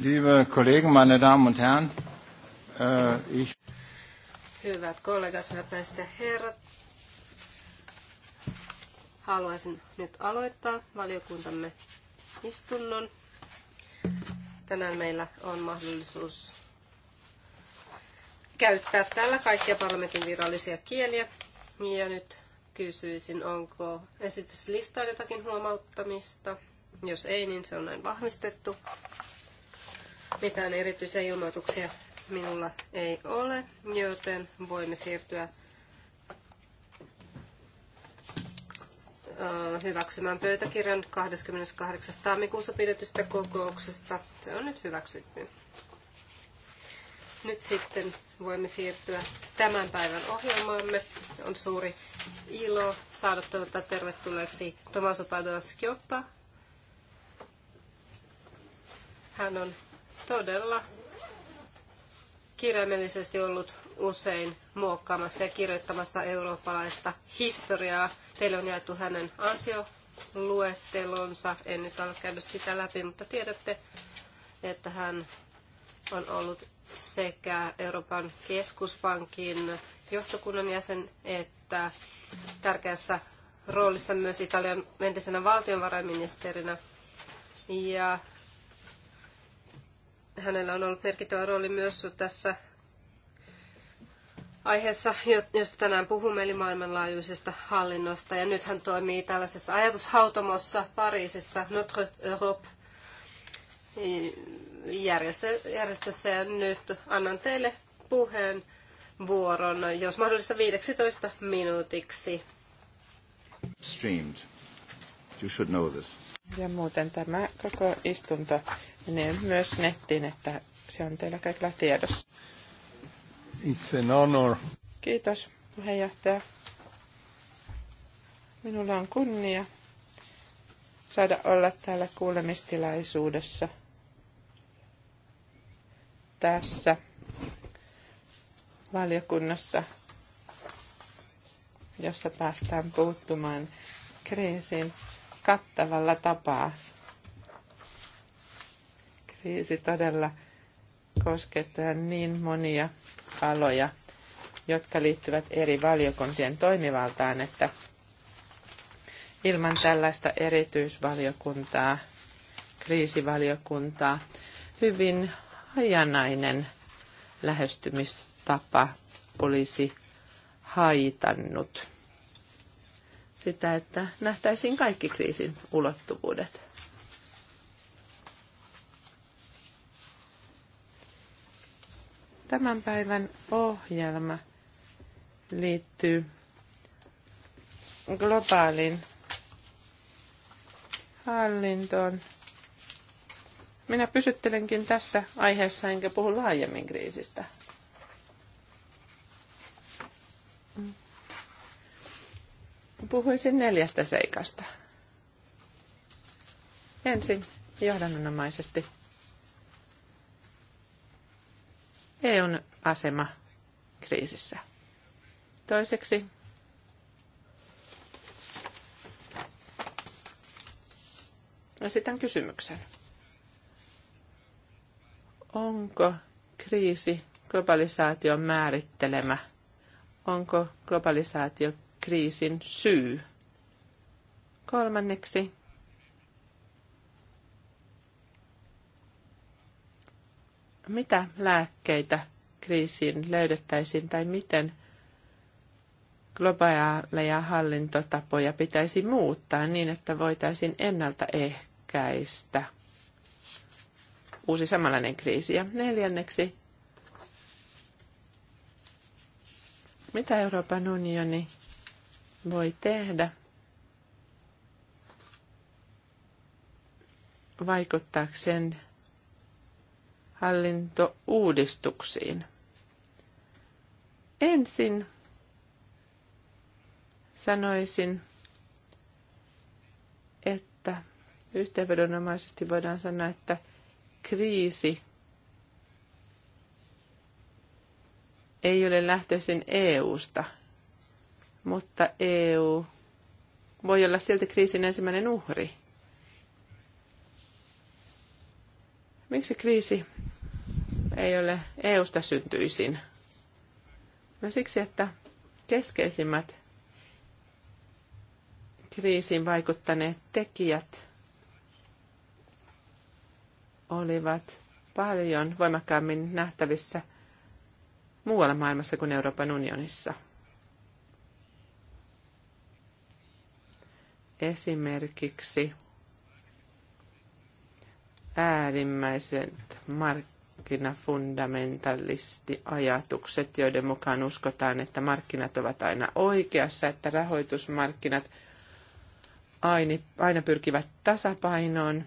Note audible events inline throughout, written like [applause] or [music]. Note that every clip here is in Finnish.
liebe Kollegen, meine Damen und Herren. Äh, ich Hyvät kollegat, hyvät naiset ja herrat. Haluaisin nyt aloittaa valiokuntamme istunnon. Tänään meillä on mahdollisuus käyttää täällä kaikkia parlamentin virallisia kieliä. Ja nyt kysyisin, onko esityslistaan jotakin huomauttamista. Jos ei, niin se on näin vahvistettu. Mitään erityisiä ilmoituksia minulla ei ole, joten voimme siirtyä hyväksymään pöytäkirjan 28. tammikuussa pidetystä kokouksesta. Se on nyt hyväksytty. Nyt sitten voimme siirtyä tämän päivän ohjelmaamme. On suuri ilo saada toivottaa tervetulleeksi Tomaso Padoa Hän on todella kirjaimellisesti ollut usein muokkaamassa ja kirjoittamassa eurooppalaista historiaa. Teille on jaettu hänen ansioluettelonsa. En nyt ole käydä sitä läpi, mutta tiedätte, että hän on ollut sekä Euroopan keskuspankin johtokunnan jäsen että tärkeässä roolissa myös Italian entisenä valtionvarainministerinä. Ja hänellä on ollut merkittävä rooli myös tässä aiheessa, josta tänään puhumme, eli maailmanlaajuisesta hallinnosta. Ja nyt hän toimii tällaisessa ajatushautomossa Pariisissa, Notre Europe järjestössä. Ja nyt annan teille puheen vuoron, jos mahdollista 15 minuutiksi. Streamed. You should know this. Ja muuten tämä koko istunto menee myös nettiin, että se on teillä kaikilla tiedossa. It's an honor. Kiitos, puheenjohtaja. Minulla on kunnia saada olla täällä kuulemistilaisuudessa tässä valiokunnassa, jossa päästään puuttumaan kriisiin kattavalla tapaa. Kriisi todella koskettaa niin monia aloja, jotka liittyvät eri valiokuntien toimivaltaan, että ilman tällaista erityisvaliokuntaa, kriisivaliokuntaa, hyvin hajanainen lähestymistapa olisi haitannut sitä, että nähtäisiin kaikki kriisin ulottuvuudet. Tämän päivän ohjelma liittyy globaalin hallintoon. Minä pysyttelenkin tässä aiheessa enkä puhu laajemmin kriisistä. puhuisin neljästä seikasta. Ensin johdannonomaisesti EUn asema kriisissä. Toiseksi esitän kysymyksen. Onko kriisi globalisaation määrittelemä? Onko globalisaatio kriisin syy. Kolmanneksi mitä lääkkeitä kriisiin löydettäisiin tai miten globaaleja hallintotapoja pitäisi muuttaa niin, että voitaisiin ennaltaehkäistä uusi samanlainen kriisi. Ja neljänneksi, mitä Euroopan unioni voi tehdä vaikuttaakseen hallintouudistuksiin. Ensin sanoisin, että yhteenvedonomaisesti voidaan sanoa, että kriisi ei ole lähtöisin EUsta – mutta EU voi olla silti kriisin ensimmäinen uhri. Miksi kriisi ei ole EUsta syntyisin? No siksi, että keskeisimmät kriisiin vaikuttaneet tekijät olivat paljon voimakkaammin nähtävissä muualla maailmassa kuin Euroopan unionissa – Esimerkiksi äärimmäiset ajatukset, joiden mukaan uskotaan, että markkinat ovat aina oikeassa, että rahoitusmarkkinat aina pyrkivät tasapainoon.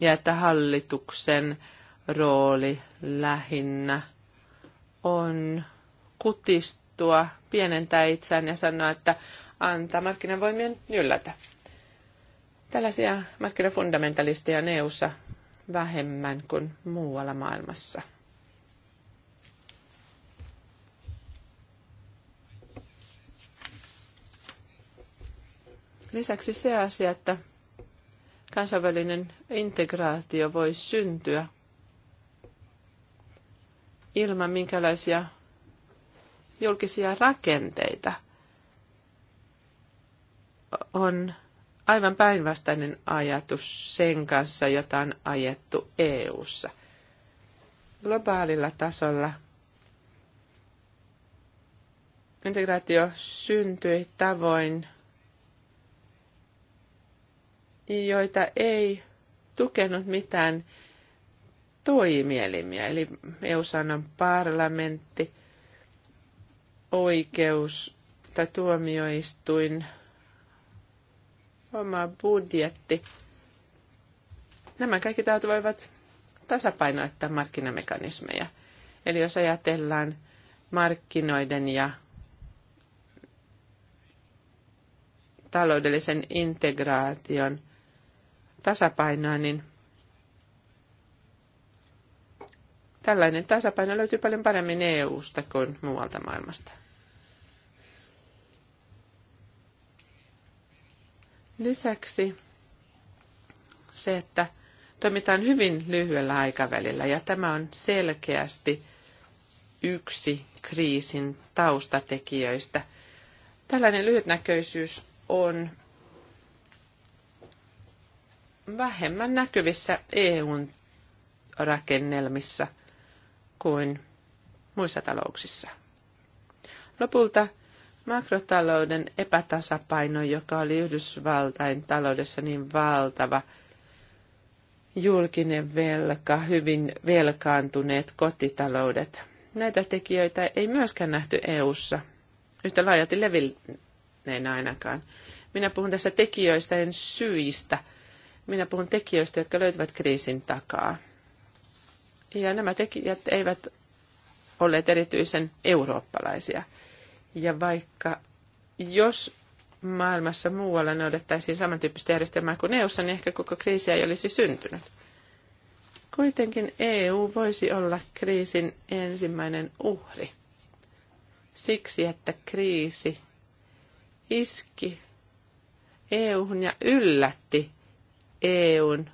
Ja että hallituksen rooli lähinnä on kutistua, pienentää itseään ja sanoa, että antaa markkinavoimien yllätä. Tällaisia markkinafundamentalisteja on eu vähemmän kuin muualla maailmassa. Lisäksi se asia, että kansainvälinen integraatio voi syntyä ilman minkälaisia julkisia rakenteita, on aivan päinvastainen ajatus sen kanssa, jota on ajettu EU:ssa. Globaalilla tasolla integraatio syntyi tavoin, joita ei tukenut mitään toimielimiä, eli EU-sanan parlamentti – oikeus tai tuomioistuin oma budjetti. Nämä kaikki taut voivat tasapainoittaa markkinamekanismeja. Eli jos ajatellaan markkinoiden ja taloudellisen integraation tasapainoa, niin tällainen tasapaino löytyy paljon paremmin EU-sta kuin muualta maailmasta. Lisäksi se, että toimitaan hyvin lyhyellä aikavälillä ja tämä on selkeästi yksi kriisin taustatekijöistä. Tällainen lyhytnäköisyys on vähemmän näkyvissä EUn rakennelmissa kuin muissa talouksissa. Lopulta Makrotalouden epätasapaino, joka oli Yhdysvaltain taloudessa niin valtava, julkinen velka, hyvin velkaantuneet kotitaloudet. Näitä tekijöitä ei myöskään nähty EU:ssa yhtä laajalti levinneen ainakaan. Minä puhun tässä tekijöistä, en syistä. Minä puhun tekijöistä, jotka löytyvät kriisin takaa. Ja nämä tekijät eivät olleet erityisen eurooppalaisia. Ja vaikka jos maailmassa muualla noudattaisiin samantyyppistä järjestelmää kuin EU, niin ehkä koko kriisiä ei olisi syntynyt. Kuitenkin EU voisi olla kriisin ensimmäinen uhri. Siksi, että kriisi iski EUhun ja yllätti EUn,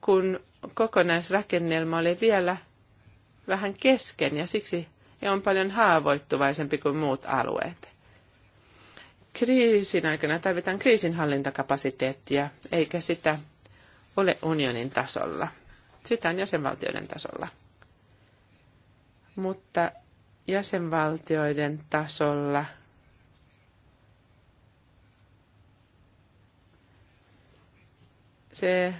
kun kokonaisrakennelma oli vielä vähän kesken ja siksi ja on paljon haavoittuvaisempi kuin muut alueet. Kriisin aikana tarvitaan kriisinhallintakapasiteettia, eikä sitä ole unionin tasolla. Sitä on jäsenvaltioiden tasolla. Mutta jäsenvaltioiden tasolla se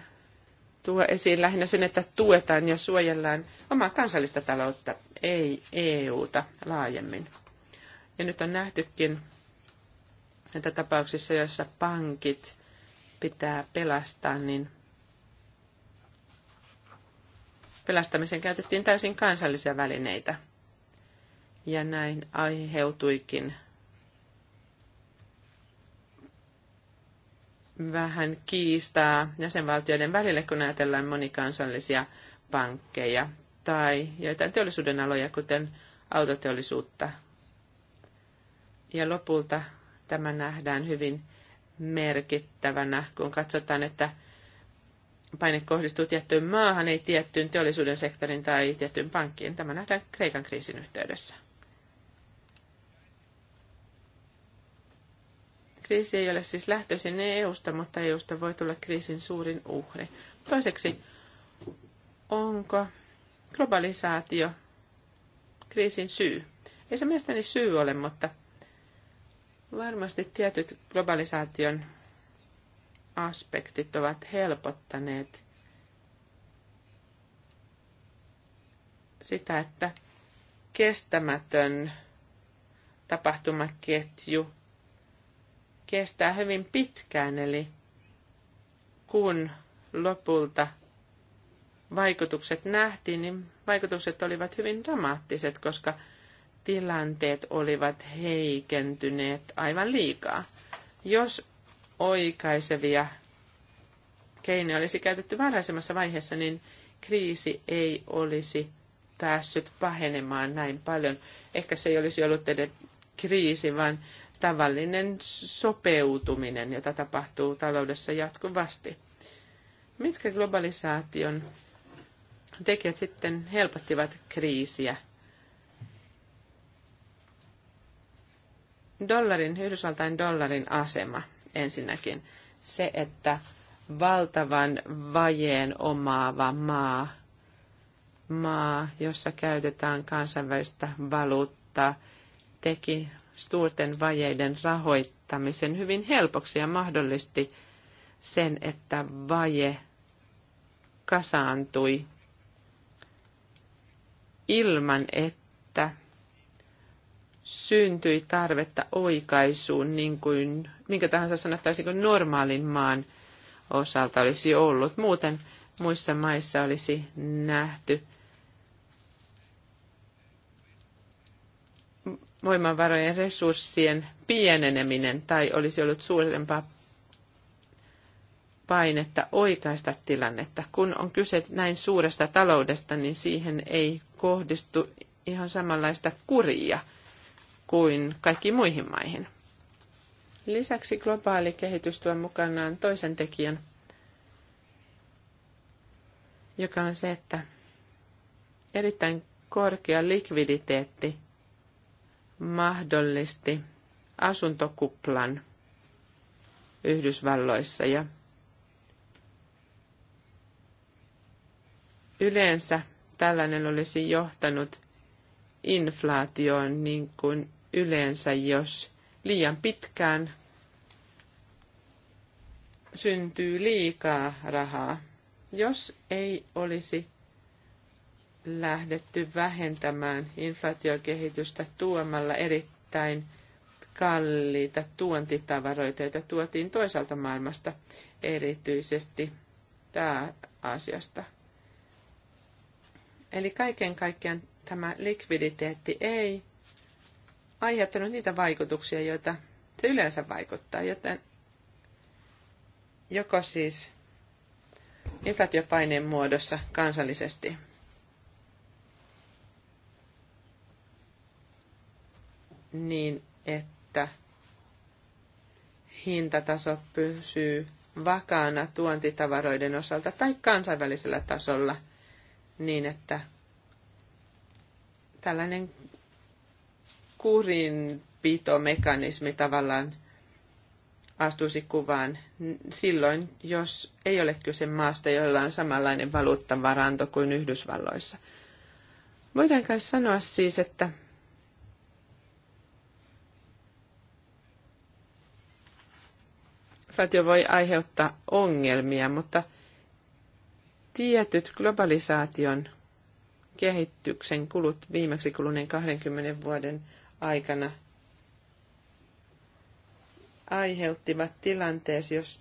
tuo esiin lähinnä sen, että tuetaan ja suojellaan omaa kansallista taloutta ei EUta laajemmin. Ja nyt on nähtykin, että tapauksissa, joissa pankit pitää pelastaa, niin pelastamiseen käytettiin täysin kansallisia välineitä. Ja näin aiheutuikin vähän kiistaa jäsenvaltioiden välille, kun ajatellaan monikansallisia pankkeja tai joitain teollisuuden aloja, kuten autoteollisuutta. Ja lopulta tämä nähdään hyvin merkittävänä, kun katsotaan, että paine kohdistuu tiettyyn maahan, ei tiettyyn teollisuuden sektorin tai tiettyyn pankkiin. Tämä nähdään Kreikan kriisin yhteydessä. Kriisi ei ole siis lähtöisin EUsta, mutta EUsta voi tulla kriisin suurin uhri. Toiseksi, onko globalisaatio, kriisin syy. Ei se mielestäni syy ole, mutta varmasti tietyt globalisaation aspektit ovat helpottaneet sitä, että kestämätön tapahtumaketju kestää hyvin pitkään, eli kun lopulta – vaikutukset nähtiin, niin vaikutukset olivat hyvin dramaattiset, koska tilanteet olivat heikentyneet aivan liikaa. Jos oikaisevia keinoja olisi käytetty varhaisemmassa vaiheessa, niin kriisi ei olisi päässyt pahenemaan näin paljon. Ehkä se ei olisi ollut edes kriisi, vaan tavallinen sopeutuminen, jota tapahtuu taloudessa jatkuvasti. Mitkä globalisaation tekijät sitten helpottivat kriisiä. Dollarin, Yhdysvaltain dollarin asema ensinnäkin. Se, että valtavan vajeen omaava maa, maa, jossa käytetään kansainvälistä valuuttaa, teki suurten vajeiden rahoittamisen hyvin helpoksi ja mahdollisti sen, että vaje kasaantui ilman, että syntyi tarvetta oikaisuun, niin kuin minkä tahansa sanottaisiin kuin normaalin maan osalta olisi ollut. Muuten muissa maissa olisi nähty voimavarojen resurssien pieneneminen tai olisi ollut suurempaa painetta oikaista tilannetta. Kun on kyse näin suuresta taloudesta, niin siihen ei kohdistu ihan samanlaista kuria kuin kaikki muihin maihin. Lisäksi globaali kehitys tuo mukanaan toisen tekijän, joka on se, että erittäin korkea likviditeetti mahdollisti asuntokuplan Yhdysvalloissa ja Yleensä tällainen olisi johtanut inflaatioon niin kuin yleensä, jos liian pitkään syntyy liikaa rahaa. Jos ei olisi lähdetty vähentämään inflaatiokehitystä tuomalla erittäin kalliita tuontitavaroita, joita tuotiin toiselta maailmasta, erityisesti tämä asiasta. Eli kaiken kaikkiaan tämä likviditeetti ei aiheuttanut niitä vaikutuksia, joita se yleensä vaikuttaa, joten joko siis inflaatiopaineen muodossa kansallisesti niin, että hintataso pysyy vakaana tuontitavaroiden osalta tai kansainvälisellä tasolla – niin, että tällainen kurinpitomekanismi tavallaan astuisi kuvaan silloin, jos ei ole kyse maasta, jolla on samanlainen valuuttavaranto kuin Yhdysvalloissa. Voidaan kai sanoa siis, että inflaatio voi aiheuttaa ongelmia, mutta – tietyt globalisaation kehityksen kulut viimeksi kuluneen 20 vuoden aikana aiheuttivat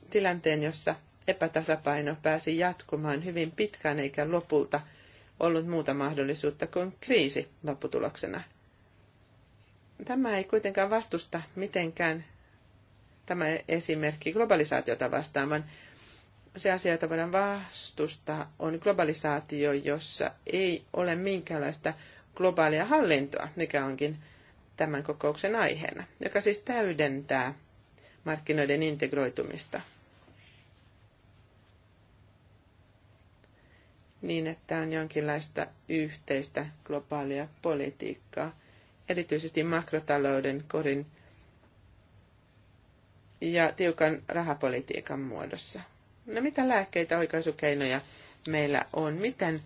tilanteen, jossa epätasapaino pääsi jatkumaan hyvin pitkään eikä lopulta ollut muuta mahdollisuutta kuin kriisi lopputuloksena. Tämä ei kuitenkaan vastusta mitenkään tämä esimerkki globalisaatiota vastaan, vaan se asia, jota voidaan vastustaa, on globalisaatio, jossa ei ole minkäänlaista globaalia hallintoa, mikä onkin tämän kokouksen aiheena, joka siis täydentää markkinoiden integroitumista. Niin, että on jonkinlaista yhteistä globaalia politiikkaa, erityisesti makrotalouden korin ja tiukan rahapolitiikan muodossa. No mitä lääkkeitä, oikaisukeinoja meillä on? Miten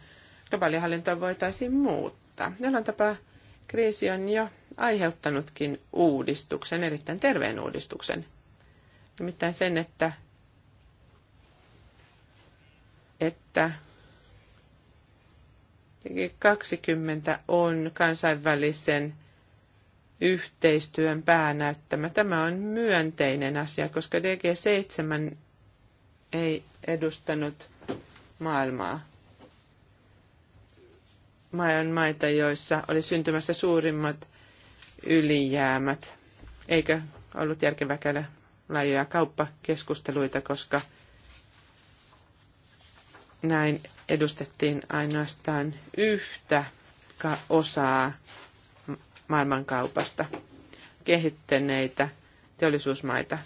globaalihallintoa voitaisiin muuttaa? Jollain tapaa kriisi on jo aiheuttanutkin uudistuksen, erittäin terveen uudistuksen. Nimittäin sen, että, että 20 on kansainvälisen yhteistyön päänäyttämä. Tämä on myönteinen asia, koska DG7 ei edustanut maailmaa. Maailman maita, joissa oli syntymässä suurimmat ylijäämät. Eikä ollut järkevää käydä laajoja kauppakeskusteluita, koska näin edustettiin ainoastaan yhtä osaa maailmankaupasta kehittyneitä teollisuusmaita.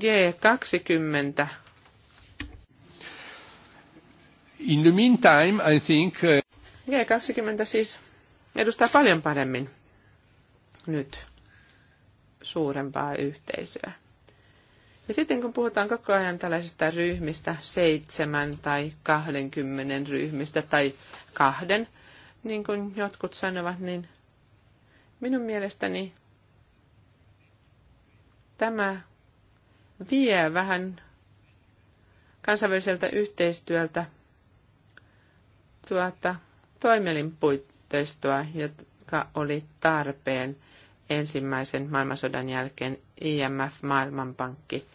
G20. In the meantime, I think... Uh, G20 siis edustaa paljon paremmin nyt suurempaa yhteisöä. Ja sitten kun puhutaan koko ajan tällaisista ryhmistä, seitsemän tai kahdenkymmenen ryhmistä tai kahden, niin kuin jotkut sanovat, niin minun mielestäni tämä vie vähän kansainväliseltä yhteistyöltä tuota toimielin puitteistoa, joka oli tarpeen ensimmäisen maailmansodan jälkeen IMF, Maailmanpankki,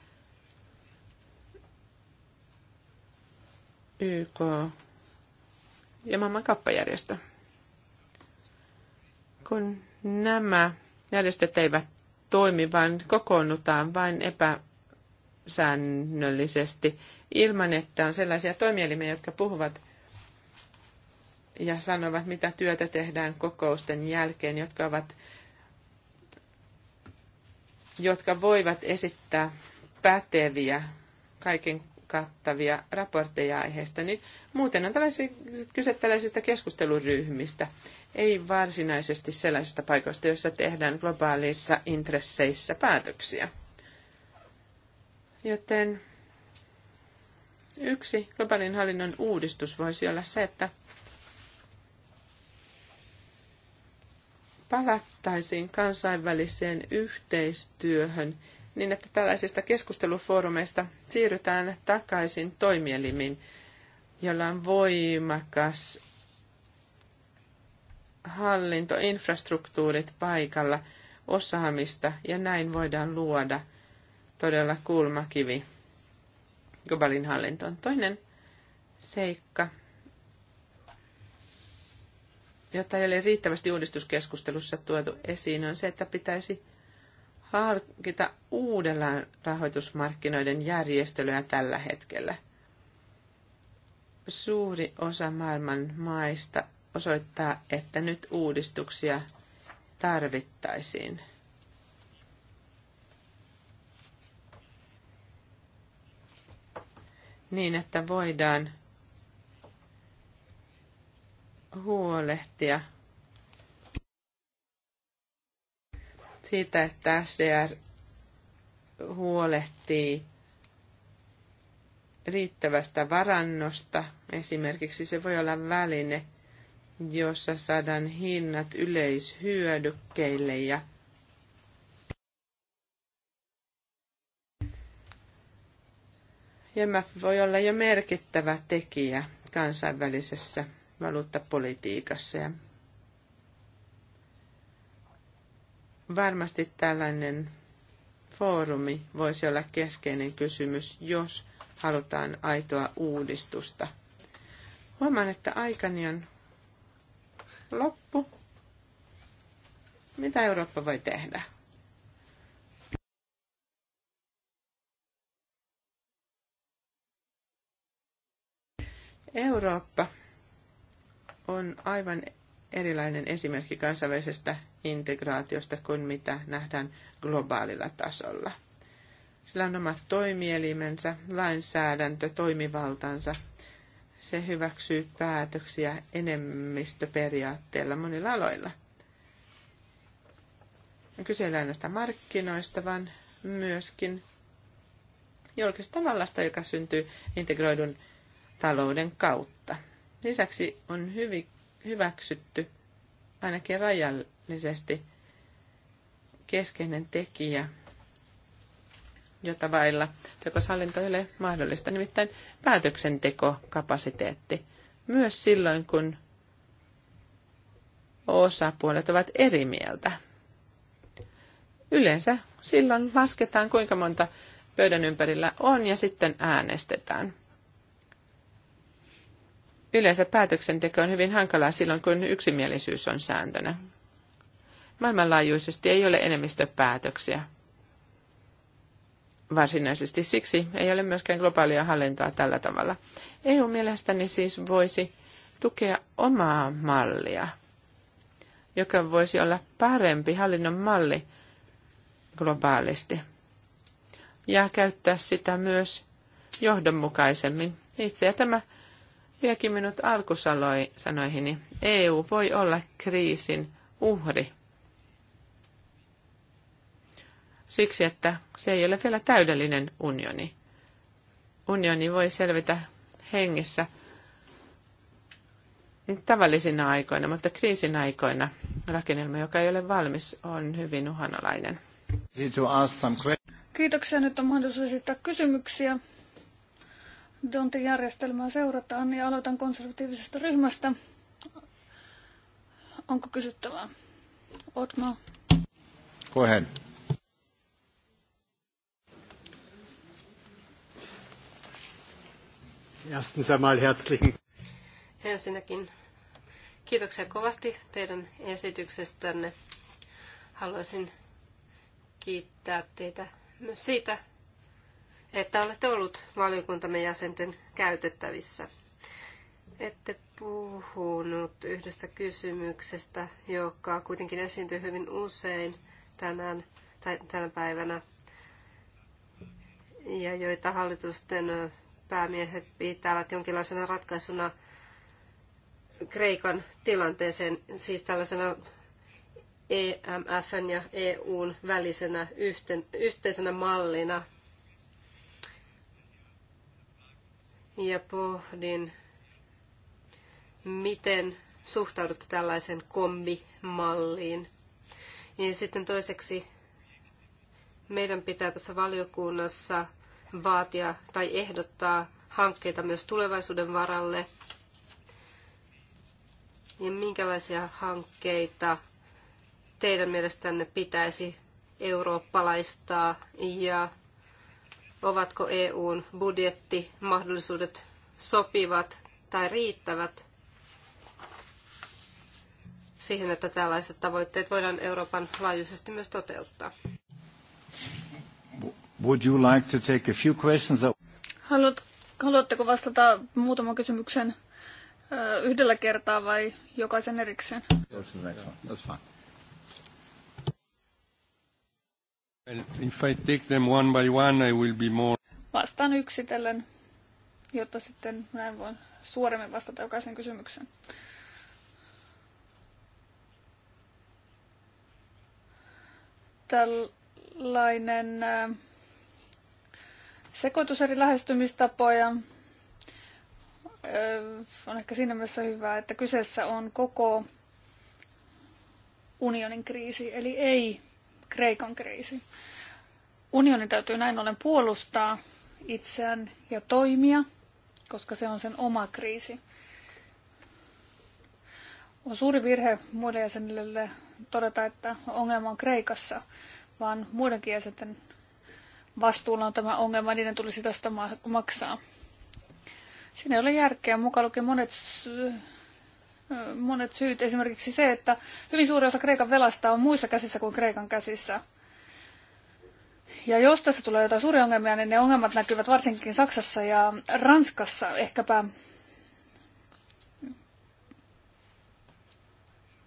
YK ja maailman kauppajärjestö. Kun nämä järjestöt eivät toimi, vaan kokoonnutaan vain epä säännöllisesti ilman, että on sellaisia toimielimiä, jotka puhuvat ja sanovat, mitä työtä tehdään kokousten jälkeen, jotka, ovat, jotka voivat esittää päteviä, kaiken kattavia raportteja aiheesta, niin muuten on kyse tällaisista keskusteluryhmistä, ei varsinaisesti sellaisista paikoista, joissa tehdään globaalissa intresseissä päätöksiä. Joten yksi globaalin hallinnon uudistus voisi olla se, että palattaisiin kansainväliseen yhteistyöhön niin, että tällaisista keskustelufoorumeista siirrytään takaisin toimielimiin, jolla on voimakas hallinto, infrastruktuurit paikalla, osaamista ja näin voidaan luoda – todella kulmakivi globaalin hallintoon. Toinen seikka, jota ei ole riittävästi uudistuskeskustelussa tuotu esiin, on se, että pitäisi harkita uudellaan rahoitusmarkkinoiden järjestelyä tällä hetkellä. Suuri osa maailman maista osoittaa, että nyt uudistuksia tarvittaisiin. niin, että voidaan huolehtia siitä, että SDR huolehtii riittävästä varannosta. Esimerkiksi se voi olla väline, jossa saadaan hinnat yleishyödykkeille ja IMF voi olla jo merkittävä tekijä kansainvälisessä valuuttapolitiikassa ja varmasti tällainen foorumi voisi olla keskeinen kysymys, jos halutaan aitoa uudistusta. Huomaan, että aikani on loppu. Mitä Eurooppa voi tehdä? Eurooppa on aivan erilainen esimerkki kansainvälisestä integraatiosta kuin mitä nähdään globaalilla tasolla. Sillä on omat toimielimensä, lainsäädäntö, toimivaltansa. Se hyväksyy päätöksiä enemmistöperiaatteella monilla aloilla. kyse ei ainoastaan markkinoista, vaan myöskin julkisesta vallasta, joka syntyy integroidun talouden kautta. Lisäksi on hyvi, hyväksytty ainakin rajallisesti keskeinen tekijä, jota vailla tekoshallinto ei ole mahdollista, nimittäin päätöksentekokapasiteetti. Myös silloin, kun osapuolet ovat eri mieltä. Yleensä silloin lasketaan, kuinka monta pöydän ympärillä on ja sitten äänestetään. Yleensä päätöksenteko on hyvin hankalaa silloin, kun yksimielisyys on sääntönä. Maailmanlaajuisesti ei ole enemmistöpäätöksiä. Varsinaisesti siksi ei ole myöskään globaalia hallintoa tällä tavalla. EU mielestäni siis voisi tukea omaa mallia, joka voisi olla parempi hallinnon malli globaalisti. Ja käyttää sitä myös johdonmukaisemmin. Itse ja tämä vieki minut sanoihin, EU voi olla kriisin uhri. Siksi, että se ei ole vielä täydellinen unioni. Unioni voi selvitä hengissä tavallisina aikoina, mutta kriisin aikoina rakennelma, joka ei ole valmis, on hyvin uhanalainen. Kiitoksia. Nyt on mahdollisuus esittää kysymyksiä. Dontin järjestelmää seurataan, niin aloitan konservatiivisesta ryhmästä. Onko kysyttävää? Otma. Kohen. Ensinnäkin kiitoksia kovasti teidän esityksestänne. Haluaisin kiittää teitä myös siitä, että olette ollut valiokuntamme jäsenten käytettävissä. Ette puhunut yhdestä kysymyksestä, joka kuitenkin esiintyy hyvin usein tänään tai tänä päivänä ja joita hallitusten päämiehet pitävät jonkinlaisena ratkaisuna Kreikan tilanteeseen, siis tällaisena EMFn ja EUn välisenä yhten, yhteisenä mallina – ja pohdin, miten suhtaudutte tällaisen kombimalliin. Ja sitten toiseksi meidän pitää tässä valiokunnassa vaatia tai ehdottaa hankkeita myös tulevaisuuden varalle. Ja minkälaisia hankkeita teidän mielestänne pitäisi eurooppalaistaa ja ovatko EUn budjettimahdollisuudet sopivat tai riittävät siihen, että tällaiset tavoitteet voidaan Euroopan laajuisesti myös toteuttaa. Would you like to take a few questions? Haluat, haluatteko vastata muutaman kysymyksen yhdellä kertaa vai jokaisen erikseen? That's fine. If I take them one by one, I will be more... Vastaan yksitellen, jotta sitten näin voin suoremmin vastata jokaisen kysymykseen. Tällainen äh, sekoitus eri lähestymistapoja äh, on ehkä siinä mielessä hyvä, että kyseessä on koko unionin kriisi, eli ei Kreikan kriisi. Unionin täytyy näin ollen puolustaa itseään ja toimia, koska se on sen oma kriisi. On suuri virhe muille jäsenille todeta, että ongelma on Kreikassa, vaan muidenkin jäsenten vastuulla on tämä ongelma, niiden tulisi tästä maksaa. Siinä ei ole järkeä, mukaan lukien monet monet syyt. Esimerkiksi se, että hyvin suuri osa Kreikan velasta on muissa käsissä kuin Kreikan käsissä. Ja jos tässä tulee jotain suuria ongelmia, niin ne ongelmat näkyvät varsinkin Saksassa ja Ranskassa. Ehkäpä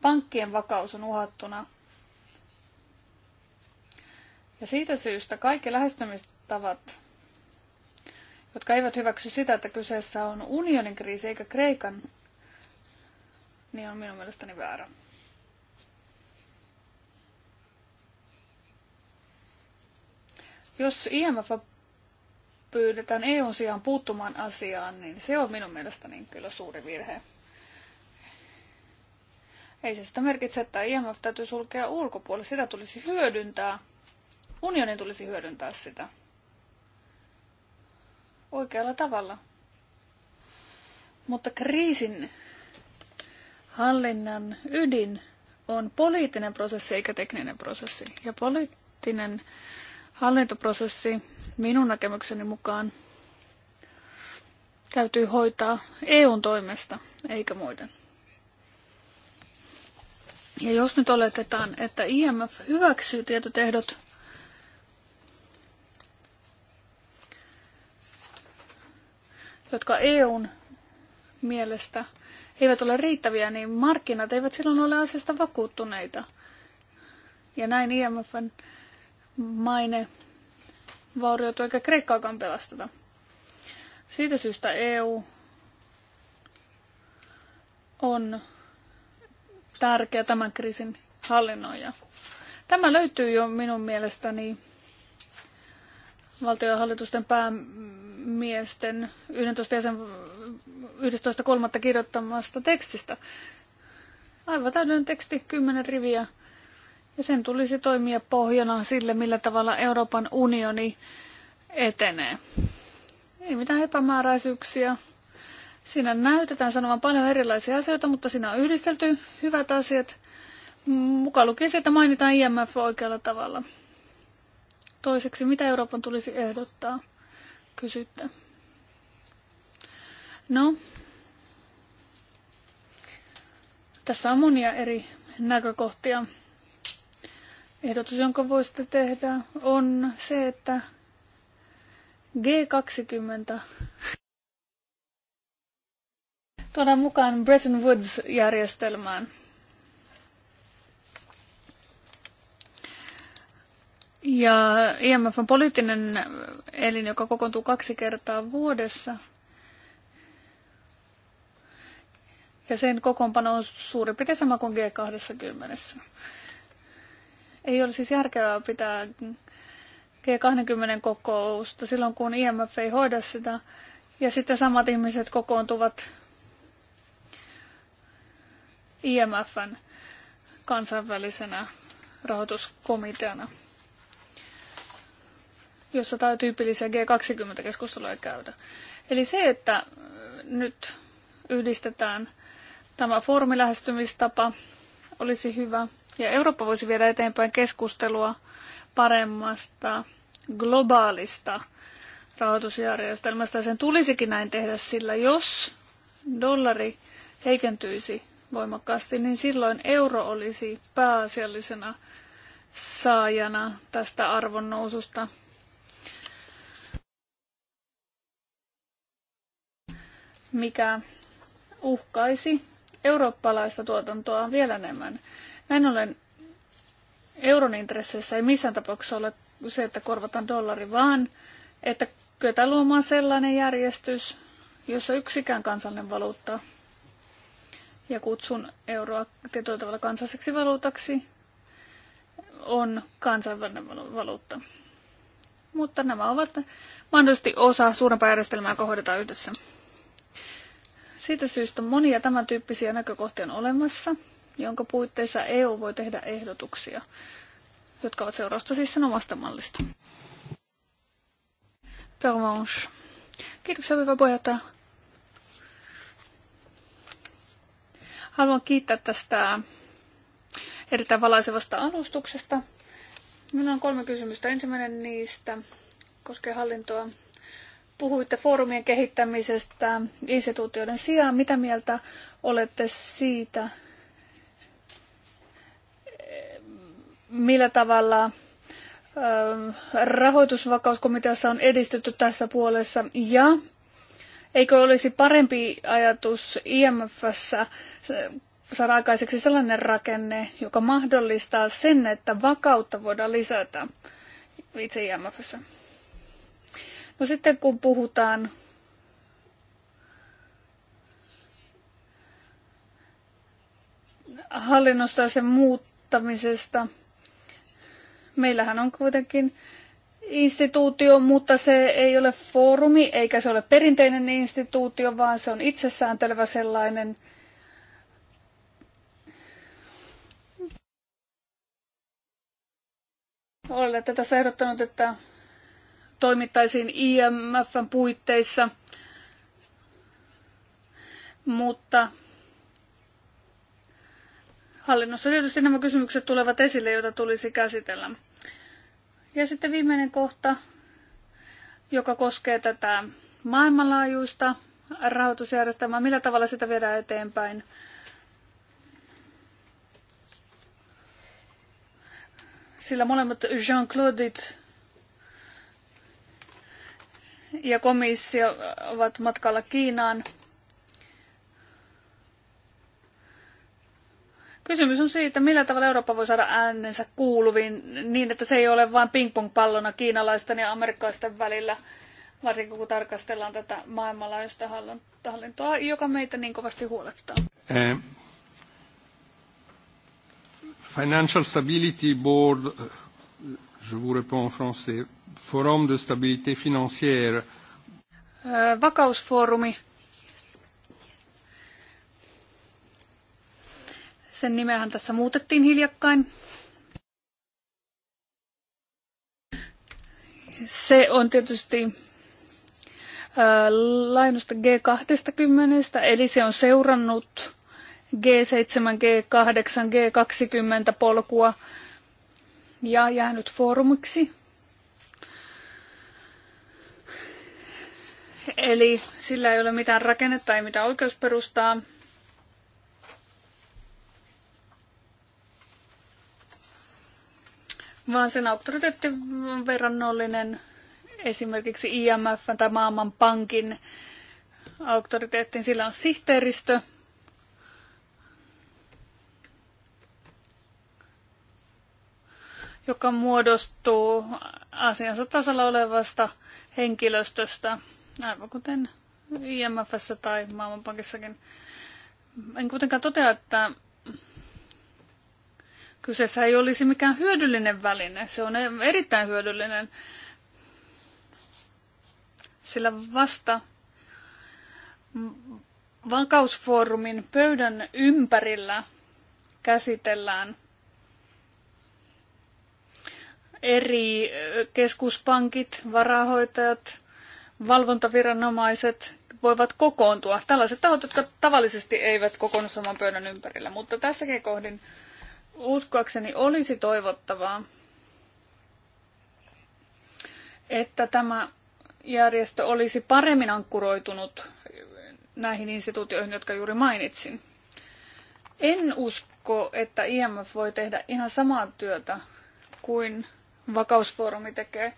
pankkien vakaus on uhattuna. Ja siitä syystä kaikki lähestymistavat, jotka eivät hyväksy sitä, että kyseessä on unionin kriisi eikä Kreikan niin on minun mielestäni väärä. Jos IMF pyydetään EUn sijaan puuttumaan asiaan, niin se on minun mielestäni kyllä suuri virhe. Ei se sitä merkitse, että IMF täytyy sulkea ulkopuolelle. Sitä tulisi hyödyntää. Unionin tulisi hyödyntää sitä. Oikealla tavalla. Mutta kriisin hallinnan ydin on poliittinen prosessi eikä tekninen prosessi. Ja poliittinen hallintoprosessi minun näkemykseni mukaan täytyy hoitaa EUn toimesta eikä muiden. Ja jos nyt oletetaan, että IMF hyväksyy tietyt ehdot, jotka EUn mielestä – eivät ole riittäviä, niin markkinat eivät silloin ole asiasta vakuuttuneita. Ja näin IMFn maine vaurioituu eikä Kreikkaakaan pelasteta. Siitä syystä EU on tärkeä tämän kriisin hallinnoija. Tämä löytyy jo minun mielestäni valtio- hallitusten päämiesten 11. jäsen 11.3. kirjoittamasta tekstistä. Aivan täydellinen teksti, kymmenen riviä. Ja sen tulisi toimia pohjana sille, millä tavalla Euroopan unioni etenee. Ei mitään epämääräisyyksiä. Siinä näytetään sanovan paljon erilaisia asioita, mutta siinä on yhdistelty hyvät asiat. Mukaan lukien se, että mainitaan IMF oikealla tavalla. Toiseksi, mitä Euroopan tulisi ehdottaa? Kysytte. No, tässä on monia eri näkökohtia. Ehdotus, jonka voisitte tehdä, on se, että G20 tuodaan mukaan Bretton Woods-järjestelmään – Ja IMF on poliittinen elin, joka kokoontuu kaksi kertaa vuodessa. Ja sen kokoonpano on suurin piirtein sama kuin G20. Ei ole siis järkevää pitää G20-kokousta silloin, kun IMF ei hoida sitä. Ja sitten samat ihmiset kokoontuvat IMFn kansainvälisenä rahoituskomiteana jossa tämä tyypillisiä G20-keskusteluja käydä. Eli se, että äh, nyt yhdistetään tämä formilähestymistapa olisi hyvä. Ja Eurooppa voisi viedä eteenpäin keskustelua paremmasta globaalista rahoitusjärjestelmästä. sen tulisikin näin tehdä, sillä jos dollari heikentyisi voimakkaasti, niin silloin euro olisi pääasiallisena saajana tästä arvonnoususta. mikä uhkaisi eurooppalaista tuotantoa vielä enemmän. Näin ollen euron intresseissä ei missään tapauksessa ole se, että korvataan dollari, vaan että kyetään luomaan sellainen järjestys, jossa yksikään kansallinen valuutta ja kutsun euroa tietyllä tavalla kansalliseksi valuutaksi on kansainvälinen valuutta. Mutta nämä ovat mahdollisesti osa suurempaa järjestelmää, joka hoidetaan yhdessä. Siitä syystä monia tämän tyyppisiä näkökohtia on olemassa, jonka puitteissa EU voi tehdä ehdotuksia, jotka ovat seurausta siis sen omasta mallista. Permanche. Kiitoksia, hyvä puheenjohtaja. Haluan kiittää tästä erittäin valaisevasta alustuksesta. Minulla on kolme kysymystä. Ensimmäinen niistä koskee hallintoa puhuitte foorumien kehittämisestä instituutioiden sijaan. Mitä mieltä olette siitä, millä tavalla rahoitusvakauskomiteassa on edistytty tässä puolessa ja eikö olisi parempi ajatus IMFssä saada aikaiseksi sellainen rakenne, joka mahdollistaa sen, että vakautta voidaan lisätä itse IMFssä? No sitten kun puhutaan hallinnosta ja sen muuttamisesta, meillähän on kuitenkin instituutio, mutta se ei ole foorumi eikä se ole perinteinen instituutio, vaan se on itsesääntelevä sellainen. Olette tässä ehdottanut, että toimittaisiin IMFn puitteissa, mutta hallinnossa tietysti nämä kysymykset tulevat esille, joita tulisi käsitellä. Ja sitten viimeinen kohta, joka koskee tätä maailmanlaajuista rahoitusjärjestelmää, millä tavalla sitä viedään eteenpäin. Sillä molemmat Jean-Claudit ja komissio ovat matkalla Kiinaan. Kysymys on siitä, millä tavalla Eurooppa voi saada äänensä kuuluviin niin, että se ei ole vain pingpongpallona kiinalaisten ja amerikkalaisten välillä, varsinkin kun tarkastellaan tätä maailmanlaajuista hallintoa, joka meitä niin kovasti huolettaa. Eh, Financial Stability Board, eh, je vous réponds en français, Forum de stabilité financière. Äh, vakausfoorumi. Sen nimeähän tässä muutettiin hiljakkain. Se on tietysti äh, lainusta G20, eli se on seurannut G7, G8, G20 polkua ja jäänyt foorumiksi Eli sillä ei ole mitään rakennetta, ei mitään oikeusperustaa. Vaan sen auktoriteetti on verrannollinen esimerkiksi IMF tai pankin auktoriteettiin. Sillä on sihteeristö, joka muodostuu asiansa tasalla olevasta henkilöstöstä aivan kuten IMFssä tai Maailmanpankissakin. En kuitenkaan totea, että kyseessä ei olisi mikään hyödyllinen väline. Se on erittäin hyödyllinen, sillä vasta vakausfoorumin pöydän ympärillä käsitellään eri keskuspankit, varahoitajat, valvontaviranomaiset voivat kokoontua. Tällaiset tahot, jotka tavallisesti eivät kokoonnu saman pöydän ympärillä. Mutta tässäkin kohdin uskoakseni olisi toivottavaa, että tämä järjestö olisi paremmin ankkuroitunut näihin instituutioihin, jotka juuri mainitsin. En usko, että IMF voi tehdä ihan samaa työtä kuin vakausfoorumi tekee.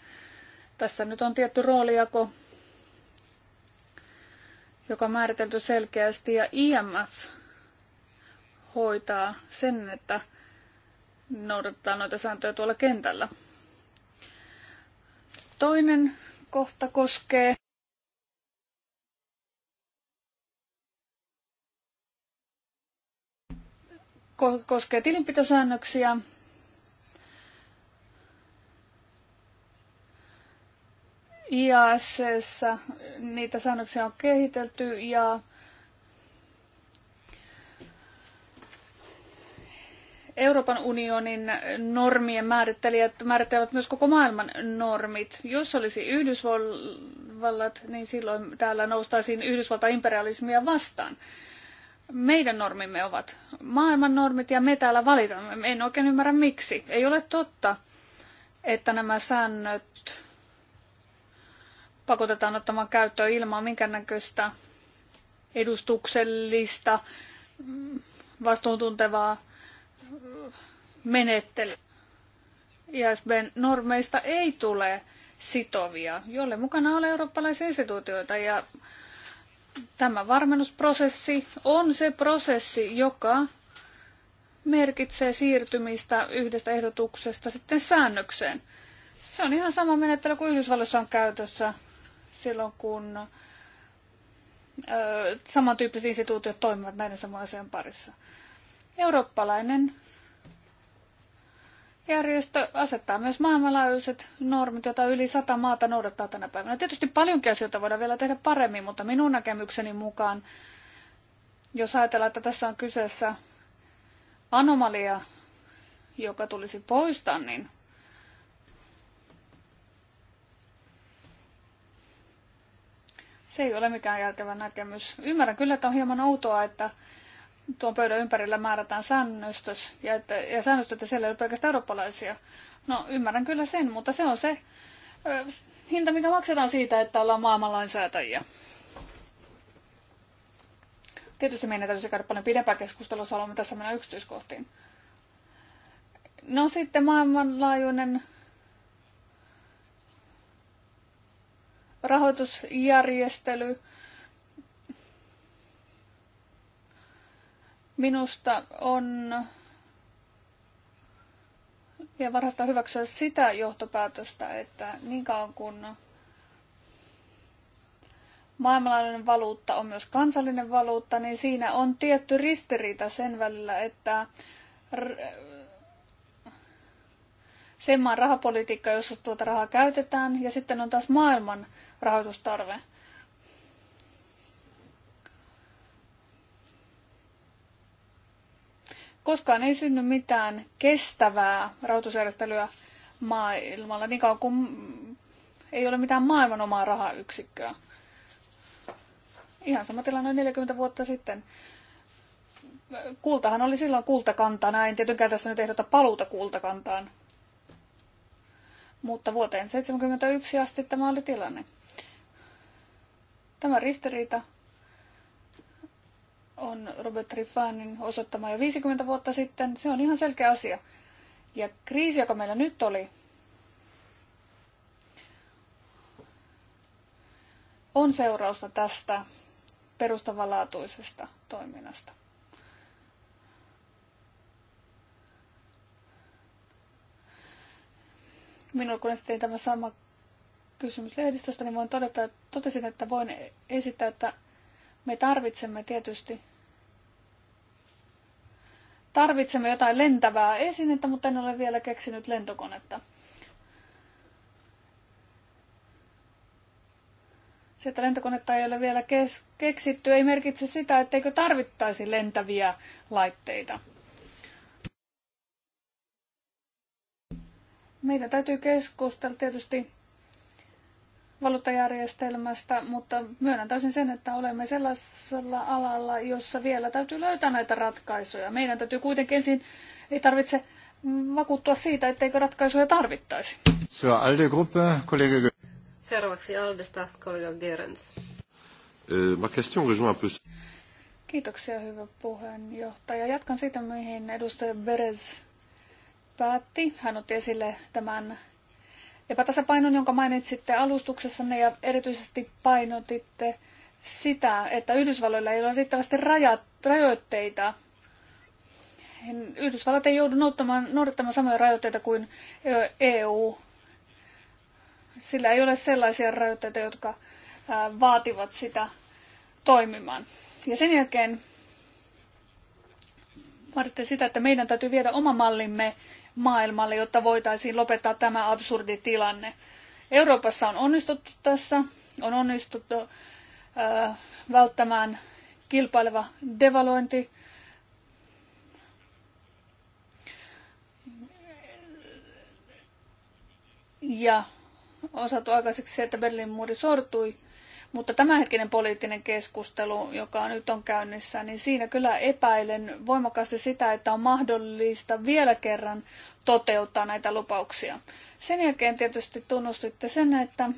Tässä nyt on tietty roolijako joka on määritelty selkeästi, ja IMF hoitaa sen, että noudatetaan noita sääntöjä tuolla kentällä. Toinen kohta koskee koskee tilinpitosäännöksiä IASC niitä säännöksiä on kehitelty ja Euroopan unionin normien määrittelijät määrittelevät myös koko maailman normit. Jos olisi Yhdysvallat, niin silloin täällä noustaisiin Yhdysvaltain imperialismia vastaan. Meidän normimme ovat maailman normit ja me täällä valitamme. En oikein ymmärrä miksi. Ei ole totta, että nämä säännöt pakotetaan ottamaan käyttöön ilman minkäännäköistä edustuksellista, mm, vastuuntuntevaa mm, menettelyä. ISBn normeista ei tule sitovia, jolle mukana ole eurooppalaisia instituutioita ja tämä varmennusprosessi on se prosessi, joka merkitsee siirtymistä yhdestä ehdotuksesta sitten säännökseen. Se on ihan sama menettely kuin Yhdysvalloissa on käytössä silloin, kun ö, samantyyppiset instituutiot toimivat näiden saman asian parissa. Eurooppalainen järjestö asettaa myös maailmanlaajuiset normit, joita yli sata maata noudattaa tänä päivänä. Tietysti paljonkin asioita voidaan vielä tehdä paremmin, mutta minun näkemykseni mukaan, jos ajatellaan, että tässä on kyseessä anomalia, joka tulisi poistaa, niin Se ei ole mikään järkevä näkemys. Ymmärrän kyllä, että on hieman outoa, että tuon pöydän ympärillä määrätään säännöstös ja, että, ja säännöstö, että siellä ei ole pelkästään eurooppalaisia. No ymmärrän kyllä sen, mutta se on se ö, hinta, mikä maksetaan siitä, että ollaan maailmanlainsäätäjiä. Tietysti meidän täytyisi käydä paljon pidempää keskustelua, jos haluamme tässä mennä yksityiskohtiin. No sitten maailmanlaajuinen rahoitusjärjestely. Minusta on ja varhaista hyväksyä sitä johtopäätöstä, että niin kauan kun maailmanlainen valuutta on myös kansallinen valuutta, niin siinä on tietty ristiriita sen välillä, että sen maan rahapolitiikka, jossa tuota rahaa käytetään, ja sitten on taas maailman rahoitustarve. Koskaan ei synny mitään kestävää rahoitusjärjestelyä maailmalla niin kauan kuin ei ole mitään maailman omaa rahayksikköä. Ihan sama tilanne 40 vuotta sitten kultahan oli silloin kultakanta, näin tietenkään tässä nyt ehdota paluuta kultakantaan, mutta vuoteen 1971 asti tämä oli tilanne. Tämä ristiriita on Robert Riffanin osoittama jo 50 vuotta sitten. Se on ihan selkeä asia. Ja kriisi, joka meillä nyt oli, on seurausta tästä perustavanlaatuisesta toiminnasta. Minulla kun esitin tämä sama kysymys lehdistöstä, niin voin todeta, totesin, että voin esittää, että me tarvitsemme tietysti tarvitsemme jotain lentävää esinettä, mutta en ole vielä keksinyt lentokonetta. Se, että lentokonetta ei ole vielä keksitty, ei merkitse sitä, etteikö tarvittaisi lentäviä laitteita. Meidän täytyy keskustella tietysti valuuttajärjestelmästä, mutta myönnän täysin sen, että olemme sellaisella alalla, jossa vielä täytyy löytää näitä ratkaisuja. Meidän täytyy kuitenkin ensin, ei tarvitse vakuuttua siitä, etteikö ratkaisuja tarvittaisi. Für ALDE Gruppe, kollega Seuraavaksi Aldesta, kollega Gerens. Eh, ma question rejoint un peu... Kiitoksia, hyvä puheenjohtaja. Jatkan siitä, mihin edustaja Berez päätti. Hän otti esille tämän epätasapainon, jonka mainitsitte alustuksessanne ja erityisesti painotitte sitä, että Yhdysvalloilla ei ole riittävästi rajat, rajoitteita. Yhdysvallat ei joudu noudattamaan samoja rajoitteita kuin EU. Sillä ei ole sellaisia rajoitteita, jotka vaativat sitä toimimaan. Ja sen jälkeen vaaditte sitä, että meidän täytyy viedä oma mallimme maailmalle, jotta voitaisiin lopettaa tämä absurdi tilanne. Euroopassa on onnistuttu tässä, on onnistuttu äh, välttämään kilpaileva devalointi. Ja on saatu aikaiseksi se, että Berliinin muuri sortui mutta tämänhetkinen poliittinen keskustelu, joka nyt on käynnissä, niin siinä kyllä epäilen voimakkaasti sitä, että on mahdollista vielä kerran toteuttaa näitä lupauksia. Sen jälkeen tietysti tunnustitte sen, että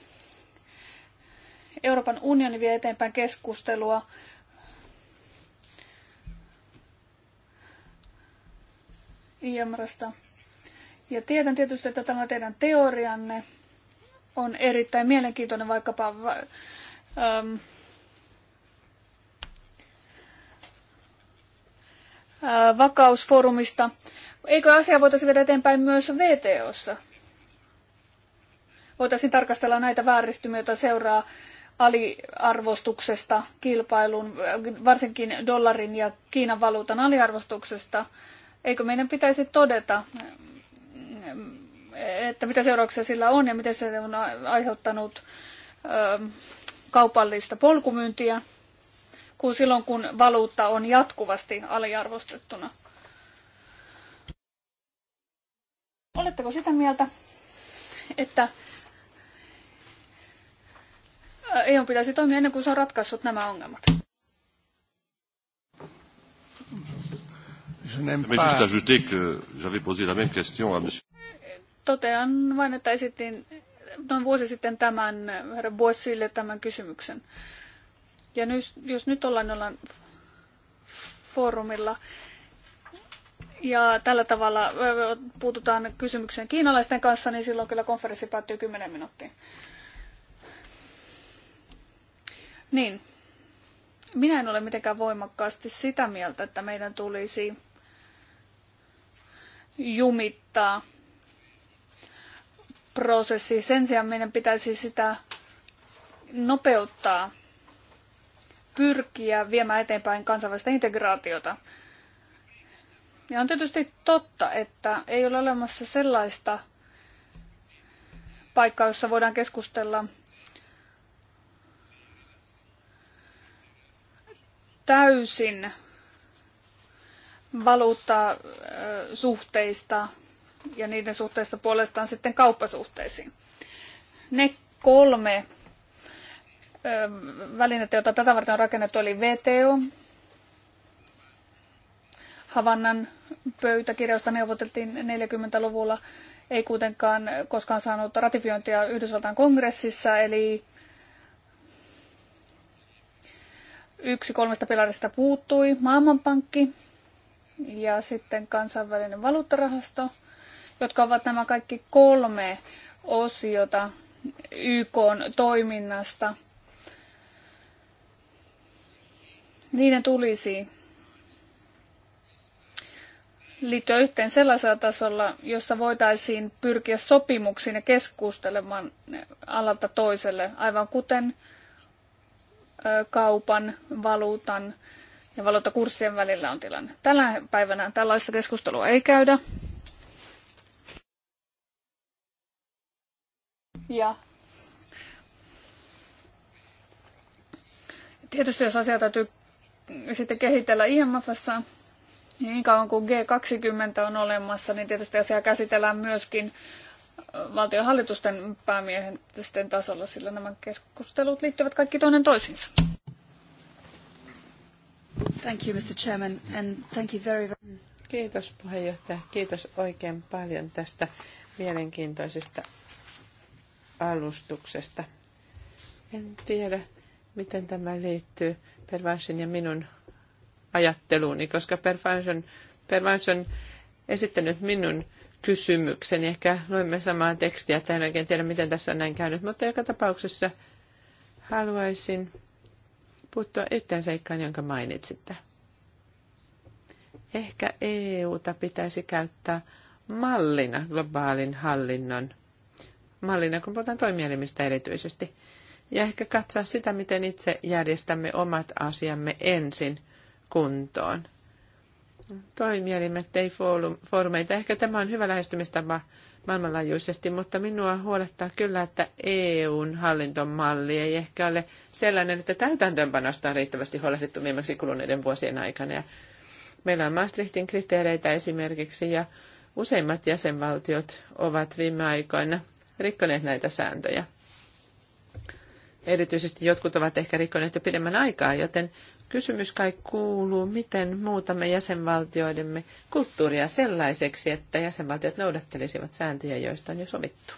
Euroopan unioni vie eteenpäin keskustelua IMRasta. Ja tiedän tietysti, että tämä teidän teorianne on erittäin mielenkiintoinen vaikkapa Um, vakausfoorumista. Eikö asia voitaisiin viedä eteenpäin myös VTOssa? Voitaisiin tarkastella näitä vääristymiä, joita seuraa aliarvostuksesta kilpailun, varsinkin dollarin ja Kiinan valuutan aliarvostuksesta. Eikö meidän pitäisi todeta, että mitä seurauksia sillä on ja miten se on aiheuttanut ähm, kaupallista polkumyyntiä kuin silloin, kun valuutta on jatkuvasti aliarvostettuna. Oletteko sitä mieltä, että EU pitäisi toimia ennen kuin se on ratkaissut nämä ongelmat? Totean vain, että esitin noin vuosi sitten tämän herra Boissille tämän kysymyksen. Ja nyt, jos nyt ollaan jollain foorumilla ja tällä tavalla puututaan kysymykseen kiinalaisten kanssa, niin silloin kyllä konferenssi päättyy 10 minuuttiin. Niin. Minä en ole mitenkään voimakkaasti sitä mieltä, että meidän tulisi jumittaa prosessi. Sen sijaan meidän pitäisi sitä nopeuttaa, pyrkiä viemään eteenpäin kansainvälistä integraatiota. Ja on tietysti totta, että ei ole olemassa sellaista paikkaa, jossa voidaan keskustella täysin valuuttasuhteista ja niiden suhteessa puolestaan sitten kauppasuhteisiin. Ne kolme välinettä, joita tätä varten on rakennettu, oli VTO, Havannan pöytäkirjoista neuvoteltiin 40-luvulla, ei kuitenkaan koskaan saanut ratifiointia Yhdysvaltain kongressissa, eli yksi kolmesta pilarista puuttui, Maailmanpankki ja sitten kansainvälinen valuuttarahasto – jotka ovat nämä kaikki kolme osiota YK toiminnasta. Niiden tulisi liittyä yhteen sellaisella tasolla, jossa voitaisiin pyrkiä sopimuksiin ja keskustelemaan alalta toiselle, aivan kuten kaupan, valuutan ja valuuttakurssien välillä on tilanne. Tällä päivänä tällaista keskustelua ei käydä. Ja tietysti jos asia täytyy sitten kehitellä IMFssä, niin kauan kuin G20 on olemassa, niin tietysti asiaa käsitellään myöskin valtionhallitusten päämiehen tasolla, sillä nämä keskustelut liittyvät kaikki toinen toisiinsa. Thank you, Mr. Chairman, and thank you very, very... Kiitos puheenjohtaja. Kiitos oikein paljon tästä mielenkiintoisesta alustuksesta. En tiedä, miten tämä liittyy Pervansin ja minun ajatteluuni, koska Pervansin, Pervans on esittänyt minun kysymyksen. Ehkä luimme samaa tekstiä, tai en oikein tiedä, miten tässä on näin käynyt, mutta joka tapauksessa haluaisin puuttua yhteen seikkaan, jonka mainitsitte. Ehkä EUta pitäisi käyttää mallina globaalin hallinnon mallina, kun puhutaan toimielimistä erityisesti. Ja ehkä katsoa sitä, miten itse järjestämme omat asiamme ensin kuntoon. Toimielimet, ei foorumeita. Ehkä tämä on hyvä lähestymistapa maailmanlaajuisesti, mutta minua huolettaa kyllä, että EUn hallintomalli ei ehkä ole sellainen, että täytäntöönpanosta on riittävästi huolehdittu viimeksi kuluneiden vuosien aikana. Ja meillä on Maastrichtin kriteereitä esimerkiksi ja useimmat jäsenvaltiot ovat viime aikoina – rikkoneet näitä sääntöjä. Erityisesti jotkut ovat ehkä rikkoneet jo pidemmän aikaa, joten kysymys kai kuuluu, miten muutamme jäsenvaltioidemme kulttuuria sellaiseksi, että jäsenvaltiot noudattelisivat sääntöjä, joista on jo sovittu.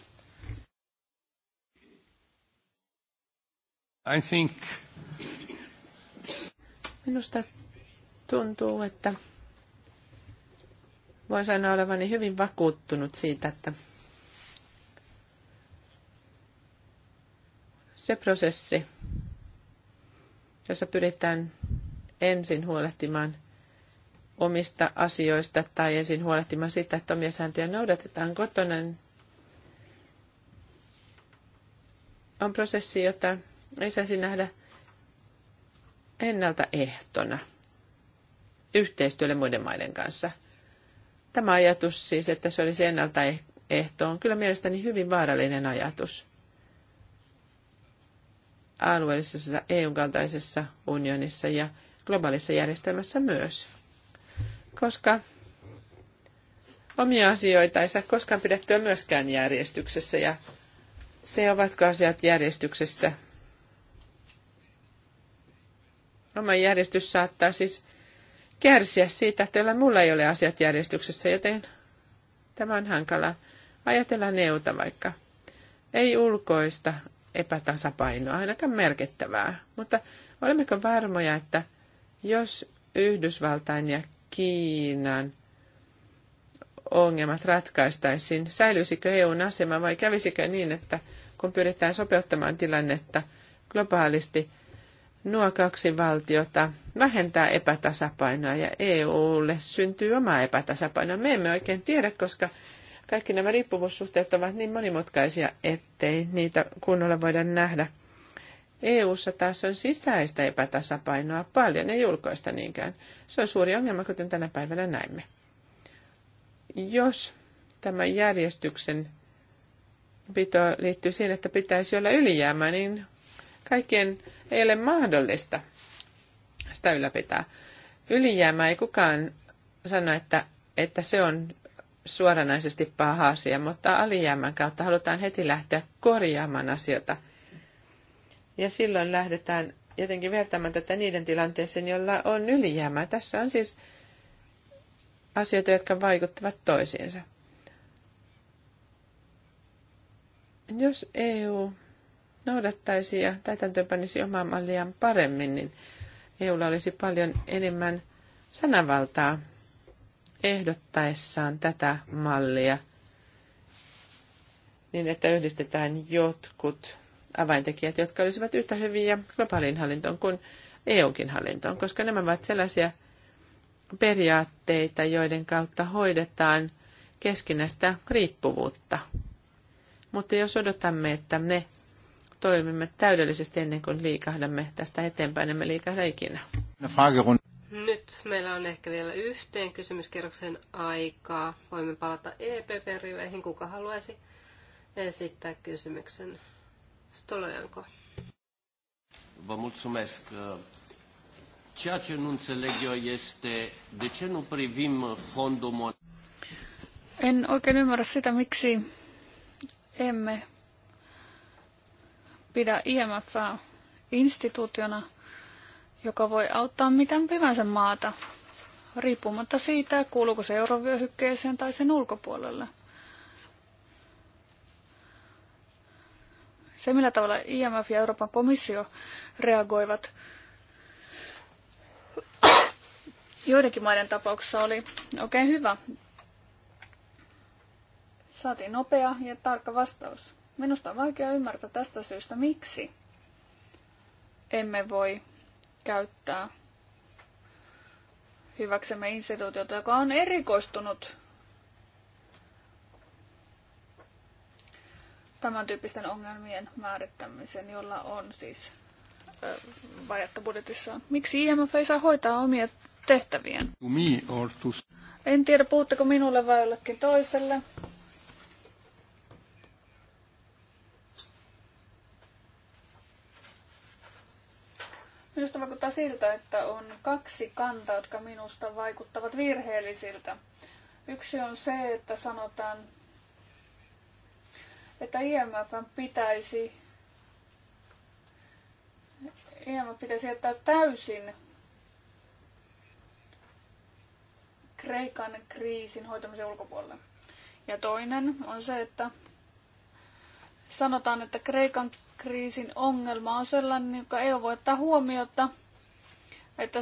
I think... Minusta tuntuu, että voin sanoa olevani hyvin vakuuttunut siitä, että se prosessi, jossa pyritään ensin huolehtimaan omista asioista tai ensin huolehtimaan sitä, että omia sääntöjä noudatetaan kotona, niin on prosessi, jota ei saisi nähdä ennalta ehtona yhteistyölle muiden maiden kanssa. Tämä ajatus siis, että se olisi ennalta ehto, on kyllä mielestäni hyvin vaarallinen ajatus – alueellisessa EU-kaltaisessa unionissa ja globaalissa järjestelmässä myös. Koska omia asioita ei saa koskaan pidettyä myöskään järjestyksessä ja se ovatko asiat järjestyksessä. Oma järjestys saattaa siis kärsiä siitä, että teillä mulla ei ole asiat järjestyksessä, joten tämä on hankala. Ajatellaan neuta vaikka. Ei ulkoista epätasapainoa, ainakaan merkittävää. Mutta olemmeko varmoja, että jos Yhdysvaltain ja Kiinan ongelmat ratkaistaisiin, säilyisikö EUn asema vai kävisikö niin, että kun pyritään sopeuttamaan tilannetta globaalisti, nuo kaksi valtiota vähentää epätasapainoa ja EUlle syntyy oma epätasapaino. Me emme oikein tiedä, koska kaikki nämä riippuvuussuhteet ovat niin monimutkaisia, ettei niitä kunnolla voida nähdä. EU-ssa taas on sisäistä epätasapainoa paljon, ei julkoista niinkään. Se on suuri ongelma, kuten tänä päivänä näimme. Jos tämä järjestyksen pito liittyy siihen, että pitäisi olla ylijäämä, niin kaikkien ei ole mahdollista sitä ylläpitää. Ylijäämä ei kukaan sano, että, että se on suoranaisesti paha asia, mutta alijäämän kautta halutaan heti lähteä korjaamaan asioita. Ja silloin lähdetään jotenkin vertaamaan tätä niiden tilanteeseen, jolla on ylijäämää. Tässä on siis asioita, jotka vaikuttavat toisiinsa. Jos EU noudattaisi ja täytäntöönpanisi omaa malliaan paremmin, niin EUlla olisi paljon enemmän sananvaltaa ehdottaessaan tätä mallia niin, että yhdistetään jotkut avaintekijät, jotka olisivat yhtä hyviä globaaliin hallintoon kuin EUkin hallintoon, koska nämä ovat sellaisia periaatteita, joiden kautta hoidetaan keskinäistä riippuvuutta. Mutta jos odotamme, että me toimimme täydellisesti ennen kuin liikahdamme tästä eteenpäin, emme niin liikahda ikinä. Nyt meillä on ehkä vielä yhteen kysymyskierroksen aikaa. Voimme palata EPP-riveihin. Kuka haluaisi esittää kysymyksen? Stolojanko. Vă mulțumesc. Ceea ce nu înțeleg eu este de ce nu privim fondul mon... En oikein ymmärrä sitä, miksi emme pidä IMF instituutiona joka voi auttaa mitään hyvänsä maata, riippumatta siitä, kuuluuko se eurovyöhykkeeseen tai sen ulkopuolelle. Se, millä tavalla IMF ja Euroopan komissio reagoivat joidenkin maiden tapauksessa oli oikein okay, hyvä. Saatiin nopea ja tarkka vastaus. Minusta on vaikea ymmärtää tästä syystä, miksi emme voi käyttää hyväksemme instituutiota, joka on erikoistunut tämän tyyppisten ongelmien määrittämiseen, jolla on siis vajatta budjetissa. Miksi IMF ei saa hoitaa omia tehtäviään? En tiedä, puhutteko minulle vai jollekin toiselle. Minusta vaikuttaa siltä, että on kaksi kantaa, jotka minusta vaikuttavat virheellisiltä. Yksi on se, että sanotaan, että IMF pitäisi, IMF pitäisi jättää täysin Kreikan kriisin hoitamisen ulkopuolelle. Ja toinen on se, että sanotaan, että Kreikan kriisin ongelma on sellainen, joka ei voi ottaa huomiota, että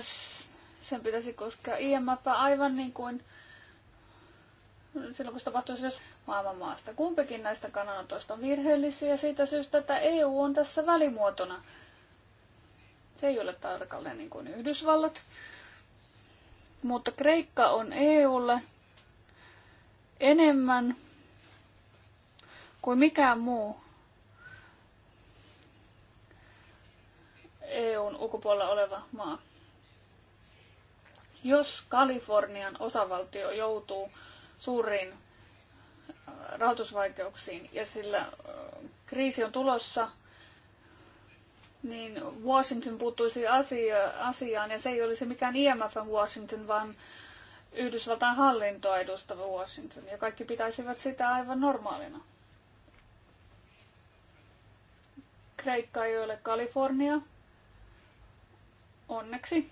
sen pitäisi koskea IMF aivan niin kuin silloin, kun se tapahtuisi jos maailman maasta. Kumpikin näistä kananotoista on virheellisiä siitä syystä, että EU on tässä välimuotona. Se ei ole tarkalleen niin kuin Yhdysvallat. Mutta Kreikka on EUlle enemmän kuin mikään muu EUn ulkopuolella oleva maa. Jos Kalifornian osavaltio joutuu suuriin äh, rahoitusvaikeuksiin ja sillä äh, kriisi on tulossa, niin Washington puuttuisi asia, asiaan ja se ei olisi mikään IMF Washington, vaan Yhdysvaltain hallintoa edustava Washington. Ja kaikki pitäisivät sitä aivan normaalina. Kreikka ei ole Kalifornia, Onneksi.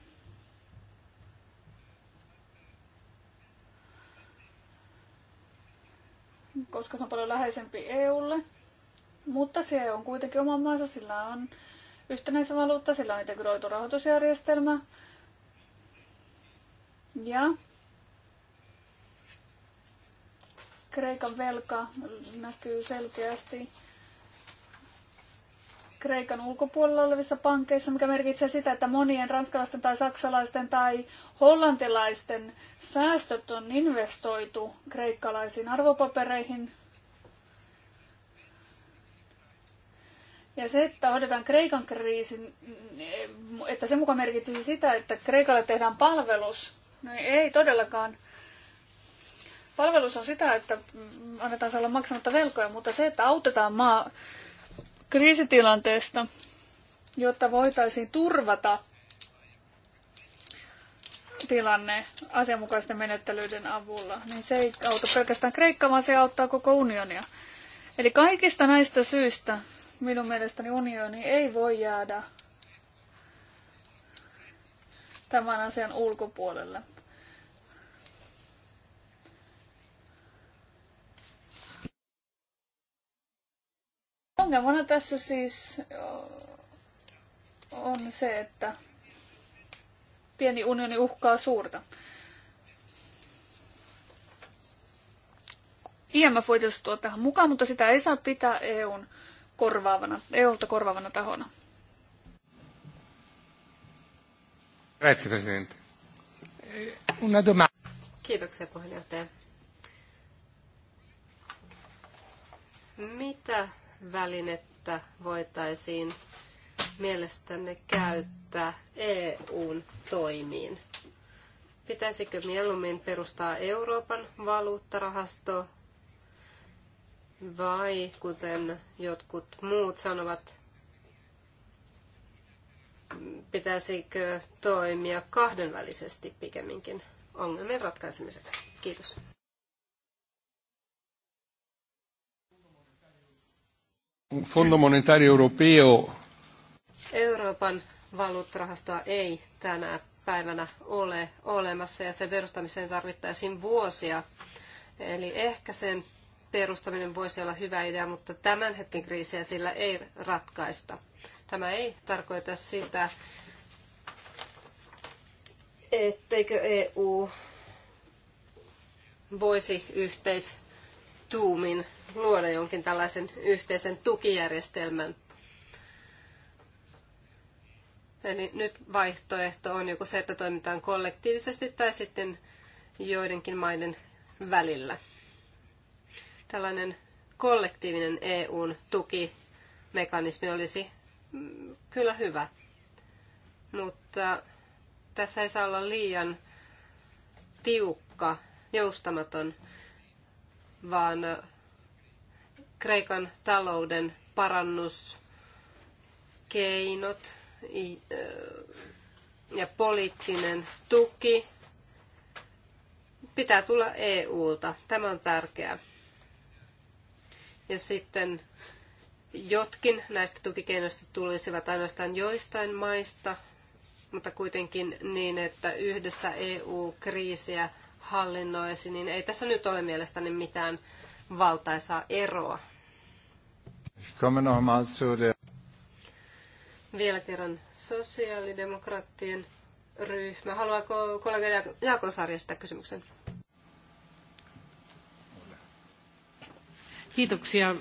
Koska se on paljon läheisempi EUlle. Mutta se on kuitenkin oman maansa, sillä on yhtenäisen valuutta, sillä on integroitu rahoitusjärjestelmä. Ja Kreikan velka näkyy selkeästi Kreikan ulkopuolella olevissa pankeissa, mikä merkitsee sitä, että monien ranskalaisten tai saksalaisten tai hollantilaisten säästöt on investoitu kreikkalaisiin arvopapereihin. Ja se, että hoidetaan Kreikan kriisin, että se mukaan merkitsisi sitä, että Kreikalle tehdään palvelus, no ei todellakaan palvelus on sitä, että annetaan se olla maksamatta velkoja, mutta se, että autetaan maa kriisitilanteesta, jotta voitaisiin turvata tilanne asianmukaisten menettelyiden avulla, niin se ei auta pelkästään Kreikkaa, vaan se auttaa koko unionia. Eli kaikista näistä syistä minun mielestäni unioni ei voi jäädä tämän asian ulkopuolelle. Ongelmana tässä siis on se, että pieni unioni uhkaa suurta. IMF voi tietysti tuoda tähän mukaan, mutta sitä ei saa pitää EUn korvaavana, EUlta korvaavana tahona. Kiitoksia, puheenjohtaja. Mitä välinettä voitaisiin mielestänne käyttää EUn toimiin? Pitäisikö mieluummin perustaa Euroopan valuuttarahasto vai kuten jotkut muut sanovat, pitäisikö toimia kahdenvälisesti pikemminkin ongelmien ratkaisemiseksi? Kiitos. Fondo monetario europeo. Euroopan valuuttarahastoa ei tänä päivänä ole olemassa ja sen perustamiseen tarvittaisiin vuosia. Eli ehkä sen perustaminen voisi olla hyvä idea, mutta tämän hetken kriisiä sillä ei ratkaista. Tämä ei tarkoita sitä, etteikö EU voisi yhteistuumin luoda jonkin tällaisen yhteisen tukijärjestelmän. Eli nyt vaihtoehto on joko se, että toimitaan kollektiivisesti tai sitten joidenkin maiden välillä. Tällainen kollektiivinen EUn tukimekanismi olisi mm, kyllä hyvä, mutta tässä ei saa olla liian tiukka, joustamaton, vaan Kreikan talouden parannuskeinot ja poliittinen tuki pitää tulla EUlta. Tämä on tärkeää. Ja sitten jotkin näistä tukikeinoista tulisivat ainoastaan joistain maista, mutta kuitenkin niin, että yhdessä EU-kriisiä hallinnoisi, niin ei tässä nyt ole mielestäni mitään valtaisaa eroa komme nochmal zu der vielä kerran sosiaalidemokraattien ryhmä. Haluaako kollega Jaakonsaari esittää kysymyksen? Kiitoksia.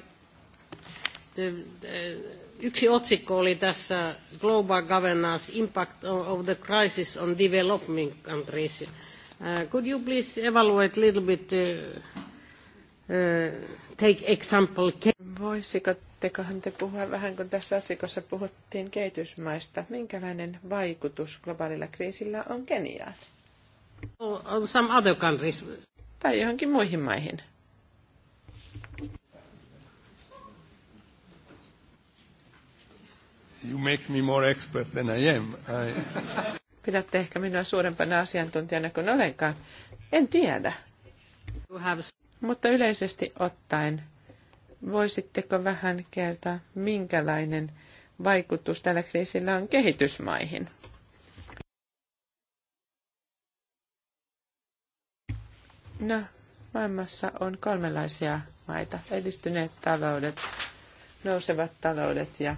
Yksi otsikko oli tässä Global Governance Impact of the Crisis on Developing Countries. Äh, could you please evaluate a little bit, uh, uh, take example? Voisiko Voisitteko te puhua vähän, kun tässä otsikossa puhuttiin kehitysmaista, minkälainen vaikutus globaalilla kriisillä on Keniaan? Some other countries. Tai johonkin muihin maihin. You make me more expert than I am. I... Pidätte ehkä minua suurempana asiantuntijana kuin olenkaan. En tiedä. Have... Mutta yleisesti ottaen Voisitteko vähän kertoa, minkälainen vaikutus tällä kriisillä on kehitysmaihin? No, maailmassa on kolmenlaisia maita. Edistyneet taloudet, nousevat taloudet ja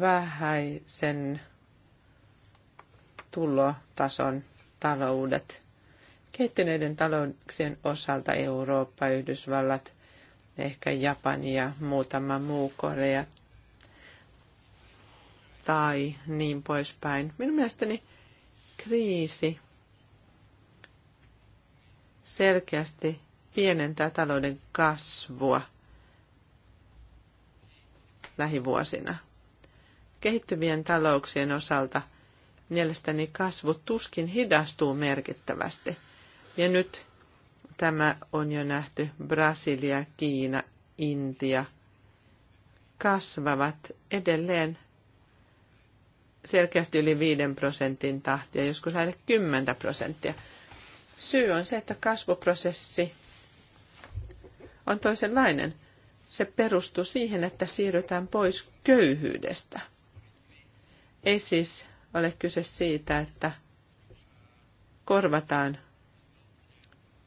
vähäisen tulotason taloudet. Kehittyneiden talouksien osalta Eurooppa, Yhdysvallat, ehkä Japani ja muutama muu Korea tai niin poispäin. Minun mielestäni kriisi selkeästi pienentää talouden kasvua lähivuosina. Kehittyvien talouksien osalta mielestäni kasvu tuskin hidastuu merkittävästi. Ja nyt tämä on jo nähty. Brasilia, Kiina, Intia kasvavat edelleen selkeästi yli 5 prosentin tahtia, joskus lähelle 10 prosenttia. Syy on se, että kasvuprosessi on toisenlainen. Se perustuu siihen, että siirrytään pois köyhyydestä. Ei siis ole kyse siitä, että korvataan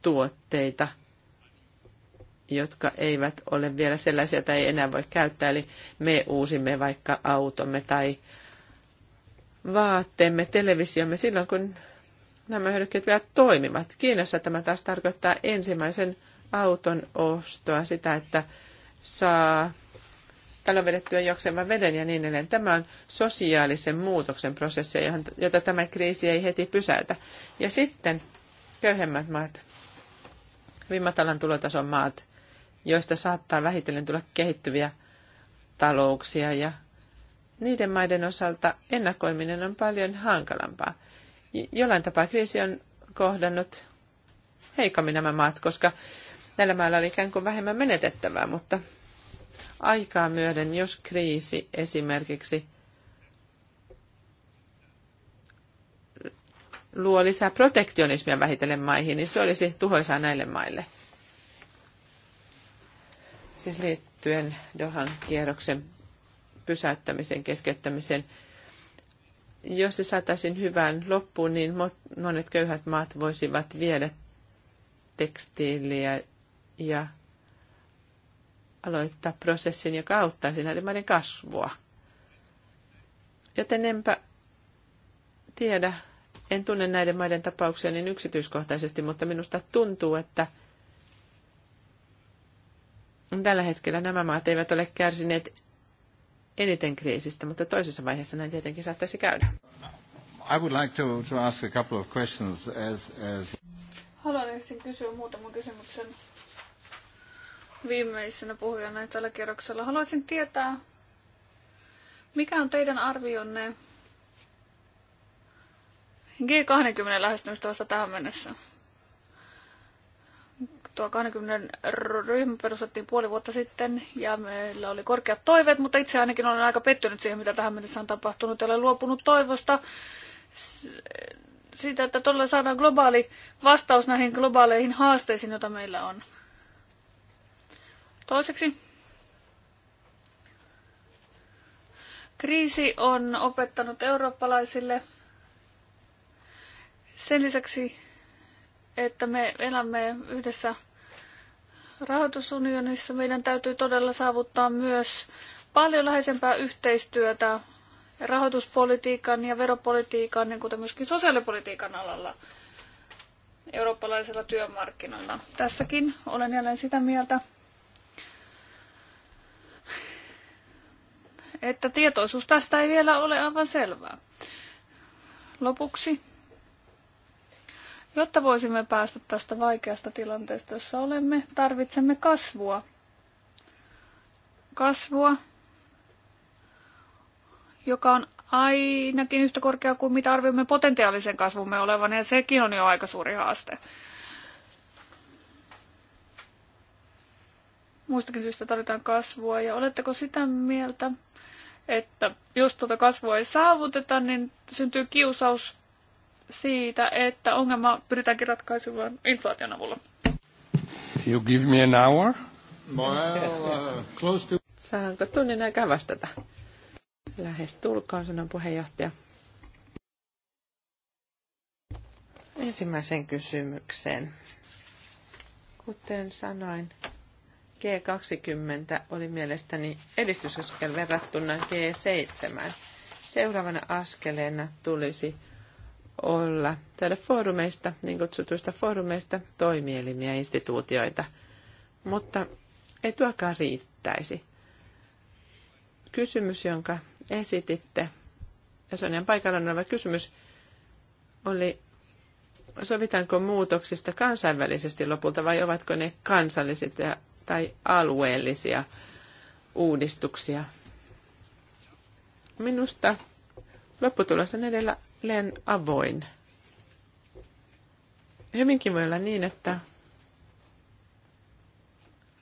tuotteita, jotka eivät ole vielä sellaisia tai ei enää voi käyttää. Eli me uusimme vaikka automme tai vaatteemme, televisiomme silloin, kun nämä hyödykkeet vielä toimivat. Kiinassa tämä taas tarkoittaa ensimmäisen auton ostoa, sitä, että saa talon vedettyä juoksevan veden ja niin edelleen. Tämä on sosiaalisen muutoksen prosessi, jota tämä kriisi ei heti pysäytä. Ja sitten köyhemmät maat hyvin matalan tulotason maat, joista saattaa vähitellen tulla kehittyviä talouksia ja niiden maiden osalta ennakoiminen on paljon hankalampaa. Jollain tapaa kriisi on kohdannut heikommin nämä maat, koska näillä mailla oli ikään kuin vähemmän menetettävää, mutta aikaa myöden, jos kriisi esimerkiksi – luo lisää protektionismia vähitellen maihin, niin se olisi tuhoisaa näille maille. Siis liittyen Dohan kierroksen pysäyttämisen, keskeyttämisen, jos se saataisiin hyvään loppuun, niin monet köyhät maat voisivat viedä tekstiiliä ja aloittaa prosessin, joka auttaisi näiden maiden kasvua. Joten enpä tiedä, en tunne näiden maiden tapauksia niin yksityiskohtaisesti, mutta minusta tuntuu, että tällä hetkellä nämä maat eivät ole kärsineet eniten kriisistä, mutta toisessa vaiheessa näin tietenkin saattaisi käydä. I would like to, to ask a couple of questions as, as... Haluan ensin kysyä muutaman kysymyksen viimeisenä puhujana tällä kierroksella. Haluaisin tietää, mikä on teidän arvionne G20 lähestymistavasta tähän mennessä. Tuo 20 ryhmä perustettiin puoli vuotta sitten ja meillä oli korkeat toiveet, mutta itse ainakin olen aika pettynyt siihen, mitä tähän mennessä on tapahtunut. Olen luopunut toivosta siitä, että todella saadaan globaali vastaus näihin globaaleihin haasteisiin, joita meillä on. Toiseksi kriisi on opettanut eurooppalaisille sen lisäksi, että me elämme yhdessä rahoitusunionissa, meidän täytyy todella saavuttaa myös paljon läheisempää yhteistyötä rahoituspolitiikan ja veropolitiikan, niin kuten myöskin sosiaalipolitiikan alalla eurooppalaisilla työmarkkinoilla. Tässäkin olen jälleen sitä mieltä, että tietoisuus tästä ei vielä ole aivan selvää. Lopuksi Jotta voisimme päästä tästä vaikeasta tilanteesta, jossa olemme, tarvitsemme kasvua. Kasvua, joka on ainakin yhtä korkea kuin mitä arvioimme potentiaalisen kasvumme olevan, ja sekin on jo aika suuri haaste. Muistakin syystä tarvitaan kasvua, ja oletteko sitä mieltä, että jos tuota kasvua ei saavuteta, niin syntyy kiusaus siitä, että ongelma pyritäänkin ratkaisemaan inflaation avulla. You give me an hour? Well, uh, close to... Saanko tunnin aikaa vastata? Lähes tulkoon, sanoi puheenjohtaja. Ensimmäisen kysymykseen. Kuten sanoin, G20 oli mielestäni edistysaskel verrattuna G7. Seuraavana askeleena tulisi olla täällä foorumeista, niin kutsutuista foorumeista, toimielimiä, instituutioita. Mutta ei tuokaan riittäisi. Kysymys, jonka esititte, ja se on ihan paikallaan oleva kysymys, oli sovitaanko muutoksista kansainvälisesti lopulta vai ovatko ne kansallisia tai alueellisia uudistuksia? Minusta Lopputulos on edelleen avoin. Hyvinkin voi olla niin, että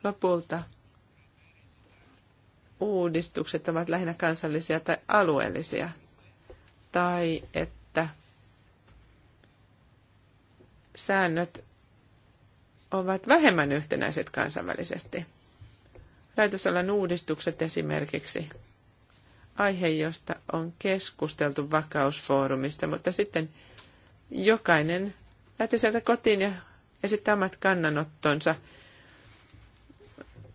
lopulta uudistukset ovat lähinnä kansallisia tai alueellisia. Tai että säännöt ovat vähemmän yhtenäiset kansainvälisesti. Laitosalan uudistukset esimerkiksi aihe, josta on keskusteltu vakausfoorumista, mutta sitten jokainen lähti sieltä kotiin ja esittää omat kannanottonsa.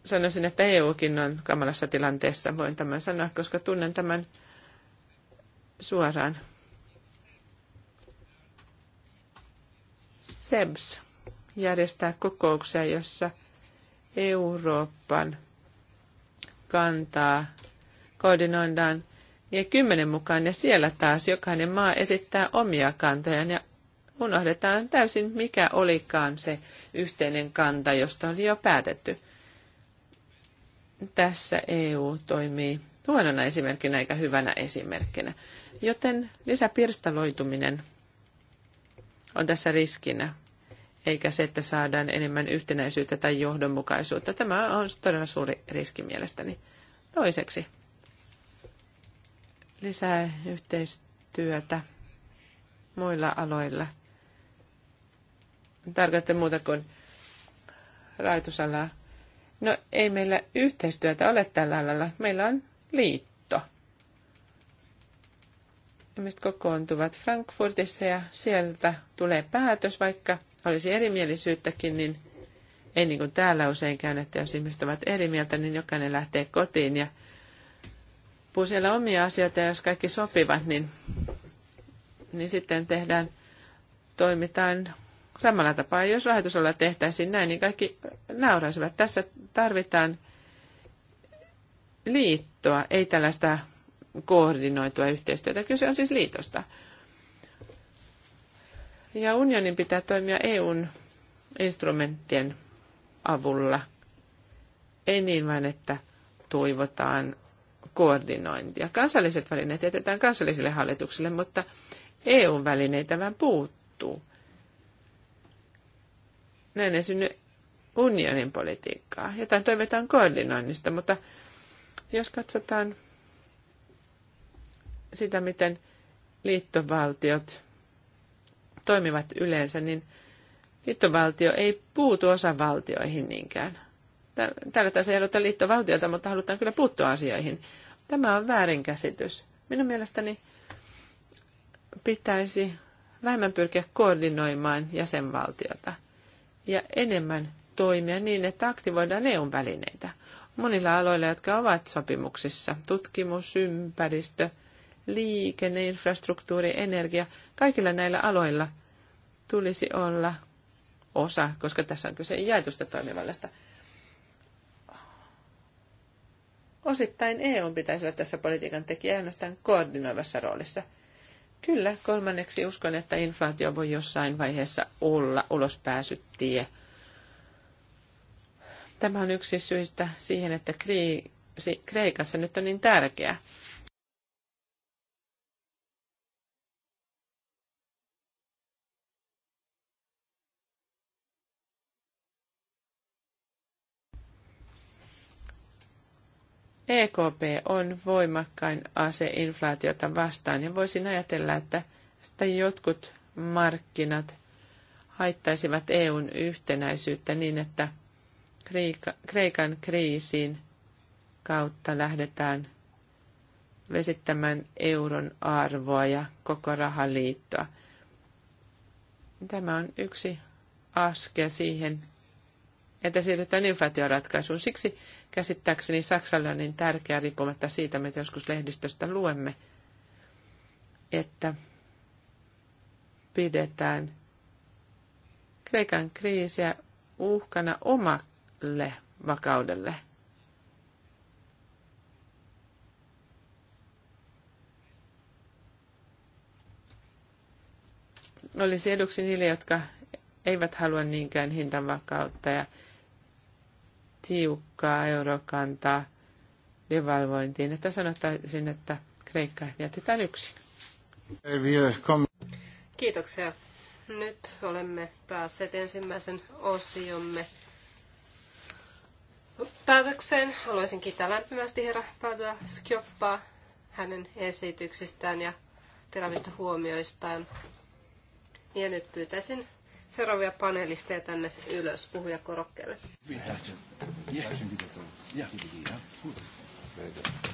Sanoisin, että EUkin on kamalassa tilanteessa, voin tämän sanoa, koska tunnen tämän suoraan. SEBS järjestää kokouksia, jossa Euroopan kantaa koordinoidaan niin kymmenen mukaan ja siellä taas jokainen maa esittää omia kantojaan ja unohdetaan täysin, mikä olikaan se yhteinen kanta, josta oli jo päätetty. Tässä EU toimii huonona esimerkkinä eikä hyvänä esimerkkinä. Joten lisäpirstaloituminen on tässä riskinä, eikä se, että saadaan enemmän yhtenäisyyttä tai johdonmukaisuutta. Tämä on todella suuri riski mielestäni. Toiseksi, lisää yhteistyötä muilla aloilla. Tarkoitte muuta kuin rahoitusalaa. No ei meillä yhteistyötä ole tällä alalla. Meillä on liitto. Ihmiset kokoontuvat Frankfurtissa ja sieltä tulee päätös, vaikka olisi erimielisyyttäkin, niin ei niin kuin täällä usein käy, että jos ihmiset ovat eri mieltä, niin jokainen lähtee kotiin ja tippuu siellä omia asioita, ja jos kaikki sopivat, niin, niin sitten tehdään, toimitaan samalla tapaa. Jos rahoitusolla tehtäisiin näin, niin kaikki nauraisivat. Tässä tarvitaan liittoa, ei tällaista koordinoitua yhteistyötä. Kyse on siis liitosta. Ja unionin pitää toimia EUn instrumenttien avulla. Ei niin vain, että toivotaan koordinointia. Kansalliset välineet jätetään kansallisille hallituksille, mutta EU-välineitä vähän puuttuu. Näin ei synny unionin politiikkaa. Jotain toivotaan koordinoinnista, mutta jos katsotaan sitä, miten liittovaltiot toimivat yleensä, niin liittovaltio ei puutu osavaltioihin niinkään. Täällä tässä ei haluta liittovaltiota, mutta halutaan kyllä puuttua asioihin. Tämä on väärinkäsitys. Minun mielestäni pitäisi vähemmän pyrkiä koordinoimaan jäsenvaltiota ja enemmän toimia niin, että aktivoidaan eu välineitä monilla aloilla, jotka ovat sopimuksissa. Tutkimus, ympäristö, liikenne, infrastruktuuri, energia, kaikilla näillä aloilla tulisi olla osa, koska tässä on kyse jaetusta toimivallasta. Osittain EU pitäisi olla tässä politiikan tekijä ainoastaan koordinoivassa roolissa. Kyllä, kolmanneksi uskon, että inflaatio voi jossain vaiheessa olla ulospääsyttiä. Tämä on yksi syistä siihen, että kriisi Kreikassa nyt on niin tärkeä. EKP on voimakkain ase inflaatiota vastaan ja voisin ajatella, että sitä jotkut markkinat haittaisivat EUn yhtenäisyyttä niin, että Kreikan kriisin kautta lähdetään vesittämään euron arvoa ja koko rahaliittoa. Tämä on yksi askel siihen että siirrytään inflaatioratkaisuun. Siksi käsittääkseni Saksalla on niin tärkeää, riippumatta siitä, mitä joskus lehdistöstä luemme, että pidetään Kreikan kriisiä uhkana omalle vakaudelle. Olisi eduksi niille, jotka eivät halua niinkään hintavakautta ja tiukkaa eurokantaa devalvointiin, että sanottaisin, että Kreikka jätetään yksin. Kiitoksia. Nyt olemme päässeet ensimmäisen osiomme päätökseen. Haluaisin kiittää lämpimästi herra Padua Skjoppaa hänen esityksistään ja terävistä huomioistaan. Ja nyt pyytäisin seuraavia panelisteja tänne ylös puhujakorokkeelle. Yes. Yes. Yes. Yes. Yes. Yes. Yes.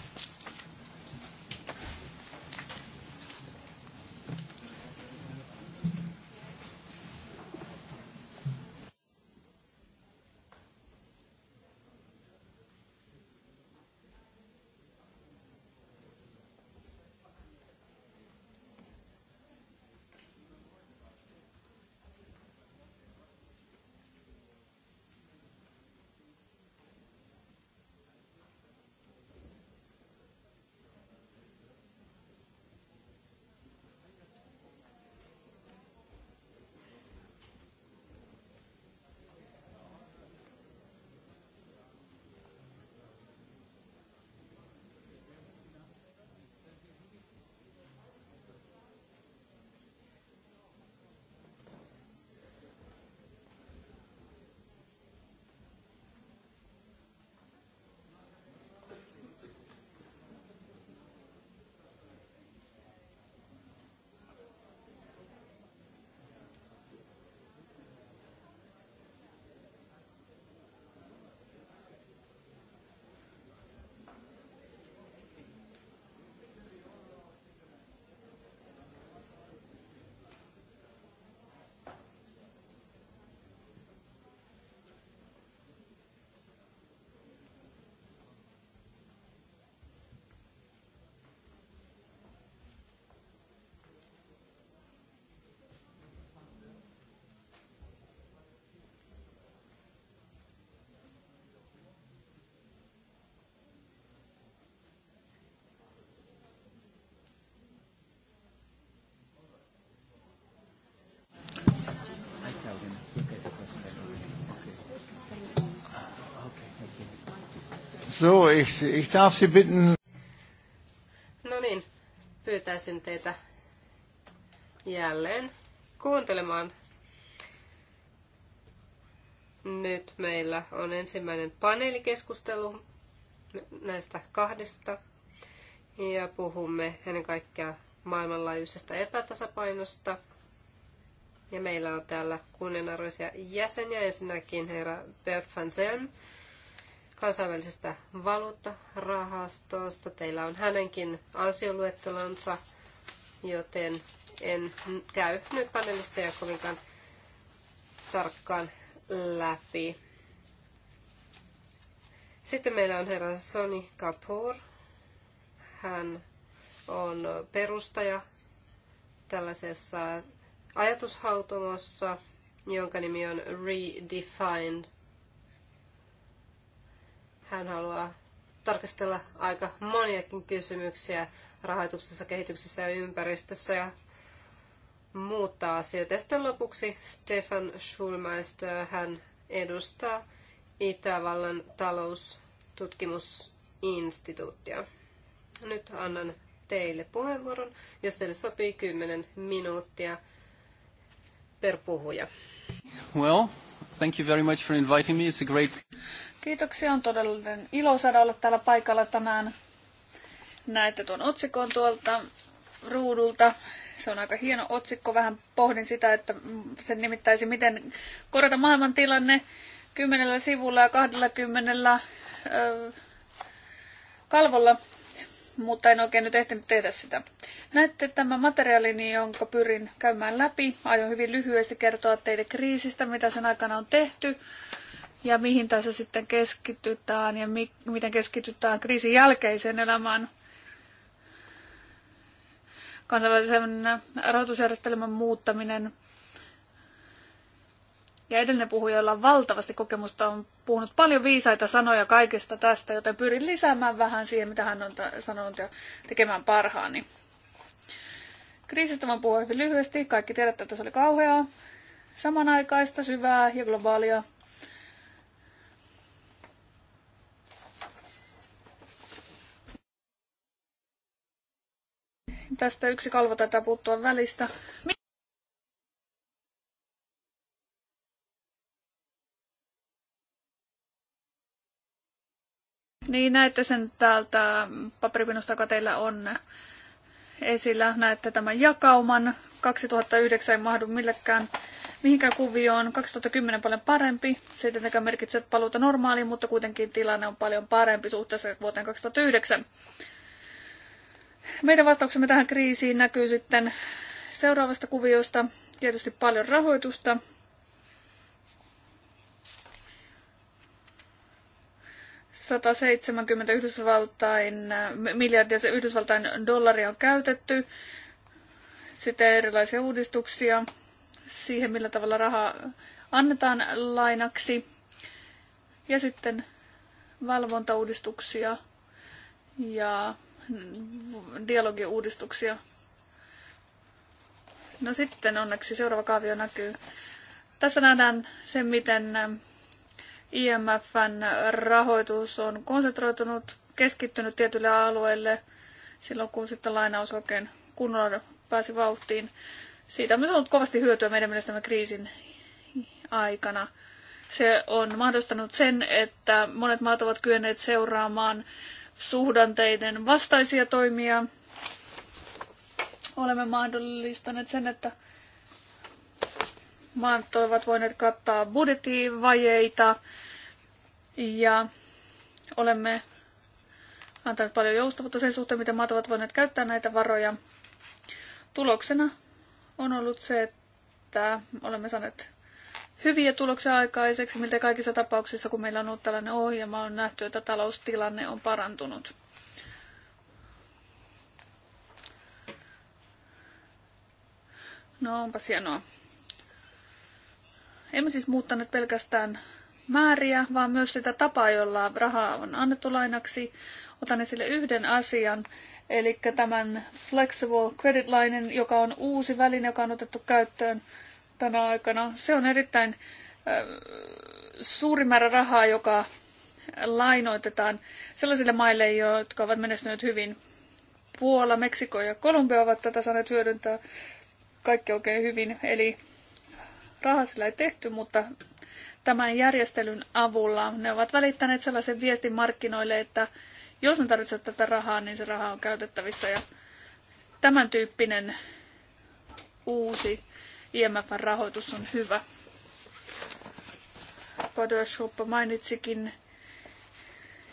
So, ich, ich darf Sie bitten. No niin, pyytäisin teitä jälleen kuuntelemaan. Nyt meillä on ensimmäinen paneelikeskustelu näistä kahdesta ja puhumme ennen kaikkea maailmanlaajuisesta epätasapainosta. Ja meillä on täällä kunnianarvoisia jäseniä, ensinnäkin herra Bert van Selm, kansainvälisestä valuuttarahastosta. Teillä on hänenkin ansioluettelonsa, joten en käy nyt ja kovinkaan tarkkaan läpi. Sitten meillä on herra Soni Kapoor. Hän on perustaja tällaisessa ajatushautomossa, jonka nimi on Redefined – hän haluaa tarkastella aika moniakin kysymyksiä rahoituksessa, kehityksessä ja ympäristössä ja muuttaa asioita. Ja sitten lopuksi Stefan Schulmeister, hän edustaa Itävallan taloustutkimusinstituuttia. Nyt annan teille puheenvuoron, jos teille sopii 10 minuuttia per puhuja. Well, thank you very much for inviting me. It's a great... Kiitoksia, on todellinen ilo saada olla täällä paikalla tänään. Näette tuon otsikon tuolta ruudulta. Se on aika hieno otsikko. Vähän pohdin sitä, että sen nimittäisi miten korjata maailman tilanne kymmenellä sivulla ja kymmenellä ö, kalvolla, mutta en oikein nyt ehtinyt tehdä sitä. Näette tämän materiaalin, jonka pyrin käymään läpi. Aion hyvin lyhyesti kertoa teille kriisistä, mitä sen aikana on tehty, ja mihin tässä sitten keskitytään ja mi- miten keskitytään kriisin jälkeiseen elämään. Kansainvälisen rahoitusjärjestelmän muuttaminen. Ja edellinen puhuja, jolla on valtavasti kokemusta, on puhunut paljon viisaita sanoja kaikesta tästä, joten pyrin lisäämään vähän siihen, mitä hän on sanonut ja tekemään parhaani. Kriisistä voin puhua hyvin lyhyesti. Kaikki tiedätte, että se oli kauheaa, samanaikaista, syvää ja globaalia Tästä yksi kalvo taitaa puuttua välistä. Niin, näette sen täältä paperipinusta, joka teillä on esillä. Näette tämän jakauman. 2009 ei mahdu millekään mihinkään kuvioon. 2010 paljon parempi. Se ei tietenkään merkitse paluuta normaaliin, mutta kuitenkin tilanne on paljon parempi suhteessa vuoteen 2009. Meidän vastauksemme tähän kriisiin näkyy sitten seuraavasta kuviosta. Tietysti paljon rahoitusta. ...170 Yhdysvaltain, miljardia Yhdysvaltain dollaria on käytetty. Sitten erilaisia uudistuksia siihen, millä tavalla rahaa annetaan lainaksi. Ja sitten valvontauudistuksia ja dialogiuudistuksia. No sitten onneksi seuraava kaavio näkyy. Tässä nähdään se, miten ähm, IMFn rahoitus on konsentroitunut, keskittynyt tietylle alueelle, silloin, kun sitten lainaus oikein kunnolla pääsi vauhtiin. Siitä on myös ollut kovasti hyötyä meidän mielestämme kriisin aikana. Se on mahdollistanut sen, että monet maat ovat kyenneet seuraamaan suhdanteiden vastaisia toimia. Olemme mahdollistaneet sen, että maat ovat voineet kattaa budjettivajeita ja olemme antaneet paljon joustavuutta sen suhteen, miten maat ovat voineet käyttää näitä varoja. Tuloksena on ollut se, että olemme saaneet hyviä tuloksia aikaiseksi, miltä kaikissa tapauksissa, kun meillä on ollut tällainen ohjelma, on nähty, että taloustilanne on parantunut. No onpas hienoa. Emme siis muuttaneet pelkästään määriä, vaan myös sitä tapaa, jolla rahaa on annettu lainaksi. Otan esille yhden asian, eli tämän Flexible Credit Linen, joka on uusi väline, joka on otettu käyttöön tänä aikana. Se on erittäin suuri määrä rahaa, joka lainoitetaan sellaisille maille, jotka ovat menestyneet hyvin. Puola, Meksiko ja Kolumbia ovat tätä saaneet hyödyntää kaikki oikein hyvin. Eli rahaa sillä ei tehty, mutta tämän järjestelyn avulla ne ovat välittäneet sellaisen viestin markkinoille, että jos ne tarvitsevat tätä rahaa, niin se raha on käytettävissä. Ja tämän tyyppinen uusi IMFn rahoitus on hyvä. Padoshoppa mainitsikin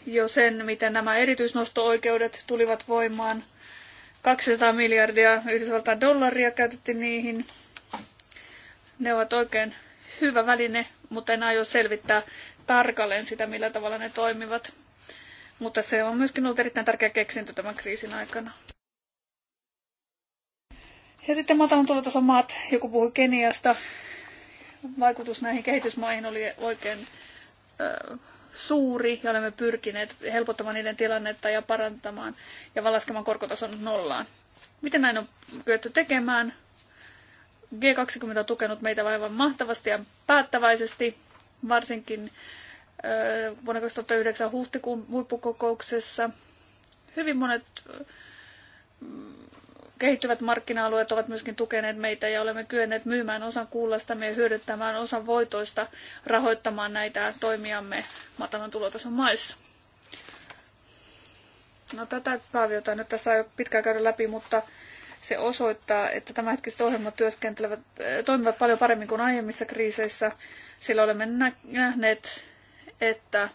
jo sen, miten nämä erityisnosto-oikeudet tulivat voimaan. 200 miljardia Yhdysvaltain dollaria käytettiin niihin. Ne ovat oikein hyvä väline, mutta en aio selvittää tarkalleen sitä, millä tavalla ne toimivat. Mutta se on myöskin ollut erittäin tärkeä keksintö tämän kriisin aikana. Ja sitten matalan tulotason maat, joku puhui Keniasta, vaikutus näihin kehitysmaihin oli oikein ö, suuri ja olemme pyrkineet helpottamaan niiden tilannetta ja parantamaan ja valaskemaan korkotason nollaan. Miten näin on kyetty tekemään? G20 on tukenut meitä aivan mahtavasti ja päättäväisesti, varsinkin ö, vuonna 2009 huhtikuun huippukokouksessa. Hyvin monet Kehittyvät markkina-alueet ovat myöskin tukeneet meitä ja olemme kyenneet myymään osan kullastamme ja hyödyttämään osan voitoista rahoittamaan näitä toimiamme matalan tulotason maissa. No tätä kaaviota nyt tässä ei ole pitkään käydä läpi, mutta se osoittaa, että tämänhetkiset ohjelmat työskentelevät, eh, toimivat paljon paremmin kuin aiemmissa kriiseissä, sillä olemme nähneet, että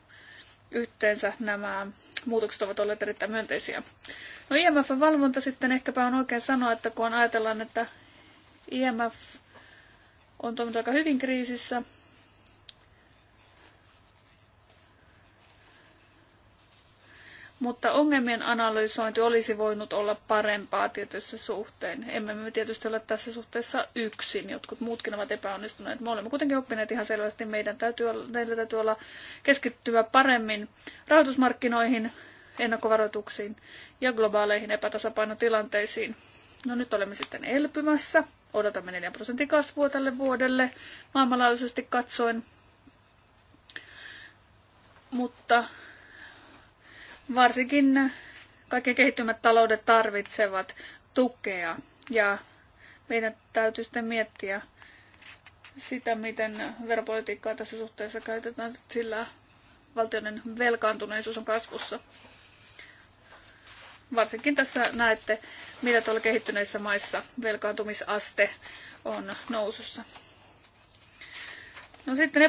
yhteensä nämä muutokset ovat olleet erittäin myönteisiä. No IMF-valvonta sitten ehkäpä on oikein sanoa, että kun ajatellaan, että IMF on toiminut aika hyvin kriisissä, mutta ongelmien analysointi olisi voinut olla parempaa tietyssä suhteen. Emme me tietysti ole tässä suhteessa yksin, jotkut muutkin ovat epäonnistuneet. Me olemme kuitenkin oppineet ihan selvästi, meidän täytyy olla, meillä täytyy olla keskittyvä paremmin rahoitusmarkkinoihin, ennakkovaroituksiin ja globaaleihin epätasapainotilanteisiin. No nyt olemme sitten elpymässä. Odotamme 4 prosentin kasvua tälle vuodelle maailmanlaajuisesti katsoen. Mutta varsinkin kaikki kehittymät taloudet tarvitsevat tukea ja meidän täytyy sitten miettiä sitä, miten veropolitiikkaa tässä suhteessa käytetään, sillä valtioiden velkaantuneisuus on kasvussa. Varsinkin tässä näette, millä tuolla kehittyneissä maissa velkaantumisaste on nousussa. No sitten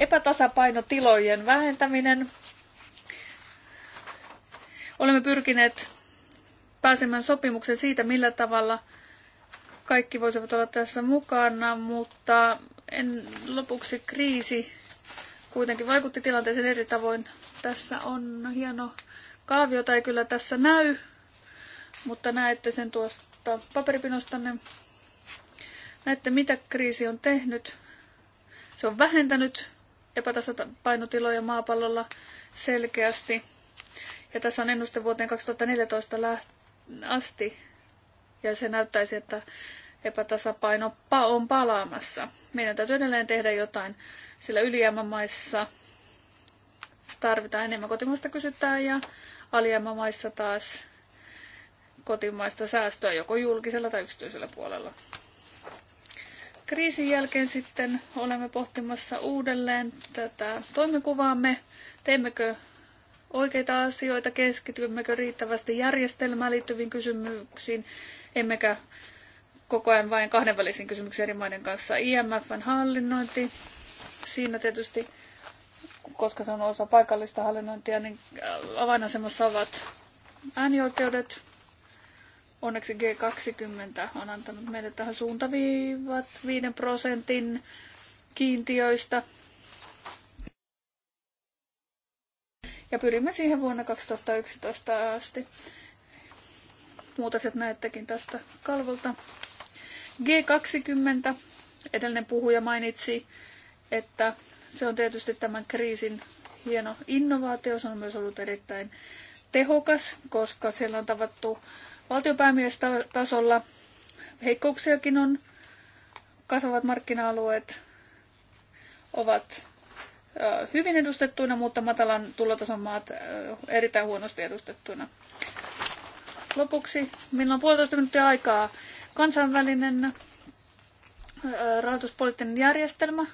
epätasapainotilojen vähentäminen. Olemme pyrkineet pääsemään sopimukseen siitä, millä tavalla kaikki voisivat olla tässä mukana, mutta en, lopuksi kriisi kuitenkin vaikutti tilanteeseen eri tavoin. Tässä on hieno kaavio, tai kyllä tässä näy, mutta näette sen tuosta paperipinostanne. Näette, mitä kriisi on tehnyt. Se on vähentänyt epätasapainotiloja maapallolla selkeästi. Ja tässä on ennuste vuoteen 2014 asti. Ja se näyttäisi, että epätasapaino on palaamassa. Meidän täytyy edelleen tehdä jotain, sillä ylijäämämaissa tarvitaan enemmän kotimaista kysyntää ja alijäämämaissa taas kotimaista säästöä joko julkisella tai yksityisellä puolella. Kriisin jälkeen sitten olemme pohtimassa uudelleen tätä toimikuvaamme. Teemmekö oikeita asioita, keskitymmekö riittävästi järjestelmään liittyviin kysymyksiin, emmekä koko ajan vain kahdenvälisiin kysymyksiin eri maiden kanssa. IMFn hallinnointi, siinä tietysti koska se on osa paikallista hallinnointia, niin äh, avainasemassa ovat äänioikeudet. Onneksi G20 on antanut meille tähän suuntaviivat 5 prosentin kiintiöistä. Ja pyrimme siihen vuonna 2011 asti. Muutaset näettekin tästä kalvolta. G20, edellinen puhuja mainitsi, että se on tietysti tämän kriisin hieno innovaatio. Se on myös ollut erittäin tehokas, koska siellä on tavattu valtiopäämiestasolla heikkouksiakin on. Kasvavat markkina-alueet ovat hyvin edustettuina, mutta matalan tulotason maat erittäin huonosti edustettuina. Lopuksi meillä on puolitoista minuuttia aikaa kansainvälinen rahoituspoliittinen järjestelmä,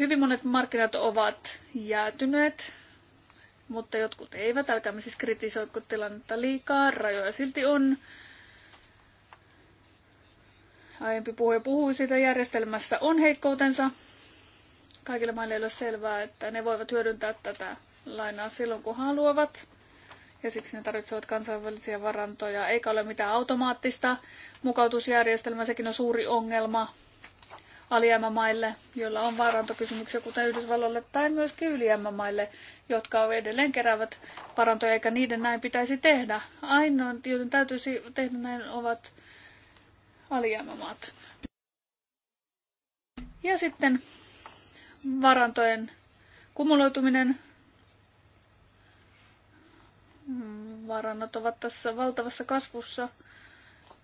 Hyvin monet markkinat ovat jäätyneet, mutta jotkut eivät. Älkäämme siis kritisoiko tilannetta liikaa. Rajoja silti on. Aiempi puhuja puhui siitä järjestelmässä on heikkoutensa. Kaikille maille ei ole selvää, että ne voivat hyödyntää tätä lainaa silloin kun haluavat ja siksi ne tarvitsevat kansainvälisiä varantoja, eikä ole mitään automaattista mukautusjärjestelmää, sekin on suuri ongelma alijäämämaille, joilla on varantokysymyksiä, kuten Yhdysvalloille, tai myös ylijäämämaille, jotka edelleen keräävät varantoja, eikä niiden näin pitäisi tehdä. Ainoa, joiden täytyisi tehdä näin, ovat alijäämämaat. Ja sitten varantojen kumuloituminen. Varannot ovat tässä valtavassa kasvussa.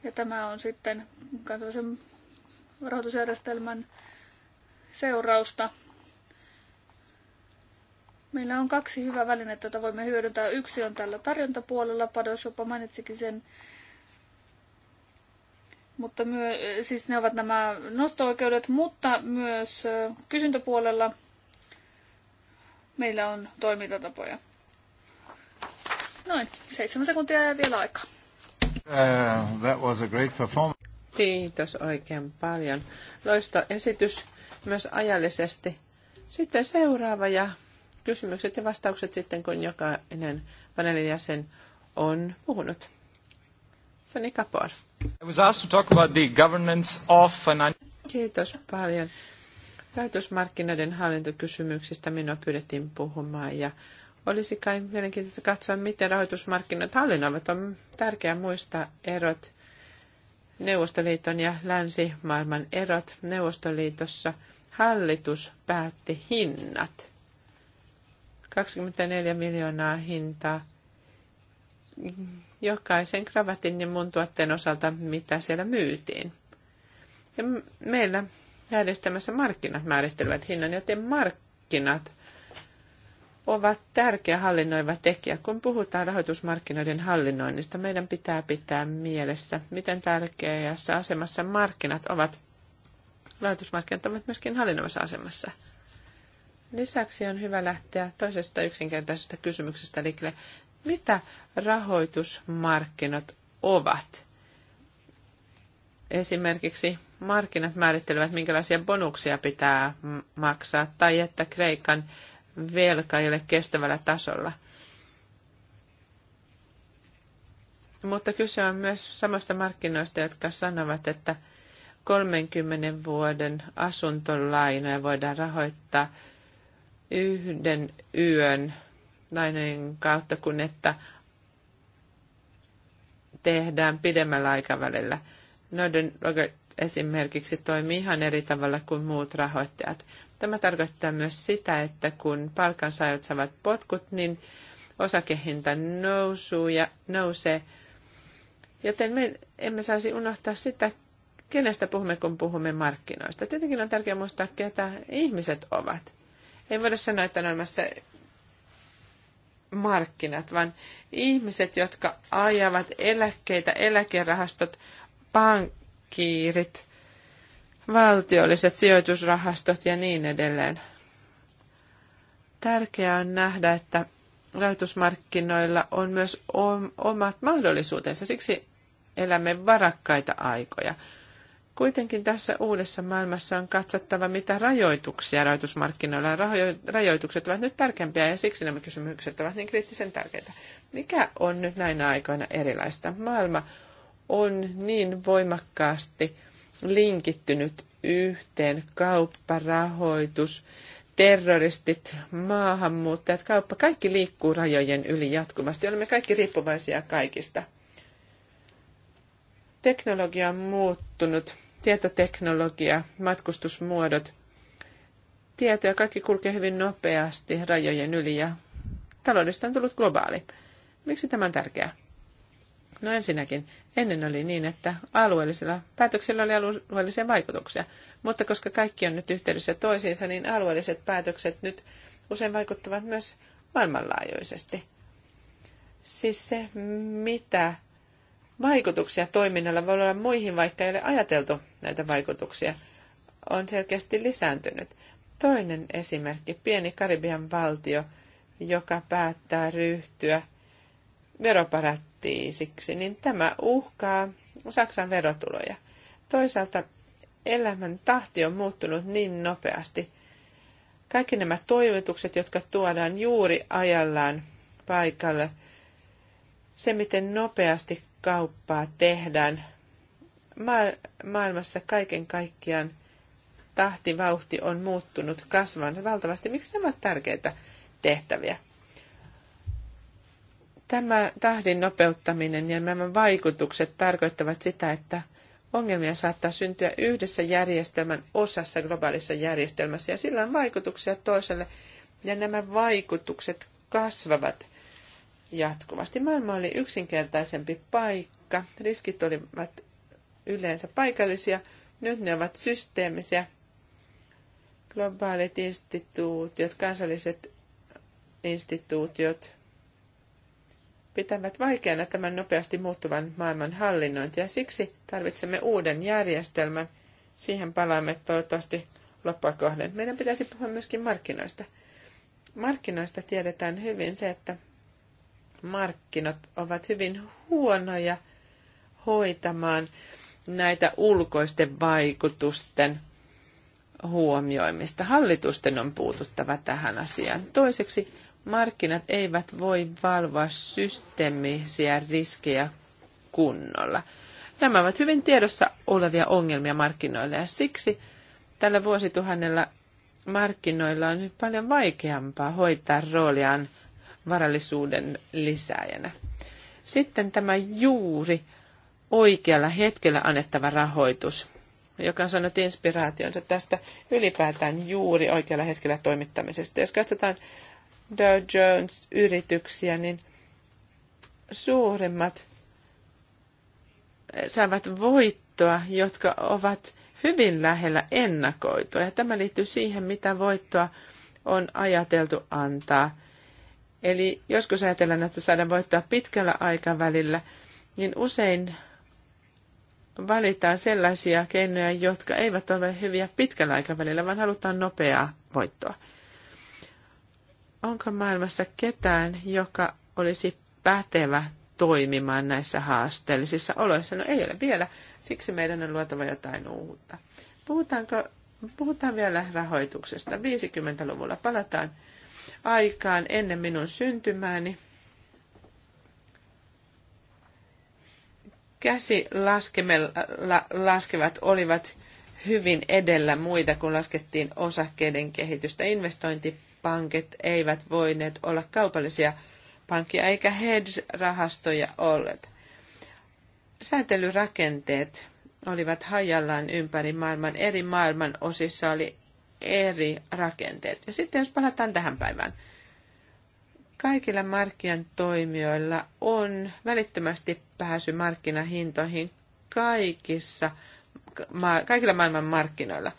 Ja tämä on sitten kansallisen rahoitusjärjestelmän seurausta. Meillä on kaksi hyvää välinettä, joita voimme hyödyntää. Yksi on tällä tarjontapuolella, Pados jopa mainitsikin sen, mutta myö, siis ne ovat nämä nosto-oikeudet, mutta myös kysyntäpuolella meillä on toimintatapoja. Noin, seitsemän sekuntia ja vielä aikaa. Uh, that was a great performance. Kiitos oikein paljon. Loista esitys myös ajallisesti. Sitten seuraava ja kysymykset ja vastaukset sitten, kun jokainen paneelin jäsen on puhunut. Sani Kapoor. I was asked to talk about the governance of financial... Kiitos paljon. Rahoitusmarkkinoiden hallintokysymyksistä minua pyydettiin puhumaan ja olisi kai mielenkiintoista katsoa, miten rahoitusmarkkinat hallinnoivat. On tärkeää muistaa erot Neuvostoliiton ja länsimaailman erot. Neuvostoliitossa hallitus päätti hinnat. 24 miljoonaa hintaa jokaisen kravatin ja mun tuotteen osalta, mitä siellä myytiin. Ja meillä järjestämässä markkinat määrittelevät hinnan, joten markkinat ovat tärkeä hallinnoiva tekijä. Kun puhutaan rahoitusmarkkinoiden hallinnoinnista, meidän pitää pitää mielessä, miten tärkeässä asemassa markkinat ovat. Rahoitusmarkkinat ovat myöskin hallinnoivassa asemassa. Lisäksi on hyvä lähteä toisesta yksinkertaisesta kysymyksestä liikkeelle. Mitä rahoitusmarkkinat ovat? Esimerkiksi markkinat määrittelevät, minkälaisia bonuksia pitää maksaa, tai että Kreikan velka ei ole kestävällä tasolla. Mutta kyse on myös samasta markkinoista, jotka sanovat, että 30 vuoden asuntolainoja voidaan rahoittaa yhden yön lainojen kautta, kun että tehdään pidemmällä aikavälillä. Noiden esimerkiksi toimii ihan eri tavalla kuin muut rahoittajat. Tämä tarkoittaa myös sitä, että kun palkansaajat saavat potkut, niin osakehinta nousuu ja nousee. Joten me emme saisi unohtaa sitä, kenestä puhumme, kun puhumme markkinoista. Tietenkin on tärkeää muistaa, ketä ihmiset ovat. Ei voida sanoa, että on olemassa markkinat, vaan ihmiset, jotka ajavat eläkkeitä, eläkerahastot, pankkiirit – valtiolliset sijoitusrahastot ja niin edelleen. Tärkeää on nähdä, että rahoitusmarkkinoilla on myös omat mahdollisuutensa, siksi elämme varakkaita aikoja. Kuitenkin tässä uudessa maailmassa on katsottava, mitä rajoituksia rahoitusmarkkinoilla on. Rajoitukset ovat nyt tärkeämpiä ja siksi nämä kysymykset ovat niin kriittisen tärkeitä. Mikä on nyt näinä aikoina erilaista? Maailma on niin voimakkaasti linkittynyt yhteen kaupparahoitus, terroristit, maahanmuuttajat, kauppa, kaikki liikkuu rajojen yli jatkuvasti. Olemme kaikki riippuvaisia kaikista. Teknologia on muuttunut, tietoteknologia, matkustusmuodot, tietoja, kaikki kulkee hyvin nopeasti rajojen yli ja taloudesta on tullut globaali. Miksi tämä on tärkeää? No ensinnäkin, ennen oli niin, että alueellisilla päätöksillä oli alueellisia vaikutuksia, mutta koska kaikki on nyt yhteydessä toisiinsa, niin alueelliset päätökset nyt usein vaikuttavat myös maailmanlaajuisesti. Siis se, mitä vaikutuksia toiminnalla voi olla muihin, vaikka ei ole ajateltu näitä vaikutuksia, on selkeästi lisääntynyt. Toinen esimerkki, pieni Karibian valtio, joka päättää ryhtyä veroparat alttiisiksi, niin tämä uhkaa Saksan verotuloja. Toisaalta elämän tahti on muuttunut niin nopeasti. Kaikki nämä toivotukset, jotka tuodaan juuri ajallaan paikalle, se miten nopeasti kauppaa tehdään, Ma- maailmassa kaiken kaikkiaan tahti, vauhti on muuttunut, kasvan valtavasti. Miksi nämä ovat tärkeitä tehtäviä? Tämä tahdin nopeuttaminen ja nämä vaikutukset tarkoittavat sitä, että ongelmia saattaa syntyä yhdessä järjestelmän osassa globaalissa järjestelmässä ja sillä on vaikutuksia toiselle ja nämä vaikutukset kasvavat jatkuvasti. Maailma oli yksinkertaisempi paikka, riskit olivat yleensä paikallisia, nyt ne ovat systeemisiä. Globaalit instituutiot, kansalliset instituutiot – pitävät vaikeana tämän nopeasti muuttuvan maailman hallinnointia. Siksi tarvitsemme uuden järjestelmän. Siihen palaamme toivottavasti loppua kohden. Meidän pitäisi puhua myöskin markkinoista. Markkinoista tiedetään hyvin se, että markkinat ovat hyvin huonoja hoitamaan näitä ulkoisten vaikutusten huomioimista. Hallitusten on puututtava tähän asiaan. Toiseksi markkinat eivät voi valvoa systeemisiä riskejä kunnolla. Nämä ovat hyvin tiedossa olevia ongelmia markkinoilla ja siksi tällä vuosituhannella markkinoilla on nyt paljon vaikeampaa hoitaa rooliaan varallisuuden lisääjänä. Sitten tämä juuri oikealla hetkellä annettava rahoitus, joka on saanut inspiraationsa tästä ylipäätään juuri oikealla hetkellä toimittamisesta. Jos katsotaan Dow Jones-yrityksiä, niin suurimmat eh, saavat voittoa, jotka ovat hyvin lähellä ennakoitua. Ja tämä liittyy siihen, mitä voittoa on ajateltu antaa. Eli joskus ajatellaan, että saadaan voittaa pitkällä aikavälillä, niin usein valitaan sellaisia keinoja, jotka eivät ole hyviä pitkällä aikavälillä, vaan halutaan nopeaa voittoa onko maailmassa ketään, joka olisi pätevä toimimaan näissä haasteellisissa oloissa? No ei ole vielä, siksi meidän on luotava jotain uutta. Puhutaanko, puhutaan vielä rahoituksesta. 50-luvulla palataan aikaan ennen minun syntymääni. Käsi laskevat olivat hyvin edellä muita, kun laskettiin osakkeiden kehitystä. Investointi pankit eivät voineet olla kaupallisia pankkia eikä hedge-rahastoja olleet. Säätelyrakenteet olivat hajallaan ympäri maailman. Eri maailman osissa oli eri rakenteet. Ja sitten jos palataan tähän päivään. Kaikilla markkian toimijoilla on välittömästi pääsy markkinahintoihin kaikissa, kaikilla maailman markkinoilla.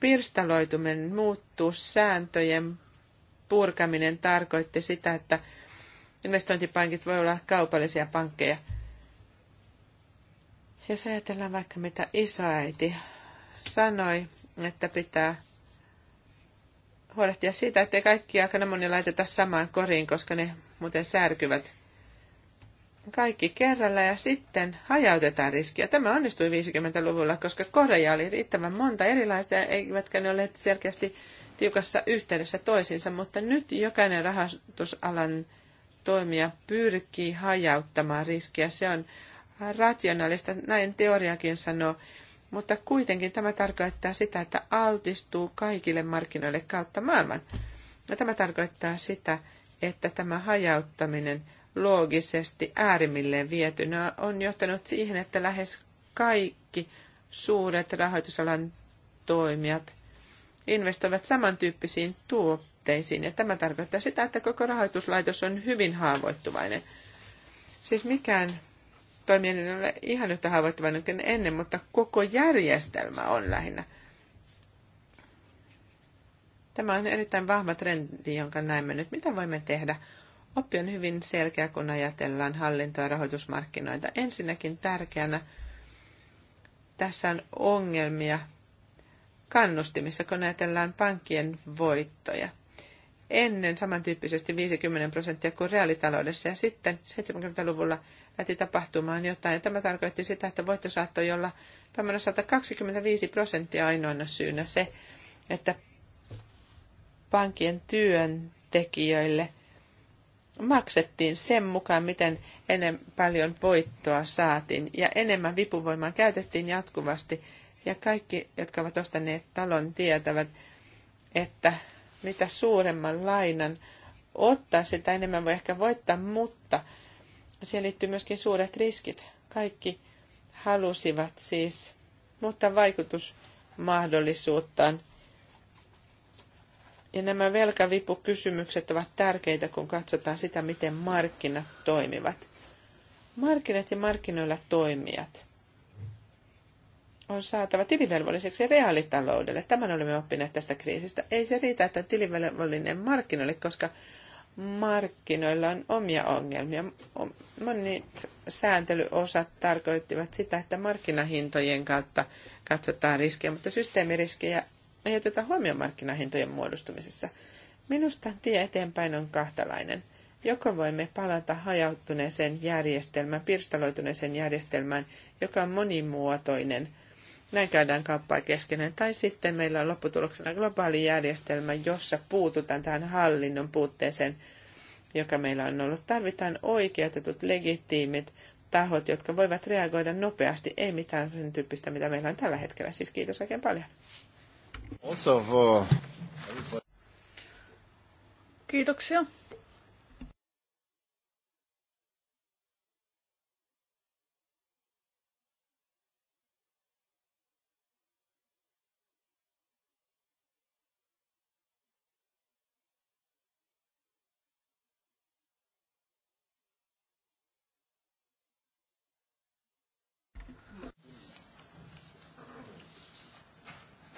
Pirstaloituminen muuttuu sääntöjen purkaminen tarkoitti sitä, että investointipankit voi olla kaupallisia pankkeja. Jos ajatellaan vaikka mitä isoäiti sanoi, että pitää huolehtia siitä, ettei kaikkia moni laiteta samaan koriin, koska ne muuten särkyvät kaikki kerralla ja sitten hajautetaan riskiä. Tämä onnistui 50-luvulla, koska koreja oli riittävän monta erilaista, eivätkä ne ole selkeästi tiukassa yhteydessä toisiinsa, mutta nyt jokainen rahoitusalan toimija pyrkii hajauttamaan riskiä. Se on rationaalista, näin teoriakin sanoo, mutta kuitenkin tämä tarkoittaa sitä, että altistuu kaikille markkinoille kautta maailman. Ja tämä tarkoittaa sitä, että tämä hajauttaminen loogisesti äärimmilleen vietynä on johtanut siihen, että lähes kaikki suuret rahoitusalan toimijat investoivat samantyyppisiin tuotteisiin. Ja tämä tarkoittaa sitä, että koko rahoituslaitos on hyvin haavoittuvainen. Siis mikään toimijan ei ole ihan yhtä haavoittuvainen kuin ennen, mutta koko järjestelmä on lähinnä. Tämä on erittäin vahva trendi, jonka näemme nyt. Mitä voimme tehdä? Oppi on hyvin selkeä, kun ajatellaan hallintoa ja rahoitusmarkkinoita. Ensinnäkin tärkeänä tässä on ongelmia kannustimissa, kun ajatellaan pankkien voittoja. Ennen samantyyppisesti 50 prosenttia kuin reaalitaloudessa ja sitten 70-luvulla lähti tapahtumaan jotain. Tämä tarkoitti sitä, että voitto saattoi olla 125 prosenttia ainoana syynä se, että pankkien työntekijöille maksettiin sen mukaan, miten enemmän paljon voittoa saatiin ja enemmän vipuvoimaa käytettiin jatkuvasti ja kaikki, jotka ovat ostaneet talon, tietävät, että mitä suuremman lainan ottaa, sitä enemmän voi ehkä voittaa, mutta siihen liittyy myöskin suuret riskit. Kaikki halusivat siis mutta vaikutusmahdollisuuttaan. Ja nämä velkavipukysymykset ovat tärkeitä, kun katsotaan sitä, miten markkinat toimivat. Markkinat ja markkinoilla toimijat on saatava tilivelvolliseksi reaalitaloudelle. Tämän olemme oppineet tästä kriisistä. Ei se riitä, että tilivelvollinen markkinoille, koska markkinoilla on omia ongelmia. Monet sääntelyosat tarkoittivat sitä, että markkinahintojen kautta katsotaan riskejä, mutta systeemiriskejä ei oteta huomioon markkinahintojen muodostumisessa. Minusta tie eteenpäin on kahtalainen. Joko voimme palata hajautuneeseen järjestelmään, pirstaloituneeseen järjestelmään, joka on monimuotoinen – näin käydään kauppaa keskenään. Tai sitten meillä on lopputuloksena globaali järjestelmä, jossa puututaan tähän hallinnon puutteeseen, joka meillä on ollut. Tarvitaan oikeutetut, legitiimit tahot, jotka voivat reagoida nopeasti, ei mitään sen tyyppistä, mitä meillä on tällä hetkellä. Siis kiitos oikein paljon. Uh, Kiitoksia.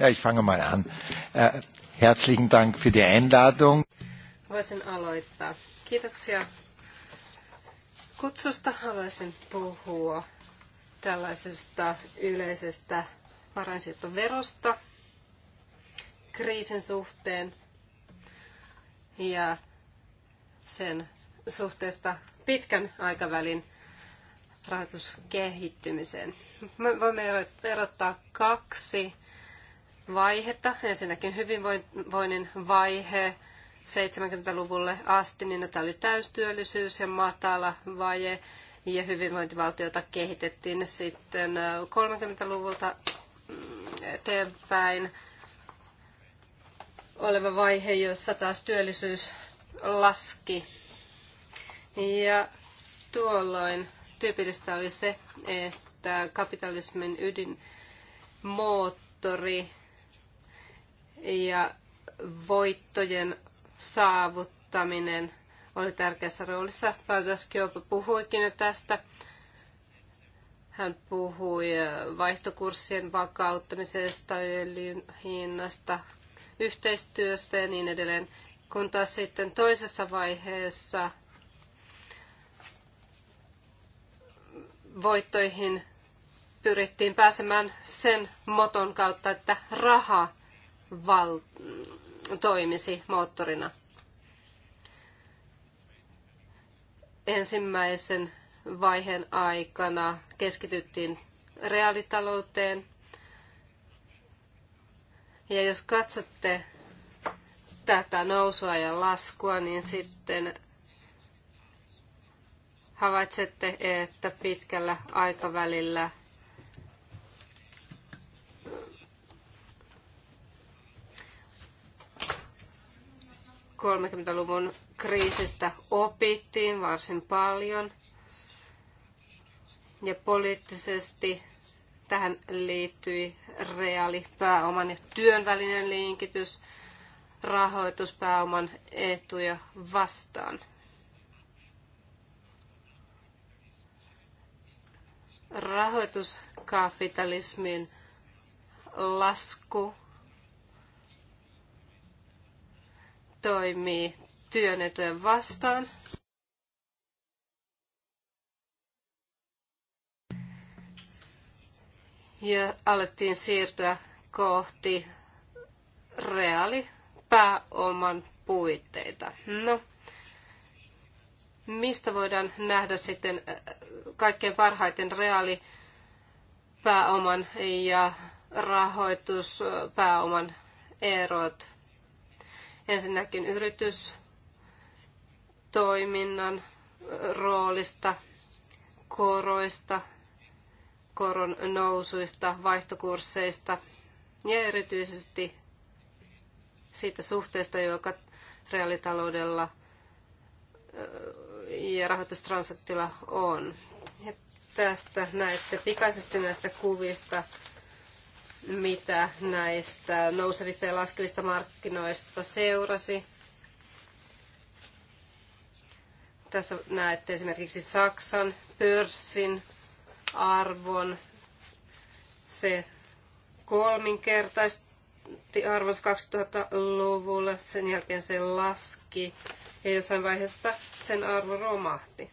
Ja, ich fange mal an. Äh, herzlichen Dank für die Einladung. Voisin aloittaa. Kiitoksia kutsusta. Haluaisin puhua tällaisesta yleisestä varainsiirtoverosta kriisin suhteen ja sen suhteesta pitkän aikavälin rahoituskehittymiseen. Me voimme erottaa kaksi vaihetta. Ensinnäkin hyvinvoinnin vaihe 70-luvulle asti, niin että oli täystyöllisyys ja matala vaje ja hyvinvointivaltiota kehitettiin sitten 30-luvulta eteenpäin oleva vaihe, jossa taas työllisyys laski. Ja tuolloin tyypillistä oli se, että kapitalismin ydinmoottori ja voittojen saavuttaminen oli tärkeässä roolissa. Päätös Kiopa puhuikin jo tästä. Hän puhui äh, vaihtokurssien vakauttamisesta, öljyn hinnasta, yhteistyöstä ja niin edelleen. Kun taas sitten toisessa vaiheessa voittoihin pyrittiin pääsemään sen moton kautta, että raha val- toimisi moottorina. Ensimmäisen vaiheen aikana keskityttiin reaalitalouteen. Ja jos katsotte tätä nousua ja laskua, niin sitten havaitsette, että pitkällä aikavälillä 30-luvun kriisistä opittiin varsin paljon. Ja poliittisesti tähän liittyi reaali pääoman ja työn välinen linkitys rahoituspääoman etuja vastaan. Rahoituskapitalismin lasku toimii työn vastaan. Ja alettiin siirtyä kohti reaalipääoman puitteita. No, mistä voidaan nähdä sitten äh, kaikkein parhaiten reaalipääoman ja rahoituspääoman erot Ensinnäkin yritystoiminnan roolista, koroista, koron nousuista, vaihtokursseista ja erityisesti siitä suhteesta, joka reaalitaloudella ja rahoitustransaktiolla on. Ja tästä näette pikaisesti näistä kuvista mitä näistä nousevista ja laskevista markkinoista seurasi. Tässä näette esimerkiksi Saksan pörssin arvon. Se kolminkertaisti arvonsa 2000-luvulla, sen jälkeen se laski ja jossain vaiheessa sen arvo romahti.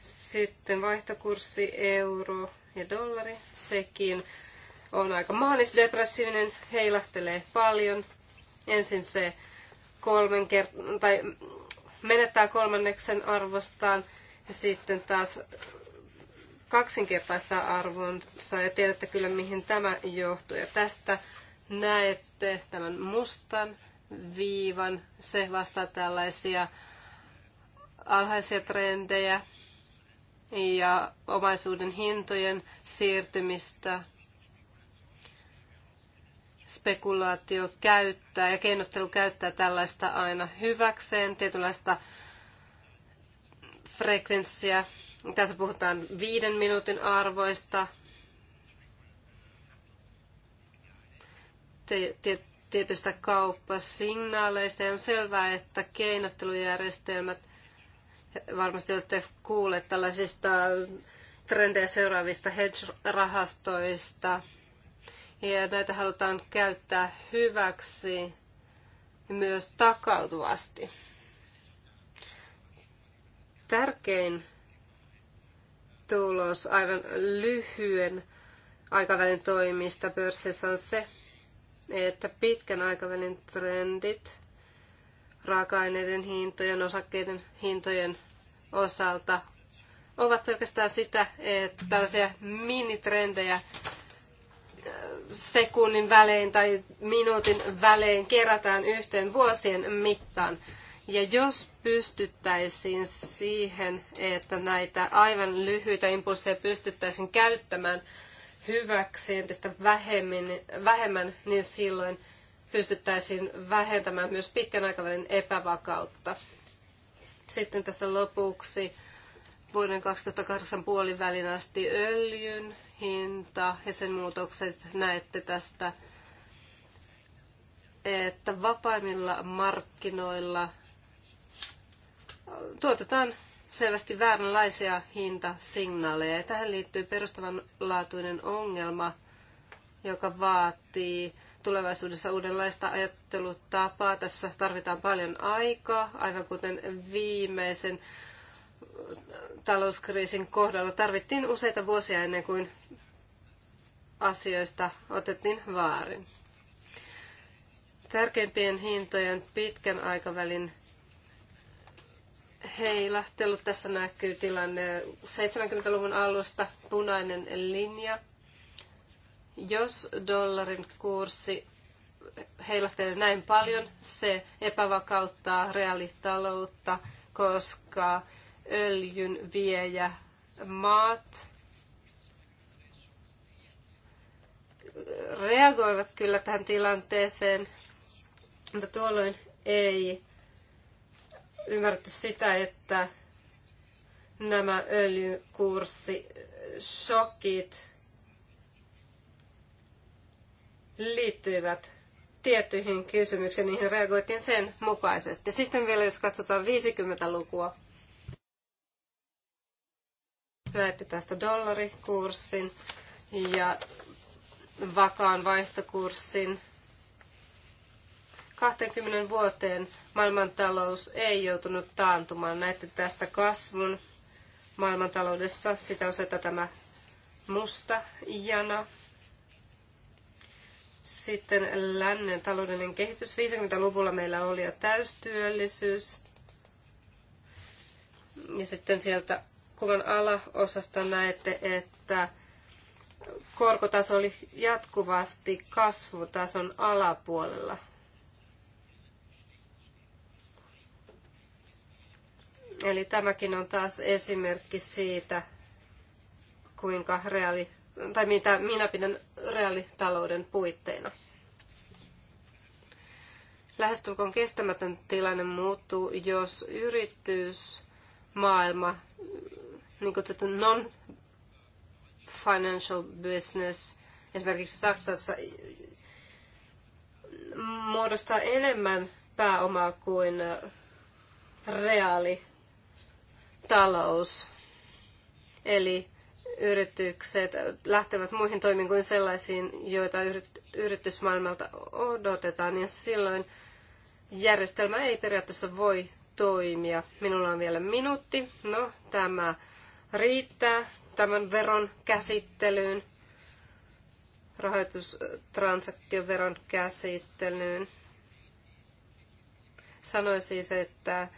Sitten vaihtokurssi euro ja dollari, sekin on aika maanisdepressiivinen, heilahtelee paljon. Ensin se kolmen tai menettää kolmanneksen arvostaan ja sitten taas kaksinkertaistaa arvonsa ja tiedätte kyllä mihin tämä johtuu. Ja tästä näette tämän mustan viivan. Se vastaa tällaisia alhaisia trendejä ja omaisuuden hintojen siirtymistä spekulaatio käyttää ja keinottelu käyttää tällaista aina hyväkseen, tietynlaista frekvenssiä. Tässä puhutaan viiden minuutin arvoista. tietystä kauppasignaaleista. Ja on selvää, että keinottelujärjestelmät, varmasti olette kuulleet tällaisista trendejä seuraavista hedge-rahastoista – ja näitä halutaan käyttää hyväksi myös takautuvasti. Tärkein tulos aivan lyhyen aikavälin toimista pörssissä on se, että pitkän aikavälin trendit raaka-aineiden hintojen, osakkeiden hintojen osalta ovat pelkästään sitä, että tällaisia minitrendejä sekunnin välein tai minuutin välein kerätään yhteen vuosien mittaan. Ja jos pystyttäisiin siihen, että näitä aivan lyhyitä impulseja pystyttäisiin käyttämään hyväksi entistä vähemmän, vähemmän niin silloin pystyttäisiin vähentämään myös pitkän aikavälin epävakautta. Sitten tässä lopuksi vuoden 2008 puolivälin asti öljyn hinta ja sen muutokset näette tästä, että vapaimmilla markkinoilla tuotetaan selvästi vääränlaisia hintasignaaleja. Ja tähän liittyy perustavanlaatuinen ongelma, joka vaatii tulevaisuudessa uudenlaista ajattelutapaa. Tässä tarvitaan paljon aikaa, aivan kuten viimeisen talouskriisin kohdalla tarvittiin useita vuosia ennen kuin asioista otettiin vaarin. Tärkeimpien hintojen pitkän aikavälin heilahtelu. Tässä näkyy tilanne 70-luvun alusta, punainen linja. Jos dollarin kurssi heilahtelee näin paljon, se epävakauttaa reaalitaloutta, koska öljyn viejä maat reagoivat kyllä tähän tilanteeseen, mutta tuolloin ei ymmärretty sitä, että nämä öljykurssishokit liittyivät tiettyihin kysymyksiin, niihin reagoitiin sen mukaisesti. Sitten vielä jos katsotaan 50-lukua, näette tästä dollarikurssin ja vakaan vaihtokurssin. 20 vuoteen maailmantalous ei joutunut taantumaan. Näette tästä kasvun maailmantaloudessa. Sitä osoittaa tämä musta jana. Sitten lännen taloudellinen kehitys. 50-luvulla meillä oli jo täystyöllisyys. Ja sitten sieltä kuvan alaosasta näette, että korkotaso oli jatkuvasti kasvutason alapuolella. Eli tämäkin on taas esimerkki siitä, kuinka reaali, tai mitä minä pidän reaalitalouden puitteina. Lähestulkoon kestämätön tilanne muuttuu, jos yritys maailma niin kutsuttu non financial business esimerkiksi Saksassa muodostaa enemmän pääomaa kuin äh, reaali talous. Eli yritykset lähtevät muihin toimiin kuin sellaisiin, joita yritysmaailmalta odotetaan, niin silloin järjestelmä ei periaatteessa voi toimia. Minulla on vielä minuutti. No, tämä riittää tämän veron käsittelyyn, rahoitustransaktioveron käsittelyyn. Sanoi siis, että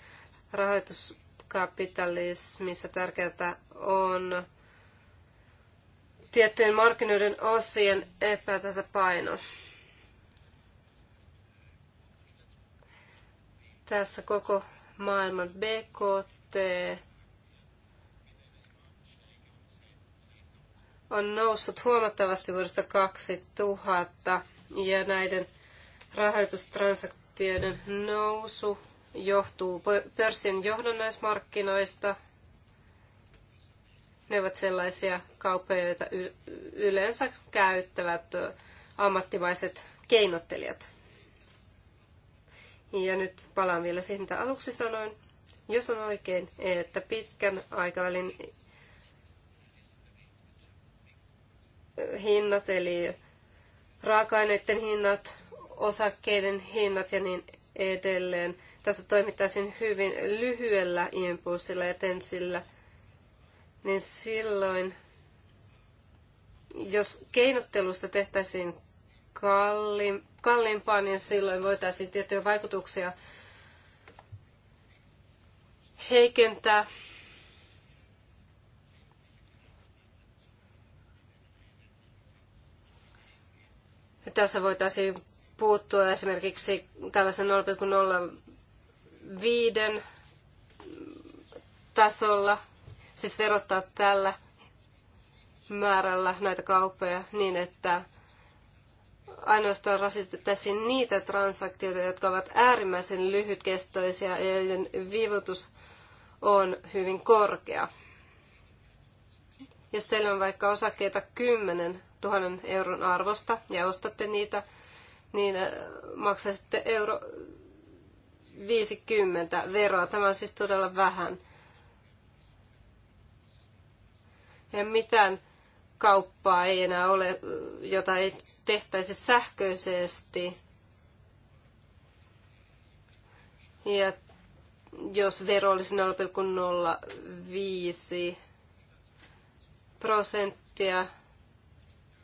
rahoituskapitalismissa tärkeää on tiettyjen markkinoiden osien epätasapaino. Tässä koko maailman BKT on noussut huomattavasti vuodesta 2000 ja näiden rahoitustransaktioiden nousu johtuu pörssin johdonnaismarkkinoista. Ne ovat sellaisia kauppoja, joita yleensä käyttävät ammattimaiset keinottelijat. Ja nyt palaan vielä siihen, mitä aluksi sanoin. Jos on oikein, että pitkän aikavälin hinnat, eli raaka-aineiden hinnat, osakkeiden hinnat ja niin edelleen. Tässä toimittaisiin hyvin lyhyellä impulssilla ja tensillä, niin silloin, jos keinottelusta tehtäisiin kalli, kalliimpaa, niin silloin voitaisiin tiettyjä vaikutuksia heikentää Tässä voitaisiin puuttua esimerkiksi tällaisen 0,05 tasolla, siis verottaa tällä määrällä näitä kauppoja niin, että ainoastaan rasitettaisiin niitä transaktioita, jotka ovat äärimmäisen lyhytkestoisia ja joiden viivutus on hyvin korkea. Jos teillä on vaikka osakkeita kymmenen tuhannen euron arvosta ja ostatte niitä, niin äh, maksaisitte euro 50 veroa. Tämä on siis todella vähän. Ja mitään kauppaa ei enää ole, jota ei tehtäisi sähköisesti. Ja jos vero olisi 0,05 prosenttia,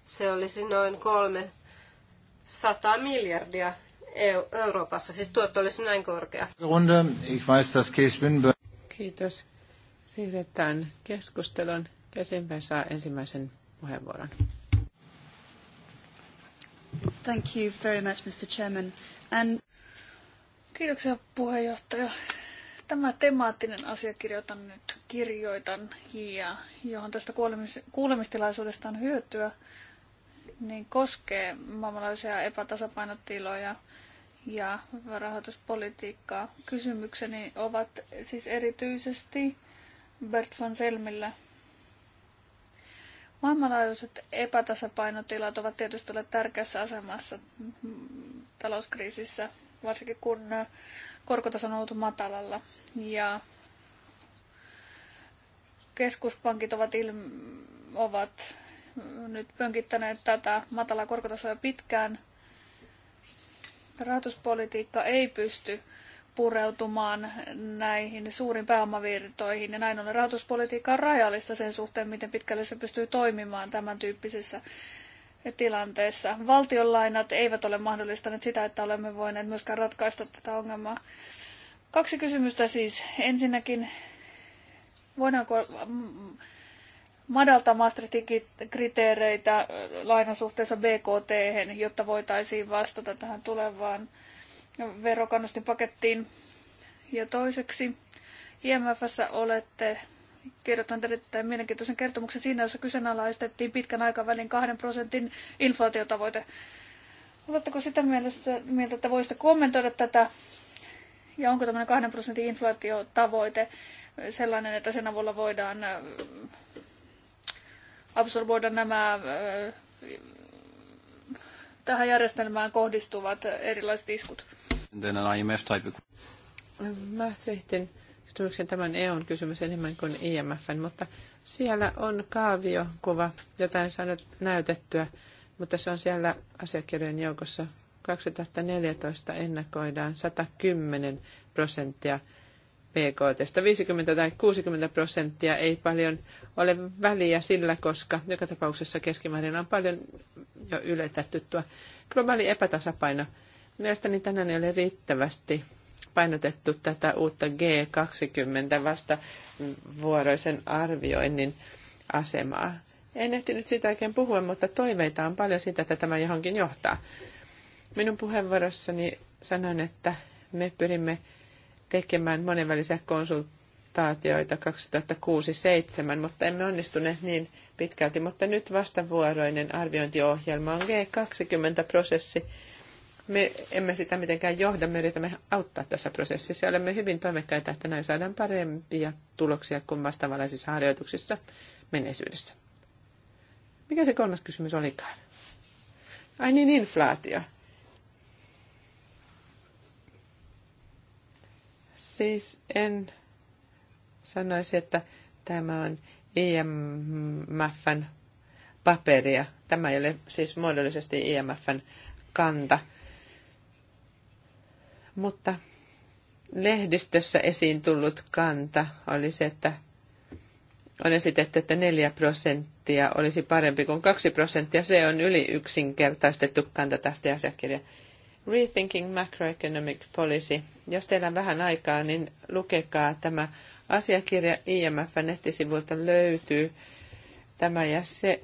se olisi noin 300 miljardia Euroopassa, siis tuotto olisi näin korkea. Runde, Kiitos. Siirretään keskustelun. Käsinpäin saa ensimmäisen puheenvuoron. Thank you very much, Mr. Chairman. And... Kiitoksia puheenjohtaja. Tämä temaattinen asiakirjoitan nyt kirjoitan ja johon tästä kuulemistilaisuudesta on hyötyä, niin koskee maailmanlaisia epätasapainotiloja ja rahoituspolitiikkaa. Kysymykseni ovat siis erityisesti Bert von Selmillä. Maailmanlaajuiset epätasapainotilat ovat tietysti olleet tärkeässä asemassa talouskriisissä, varsinkin kun korkotaso on ollut matalalla. Ja keskuspankit ovat, ovat nyt pönkittäneet tätä matalaa korkotasoa pitkään. Rahoituspolitiikka ei pysty pureutumaan näihin suurin pääomavirtoihin ja näin ollen rahoituspolitiikka on rajallista sen suhteen, miten pitkälle se pystyy toimimaan tämän tyyppisessä tilanteessa. Valtionlainat eivät ole mahdollistaneet sitä, että olemme voineet myöskään ratkaista tätä ongelmaa. Kaksi kysymystä siis. Ensinnäkin, voidaanko madaltaa Maastrichtin kriteereitä äh, lainasuhteessa BKT, jotta voitaisiin vastata tähän tulevaan verokannustinpakettiin. Ja toiseksi, IMFssä olette kirjoittanut erittäin mielenkiintoisen kertomuksen siinä, jossa kyseenalaistettiin pitkän aikavälin kahden prosentin inflaatiotavoite. Oletteko sitä mieltä, että voisitte kommentoida tätä ja onko tämmöinen kahden prosentin inflaatiotavoite sellainen, että sen avulla voidaan äh, absorboida nämä äh, tähän järjestelmään kohdistuvat erilaiset iskut. Mä an IMF type. Maastrichtin Sturksen tämän EUn kysymys enemmän kuin IMFn, mutta siellä on kaaviokuva, jota en saanut näytettyä, mutta se on siellä asiakirjojen joukossa. 2014 ennakoidaan 110 prosenttia BKT. 50 tai 60 prosenttia ei paljon ole väliä sillä, koska joka tapauksessa keskimäärin on paljon jo yletetty tuo globaali epätasapaino. Mielestäni tänään ei ole riittävästi painotettu tätä uutta G20 vasta vuoroisen arvioinnin asemaa. En ehtinyt siitä oikein puhua, mutta toiveita on paljon siitä, että tämä johonkin johtaa. Minun puheenvuorossani sanoin, että me pyrimme tekemään monenvälisiä konsultaatioita 2006-2007, mutta emme onnistuneet niin pitkälti. Mutta nyt vastavuoroinen arviointiohjelma on G20-prosessi. Me emme sitä mitenkään johda, me yritämme auttaa tässä prosessissa. Olemme hyvin toimekkaita, että näin saadaan parempia tuloksia kuin vastaavallaisissa harjoituksissa menneisyydessä. Mikä se kolmas kysymys olikaan? Ai niin, inflaatio. Siis en sanoisi, että tämä on IMFn paperia. Tämä ei ole siis muodollisesti IMFn kanta. Mutta lehdistössä esiin tullut kanta oli se, että on esitetty, että 4 prosenttia olisi parempi kuin 2 prosenttia. Se on yli yksinkertaistettu kanta tästä asiakirjasta Rethinking Macroeconomic Policy. Jos teillä on vähän aikaa, niin lukekaa tämä asiakirja IMF-nettisivuilta löytyy tämä ja se,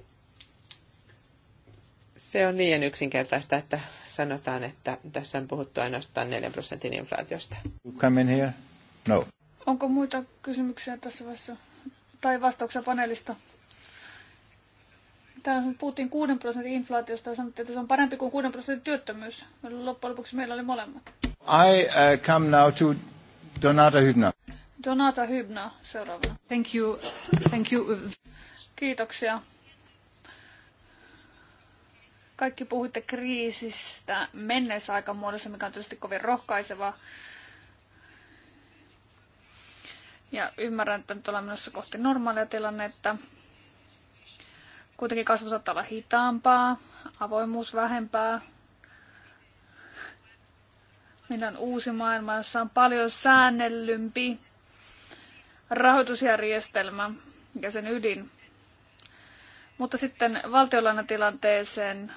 se on liian yksinkertaista, että sanotaan, että tässä on puhuttu ainoastaan 4 prosentin inflaatiosta. Come in here? No. Onko muita kysymyksiä tässä vaiheessa tai vastauksia paneelista? Täällä puhuttiin 6 prosentin inflaatiosta ja sanottiin, että se on parempi kuin 6 prosentin työttömyys. Loppujen lopuksi meillä oli molemmat. I uh, come now to Donata Hybna. Donata Hybna seuraavana. Thank you. Thank you. Kiitoksia. Kaikki puhuitte kriisistä menneessä aikamuodossa, mikä on tietysti kovin rohkaisevaa. Ja ymmärrän, että nyt ollaan menossa kohti normaalia tilannetta. Kuitenkin kasvu saattaa olla hitaampaa, avoimuus vähempää. Meillä on uusi maailma, jossa on paljon säännellympi rahoitusjärjestelmä ja sen ydin. Mutta sitten valtiolainatilanteeseen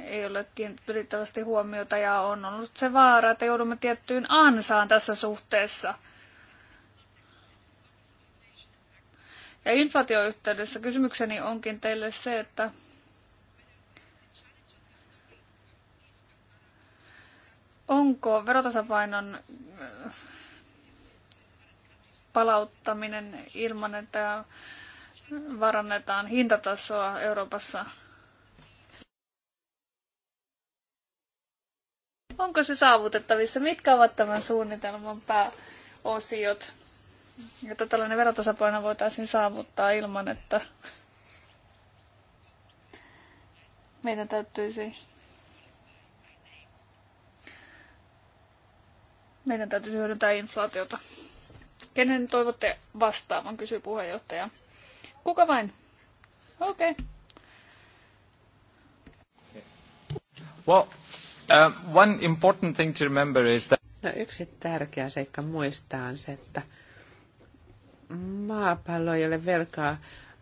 ei ole kiinnitetty riittävästi huomiota ja on ollut se vaara, että joudumme tiettyyn ansaan tässä suhteessa – Ja inflaatioyhteydessä kysymykseni onkin teille se, että onko verotasapainon äh, palauttaminen ilman, että varannetaan hintatasoa Euroopassa? Onko se saavutettavissa? Mitkä ovat tämän suunnitelman pääosiot? jotta tällainen verotasapaino voitaisiin saavuttaa ilman, että meidän täytyisi meidän täytyisi hyödyntää inflaatiota. Kenen toivotte vastaavan, kysyy puheenjohtaja. Kuka vain? Okei. Okay. Well, uh, one important thing to remember is that... No, yksi tärkeä seikka muistaa on se, että maapallo ei ole velkaa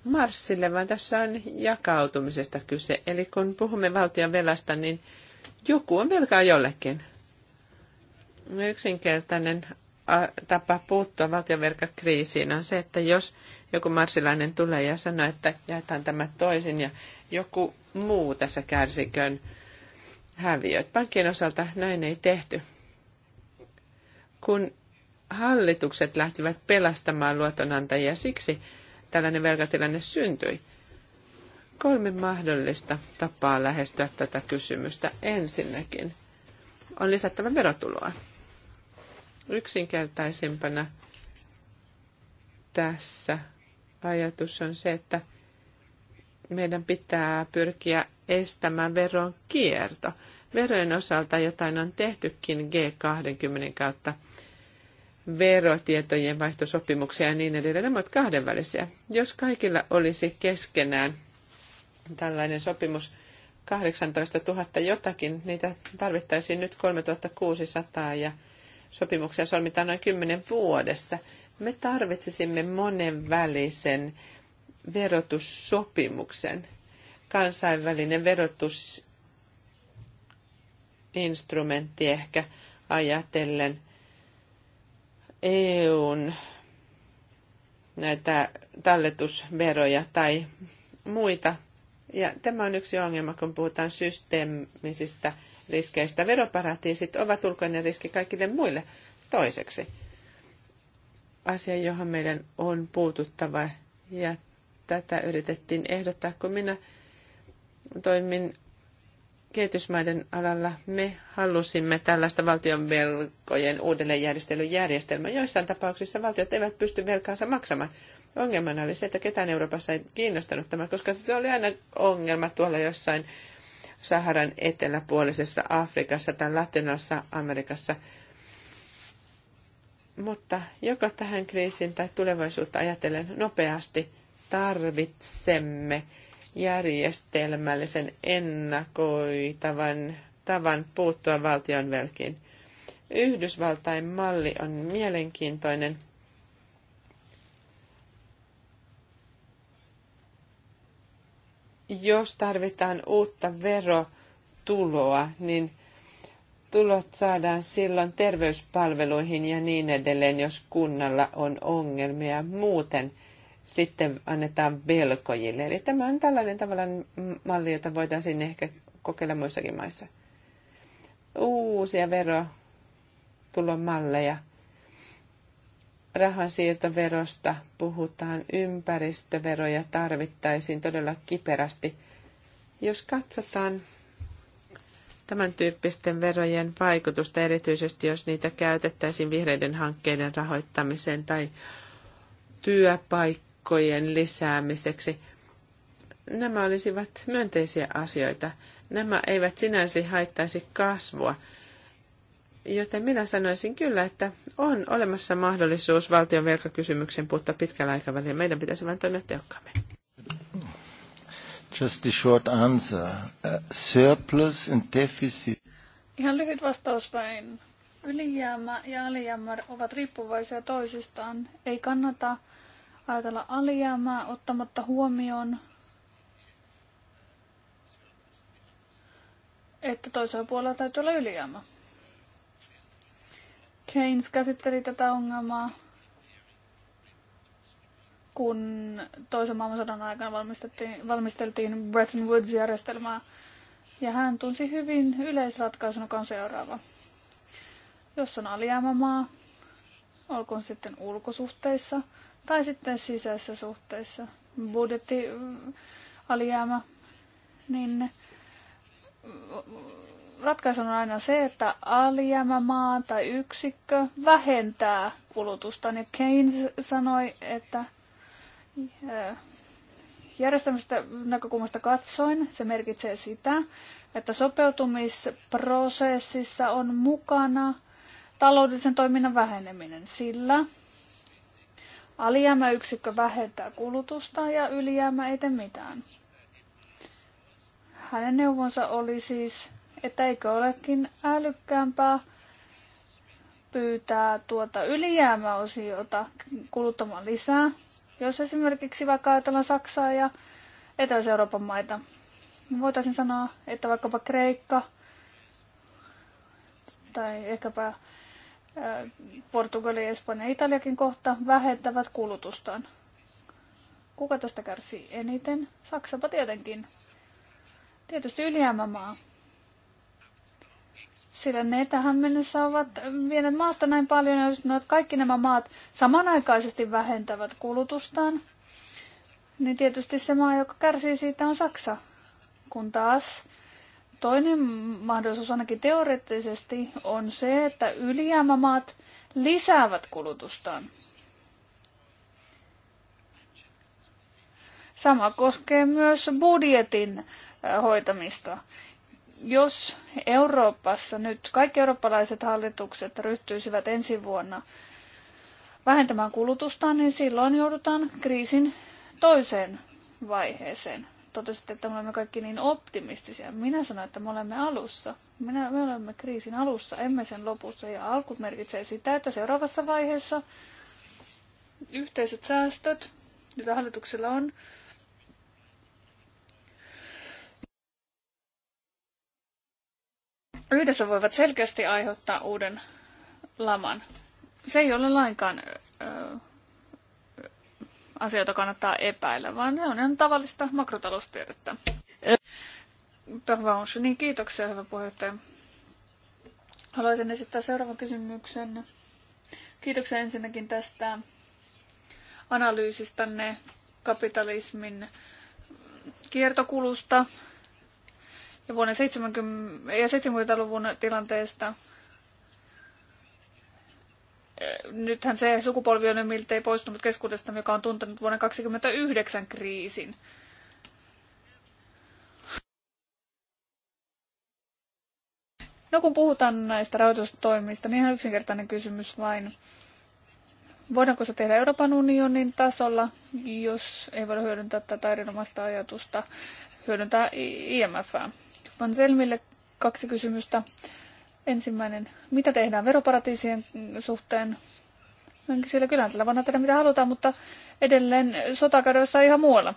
Marsille, vaan tässä on jakautumisesta kyse. Eli kun puhumme valtion velasta, niin joku on velkaa jollekin. Yksinkertainen tapa puuttua valtionvelkakriisiin on se, että jos joku marsilainen tulee ja sanoo, että jaetaan tämä toisin ja joku muu tässä kärsikön häviöt. Pankkien osalta näin ei tehty. Kun hallitukset lähtivät pelastamaan luotonantajia. Siksi tällainen velkatilanne syntyi. Kolme mahdollista tapaa lähestyä tätä kysymystä. Ensinnäkin on lisättävä verotuloa. Yksinkertaisimpana tässä ajatus on se, että meidän pitää pyrkiä estämään veron kierto. Verojen osalta jotain on tehtykin G20 kautta verotietojen vaihtosopimuksia ja niin edelleen. Nämä ovat kahdenvälisiä. Jos kaikilla olisi keskenään tällainen sopimus 18 000 jotakin, niitä tarvittaisiin nyt 3600 ja sopimuksia solmitaan noin 10 vuodessa. Me tarvitsisimme monenvälisen verotussopimuksen. Kansainvälinen verotusinstrumentti ehkä ajatellen – EUn näitä talletusveroja tai muita. Ja tämä on yksi ongelma, kun puhutaan systeemisistä riskeistä. Veroparatiisit ovat ulkoinen riski kaikille muille toiseksi. Asia, johon meidän on puututtava ja tätä yritettiin ehdottaa, kun minä toimin kehitysmaiden alalla me halusimme tällaista valtion velkojen uudelleenjärjestelyjärjestelmää. Joissain tapauksissa valtiot eivät pysty velkaansa maksamaan. Ongelmana oli se, että ketään Euroopassa ei kiinnostanut tämä, koska se oli aina ongelma tuolla jossain Saharan eteläpuolisessa Afrikassa tai Latinassa Amerikassa. Mutta joko tähän kriisin tai tulevaisuutta ajatellen nopeasti tarvitsemme järjestelmällisen ennakoitavan tavan puuttua valtion velkiin. Yhdysvaltain malli on mielenkiintoinen. Jos tarvitaan uutta verotuloa, niin tulot saadaan silloin terveyspalveluihin ja niin edelleen, jos kunnalla on ongelmia. Muuten – sitten annetaan velkojille. Eli tämä on tällainen tavallaan malli, jota voitaisiin ehkä kokeilla muissakin maissa. Uusia verotulomalleja. Rahansiirtoverosta puhutaan, ympäristöveroja tarvittaisiin todella kiperästi. Jos katsotaan tämän tyyppisten verojen vaikutusta, erityisesti jos niitä käytettäisiin vihreiden hankkeiden rahoittamiseen tai työpaikkaan, palkkojen lisäämiseksi. Nämä olisivat myönteisiä asioita. Nämä eivät sinänsä haittaisi kasvua. Joten minä sanoisin kyllä, että on olemassa mahdollisuus valtion velkakysymyksen puuttaa pitkällä aikavälillä. Meidän pitäisi vain toimia tehokkaammin. Just a short answer. Uh, surplus and deficit. Ihan lyhyt vastaus vain. Ylijäämä ja alijäämä ovat riippuvaisia toisistaan. Ei kannata ajatella alijäämää ottamatta huomioon, että toisella puolella täytyy olla ylijäämä. Keynes käsitteli tätä ongelmaa, kun toisen maailmansodan aikana valmisteltiin, valmisteltiin Bretton Woods-järjestelmää, ja hän tunsi hyvin yleisratkaisuna on seuraava. Jos on alijäämämaa, olkoon sitten ulkosuhteissa – tai sitten sisäisessä suhteissa budjetti mm, alijäämä, niin ratkaisu on aina se, että maa tai yksikkö vähentää kulutusta. Niin Keynes sanoi, että äh, järjestelmästä näkökulmasta katsoin, se merkitsee sitä, että sopeutumisprosessissa on mukana taloudellisen toiminnan väheneminen sillä, Alijäämäyksikkö vähentää kulutusta ja ylijäämä ei tee mitään. Hänen neuvonsa oli siis, että eikö olekin älykkäämpää pyytää tuota ylijäämäosiota kuluttamaan lisää. Jos esimerkiksi vaikka ajatellaan Saksaa ja Etelä-Euroopan maita, niin voitaisiin sanoa, että vaikkapa Kreikka tai ehkäpä Portugali, Espanja ja Italiakin kohta vähentävät kulutustaan. Kuka tästä kärsii eniten? Saksapa tietenkin. Tietysti ylijäämämaa. Sillä ne tähän mennessä ovat vienet maasta näin paljon, ja jos kaikki nämä maat samanaikaisesti vähentävät kulutustaan, niin tietysti se maa, joka kärsii siitä, on Saksa. Kun taas Toinen mahdollisuus ainakin teoreettisesti on se, että ylijäämämaat lisäävät kulutustaan. Sama koskee myös budjetin hoitamista. Jos Euroopassa nyt kaikki eurooppalaiset hallitukset ryhtyisivät ensi vuonna vähentämään kulutusta, niin silloin joudutaan kriisin toiseen vaiheeseen totesitte, että me olemme kaikki niin optimistisia. Minä sanoin, että me olemme alussa. Minä, me olemme kriisin alussa, emme sen lopussa. Ja alku merkitsee sitä, että seuraavassa vaiheessa yhteiset säästöt, joita hallituksella on, yhdessä voivat selkeästi aiheuttaa uuden laman. Se ei ole lainkaan Öö, asioita kannattaa epäillä, vaan ne on ihan tavallista makrotaloustiedettä. Pervaunsu, niin kiitoksia hyvä puheenjohtaja. Haluaisin esittää seuraavan kysymyksen. Kiitoksia ensinnäkin tästä analyysistanne kapitalismin kiertokulusta ja vuonna 70, ja 70-luvun tilanteesta nythän se sukupolvi on jo miltei poistunut keskuudesta, joka on tuntenut vuoden 1929 kriisin. No kun puhutaan näistä rahoitustoimista, niin ihan yksinkertainen kysymys vain. Voidaanko se tehdä Euroopan unionin tasolla, jos ei voida hyödyntää tätä erinomaista ajatusta, hyödyntää IMF? Van Selmille kaksi kysymystä. Ensimmäinen, mitä tehdään veroparatiisien suhteen? No, siellä kyllä tällä vanha tehdä mitä halutaan, mutta edelleen sotakadoissa ihan muualla.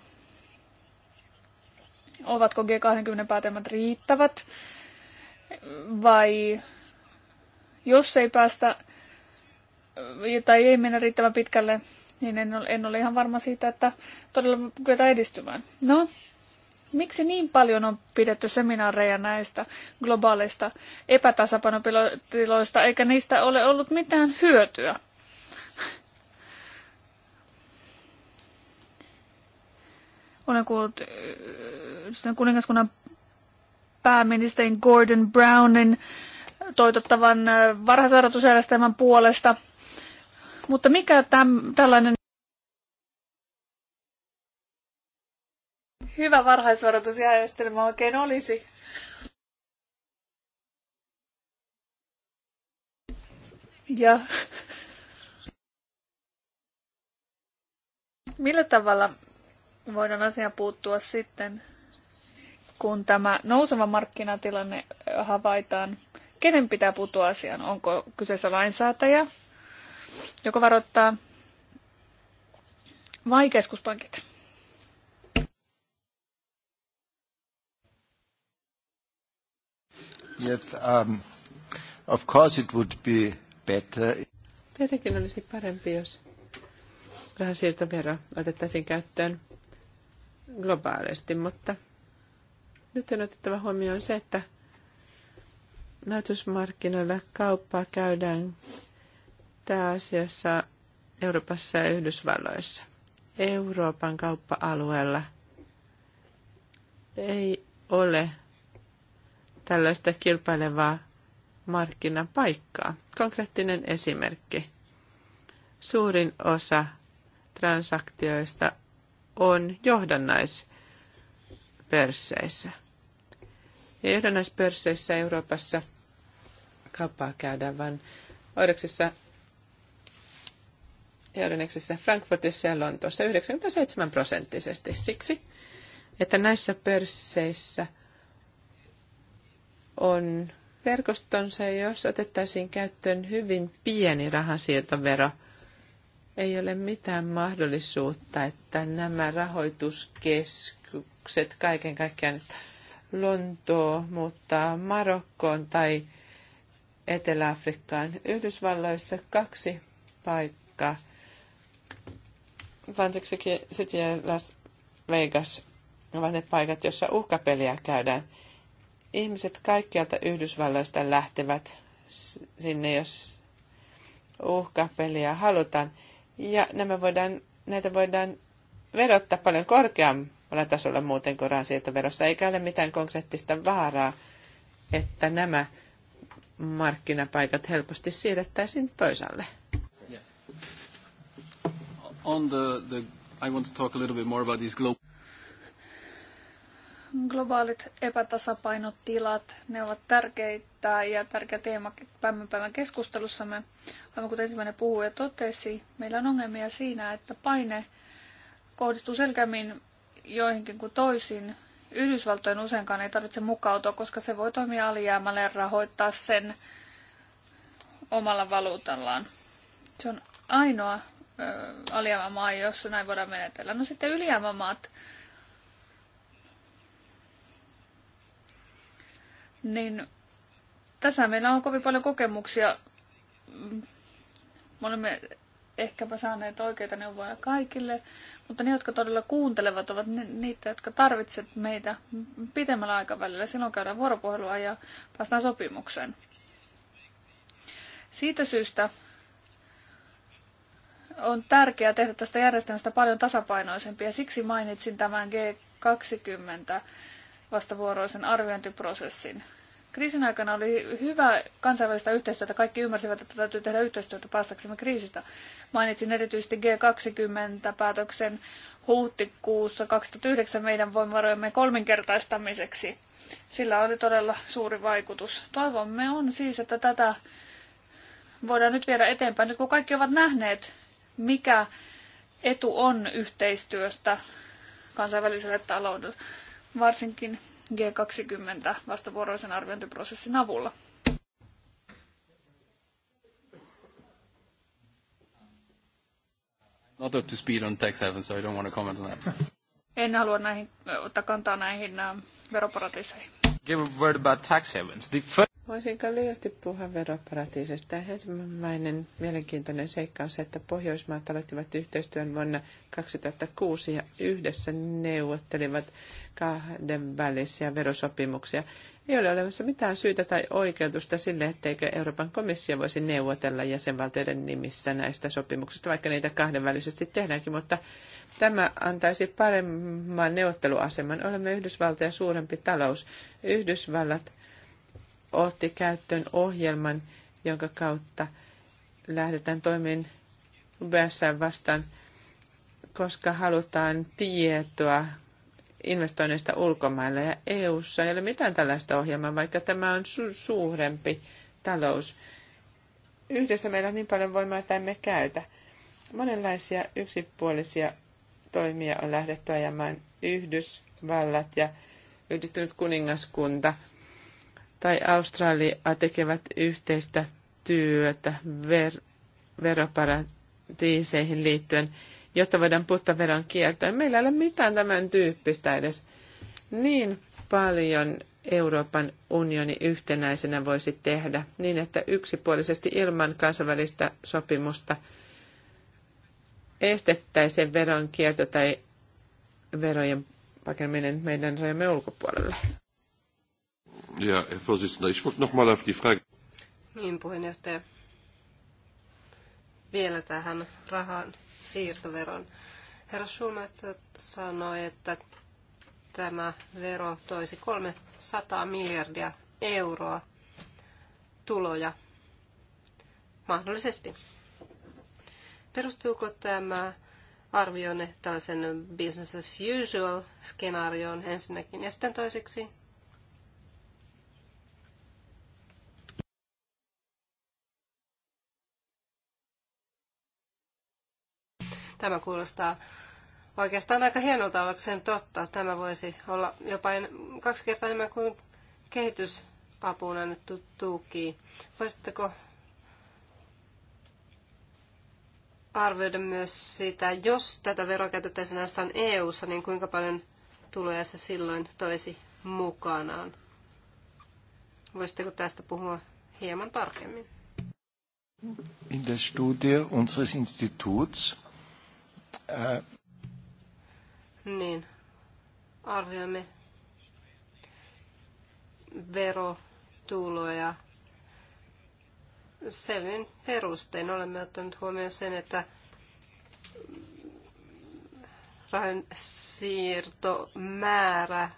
Ovatko G20 päätelmät riittävät? Vai jos ei päästä tai ei mennä riittävän pitkälle, niin en ole, en ole ihan varma siitä, että todella kyetään edistymään. No, Miksi niin paljon on pidetty seminaareja näistä globaaleista epätasapainotiloista, eikä niistä ole ollut mitään hyötyä? Olen kuullut äh, kuningaskunnan pääministerin Gordon Brownin toitottavan äh, varhaisarvotusjärjestelmän puolesta. Mutta mikä täm, tällainen hyvä varhaisvaroitusjärjestelmä oikein olisi. Ja millä tavalla voidaan asiaan puuttua sitten, kun tämä nouseva markkinatilanne havaitaan? Kenen pitää puuttua asiaan? Onko kyseessä lainsäätäjä, joka varoittaa, vai keskuspankit? Yet, um, of course it would be better. Tietenkin olisi parempi, jos rahansiirtovero otettaisiin käyttöön globaalisti, mutta nyt on otettava huomioon se, että näytösmarkkinoilla kauppaa käydään pääasiassa Euroopassa ja Yhdysvalloissa. Euroopan kauppa-alueella ei ole tällaista kilpailevaa markkinapaikkaa. Konkreettinen esimerkki. Suurin osa transaktioista on johdannaispörsseissä. Ja johdannaispörsseissä Euroopassa kauppaa käydään vain Oireksissa, Euroneksissä, Frankfurtissa ja Lontoossa 97 prosenttisesti siksi, että näissä pörsseissä on verkostonsa, jos otettaisiin käyttöön hyvin pieni rahansiirtovero, ei ole mitään mahdollisuutta, että nämä rahoituskeskukset kaiken kaikkiaan Lontoo muuttaa Marokkoon tai Etelä-Afrikkaan. Yhdysvalloissa kaksi paikkaa. Atlantic City ja Las Vegas ovat ne paikat, joissa uhkapeliä käydään – ihmiset kaikkialta Yhdysvalloista lähtevät sinne, jos uhkapeliä halutaan. Ja nämä voidaan, näitä voidaan verottaa paljon korkeammalla tasolla muuten kuin rahansiirtoverossa, eikä ole mitään konkreettista vaaraa, että nämä markkinapaikat helposti siirrettäisiin Yeah. On the, the, I want to talk a little bit more about these global globaalit epätasapainotilat, ne ovat tärkeitä ja tärkeä teema päivän päivän keskustelussamme. Aivan kuten ensimmäinen puhuja totesi, meillä on ongelmia siinä, että paine kohdistuu selkeämmin joihinkin kuin toisiin. Yhdysvaltojen useinkaan ei tarvitse mukautua, koska se voi toimia alijäämällä ja rahoittaa sen omalla valuutallaan. Se on ainoa ö, alijäämämaa, jossa näin voidaan menetellä. No sitten ylijäämämaat niin tässä meillä on kovin paljon kokemuksia. Me olemme ehkäpä saaneet oikeita neuvoja kaikille, mutta ne, jotka todella kuuntelevat, ovat niitä, jotka tarvitsevat meitä pitemmällä aikavälillä. Silloin käydään vuoropuhelua ja päästään sopimukseen. Siitä syystä on tärkeää tehdä tästä järjestelmästä paljon tasapainoisempi ja siksi mainitsin tämän G20 vastavuoroisen arviointiprosessin. Kriisin aikana oli hyvä kansainvälistä yhteistyötä. Kaikki ymmärsivät, että täytyy tehdä yhteistyötä päästäksemme kriisistä. Mainitsin erityisesti G20-päätöksen huhtikuussa 2009 meidän voimavarojemme kolminkertaistamiseksi. Sillä oli todella suuri vaikutus. Toivomme on siis, että tätä voidaan nyt viedä eteenpäin. Nyt kun kaikki ovat nähneet, mikä etu on yhteistyöstä kansainväliselle taloudelle, varsinkin G20 vastavuoroisen arviointiprosessin avulla. Not up to speed on tax so I don't want to comment on that. En halua näihin, ottaa kantaa näihin äh, veroparatiiseihin. Give a word about tax havens. The first... Voisinko lyhyesti puhua veroparatiisista? Ensimmäinen mielenkiintoinen seikka on se, että Pohjoismaat aloittivat yhteistyön vuonna 2006 ja yhdessä neuvottelivat kahdenvälisiä verosopimuksia. Ei ole olemassa mitään syytä tai oikeutusta sille, etteikö Euroopan komissio voisi neuvotella jäsenvaltioiden nimissä näistä sopimuksista, vaikka niitä kahdenvälisesti tehdäänkin, mutta tämä antaisi paremman neuvotteluaseman. Olemme Yhdysvaltoja suurempi talous. Yhdysvallat otti käyttöön ohjelman, jonka kautta lähdetään toimeen UBS vastaan, koska halutaan tietoa investoinneista ulkomailla. Ja EU:ssa ei ole mitään tällaista ohjelmaa, vaikka tämä on su- suurempi talous. Yhdessä meillä on niin paljon voimaa, että emme käytä. Monenlaisia yksipuolisia toimia on lähdetty ajamaan Yhdysvallat ja yhdistynyt kuningaskunta – tai Australia tekevät yhteistä työtä ver- veroparatiiseihin liittyen, jotta voidaan puuttaa veron kiertoon. Meillä ei ole mitään tämän tyyppistä edes. Niin paljon Euroopan unioni yhtenäisenä voisi tehdä niin, että yksipuolisesti ilman kansainvälistä sopimusta estettäisiin veronkierto tai verojen pakeminen meidän rajamme ulkopuolelle. Ja, Herr Vorsitzender, ich wollte auf die Frage... Niin, puheenjohtaja. Vielä tähän rahan siirtoveron. Herra Schumacher sanoi, että tämä vero toisi 300 miljardia euroa tuloja mahdollisesti. Perustuuko tämä arvionne tällaisen business as usual skenaarioon ensinnäkin ja sitten toiseksi Tämä kuulostaa oikeastaan aika hienolta ollakseen totta. Tämä voisi olla jopa en, kaksi kertaa enemmän kuin kehitysapuun annettu tuki. Voisitteko arvioida myös sitä, jos tätä veroa käytettäisiin ainoastaan EU-ssa, niin kuinka paljon tuloja se silloin toisi mukanaan? Voisitteko tästä puhua hieman tarkemmin? In der Studie unseres Instituts Ää... Äh. Niin, arvioimme verotuloja selvin perustein. Olemme ottaneet huomioon sen, että rahan siirtomäärä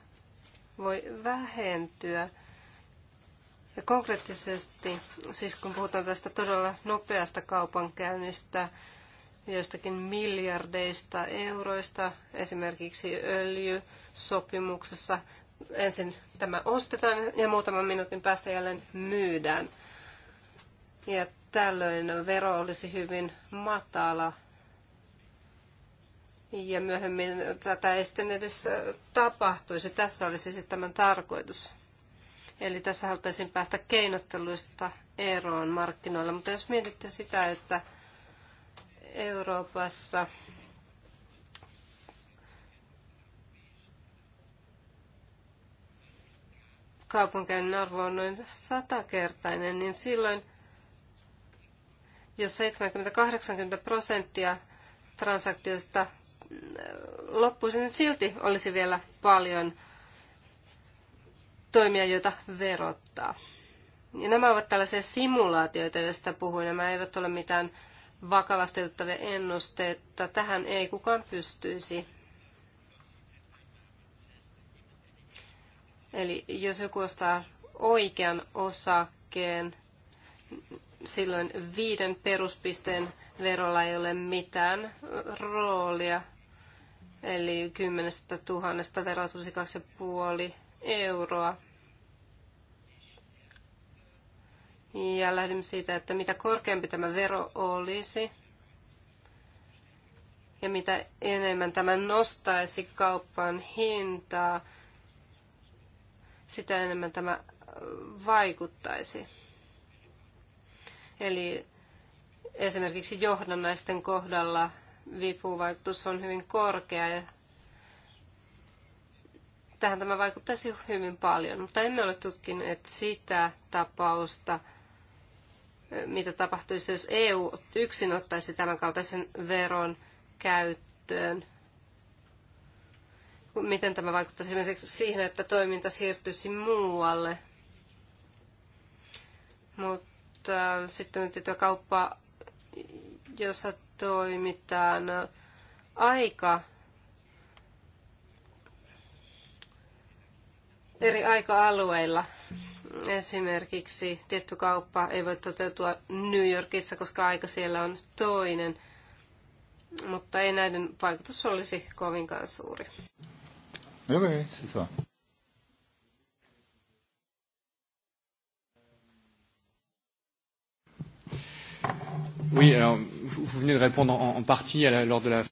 voi vähentyä. Ja konkreettisesti, siis kun puhutaan tästä todella nopeasta kaupankäynnistä, joistakin miljardeista euroista, esimerkiksi öljysopimuksessa. Ensin tämä ostetaan ja muutaman minuutin päästä jälleen myydään. Ja tällöin vero olisi hyvin matala. Ja myöhemmin tätä ei sitten edes tapahtuisi. Tässä olisi siis tämän tarkoitus. Eli tässä haluttaisiin päästä keinotteluista eroon markkinoilla. Mutta jos mietitte sitä, että Euroopassa kaupunkien arvo on noin satakertainen, niin silloin jos 70-80 prosenttia transaktioista loppuisi, niin silti olisi vielä paljon toimia, joita verottaa. Ja nämä ovat tällaisia simulaatioita, joista puhuin. Nämä eivät ole mitään vakavasti otettavia ennusteita. Tähän ei kukaan pystyisi. Eli jos joku ostaa oikean osakkeen, silloin viiden peruspisteen verolla ei ole mitään roolia. Eli kymmenestä tuhannesta verotusi puoli euroa. Ja lähdimme siitä, että mitä korkeampi tämä vero olisi, ja mitä enemmän tämä nostaisi kaupan hintaa, sitä enemmän tämä vaikuttaisi. Eli esimerkiksi johdannaisten kohdalla vipuvaikutus on hyvin korkea ja tähän tämä vaikuttaisi hyvin paljon, mutta emme ole tutkineet sitä tapausta, mitä tapahtuisi, jos EU yksin ottaisi tämän kaltaisen veron käyttöön. Miten tämä vaikuttaisi esimerkiksi siihen, että toiminta siirtyisi muualle. Mutta sitten on tiettyä kauppaa, jossa toimitaan aika eri aika-alueilla – Esimerkiksi tietty kauppa ei voi toteutua New Yorkissa, koska aika siellä on toinen, mutta ei näiden vaikutus olisi kovinkaan suuri. No okei, siis okay, Oui, alors vous venez de répondre en, en partie à la, lors de la...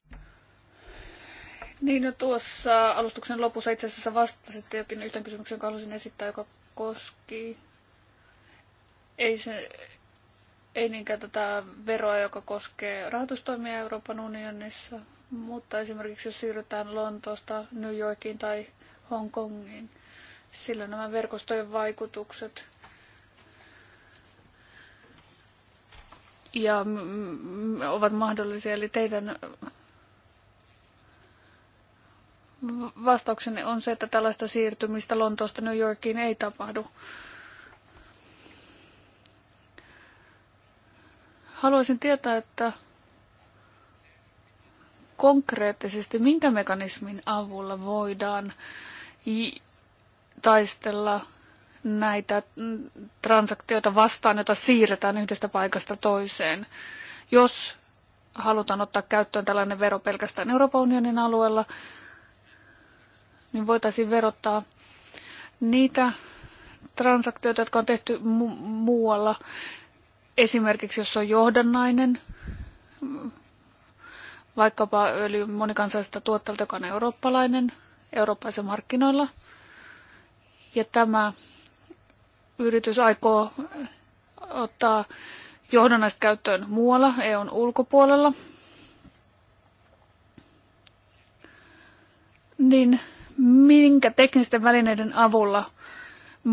Niin, no tuossa alustuksen lopussa itse asiassa vastasitte jokin yhteen kysymykseen, jonka halusin esittää, joka koski ei, se, ei niinkään tätä veroa, joka koskee rahoitustoimia Euroopan unionissa, mutta esimerkiksi jos siirrytään Lontoosta New Yorkiin tai Hongkongiin, sillä nämä verkostojen vaikutukset ja ovat mahdollisia. Eli teidän Vastaukseni on se, että tällaista siirtymistä Lontoosta New Yorkiin ei tapahdu. Haluaisin tietää, että konkreettisesti minkä mekanismin avulla voidaan taistella näitä transaktioita vastaan, joita siirretään yhdestä paikasta toiseen. Jos halutaan ottaa käyttöön tällainen vero pelkästään Euroopan unionin alueella, niin voitaisiin verottaa niitä transaktioita, jotka on tehty mu- muualla. Esimerkiksi jos on johdannainen, vaikkapa öljy monikansallisesta tuottajalta, joka on eurooppalainen, eurooppalaisen markkinoilla. Ja tämä yritys aikoo ottaa johdannaista käyttöön muualla, EUn ulkopuolella, niin minkä teknisten välineiden avulla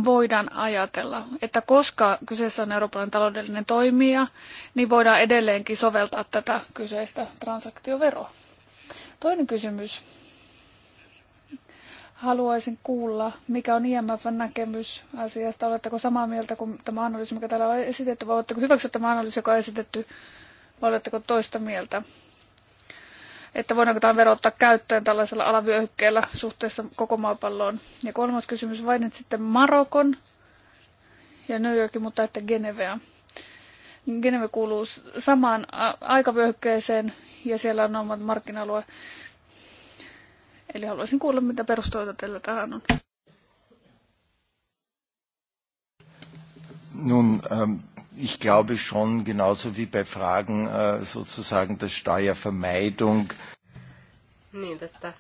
voidaan ajatella, että koska kyseessä on Euroopan taloudellinen toimija, niin voidaan edelleenkin soveltaa tätä kyseistä transaktioveroa. Toinen kysymys. Haluaisin kuulla, mikä on IMFn näkemys asiasta. Oletteko samaa mieltä kuin tämä analyysi, mikä täällä on esitetty, vai oletteko hyväksyä tämä analyysi, joka on esitetty, vai oletteko toista mieltä? että voidaanko tämä ottaa käyttöön tällaisella alavyöhykkeellä suhteessa koko maapalloon. Ja kolmas kysymys, vain sitten Marokon ja New Yorkin, mutta että Genevea. Geneve kuuluu samaan aikavyöhykkeeseen ja siellä on omat markkinalue. Eli haluaisin kuulla, mitä perustoita teillä tähän on. Nun, ähm, ich glaube schon, genauso wie bei Fragen äh, sozusagen der Steuervermeidung. Niin, tästä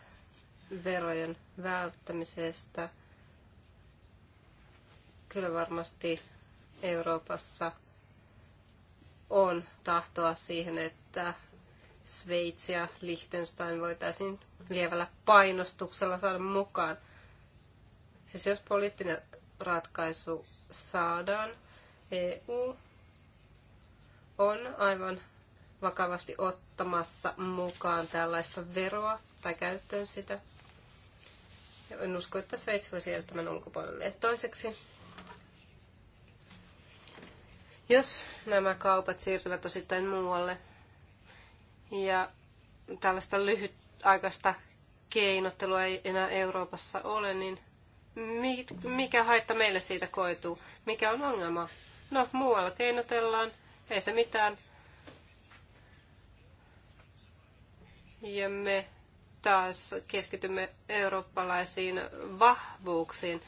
verojen välttämisestä. Kyllä varmasti Euroopassa on tahtoa siihen, että Sveitsi ja Liechtenstein voitaisiin lievällä painostuksella saada mukaan. Siis jos poliittinen ratkaisu saadaan, EU on aivan vakavasti ottamassa mukaan tällaista veroa tai käyttöön sitä. Ja en usko, että Sveitsi voisi jäädä tämän ulkopuolelle. toiseksi, jos nämä kaupat siirtyvät osittain muualle ja tällaista lyhytaikaista keinottelua ei enää Euroopassa ole, niin mikä haitta meille siitä koituu? Mikä on ongelma? No, muualla keinotellaan, ei se mitään. Ja me taas keskitymme eurooppalaisiin vahvuuksiin.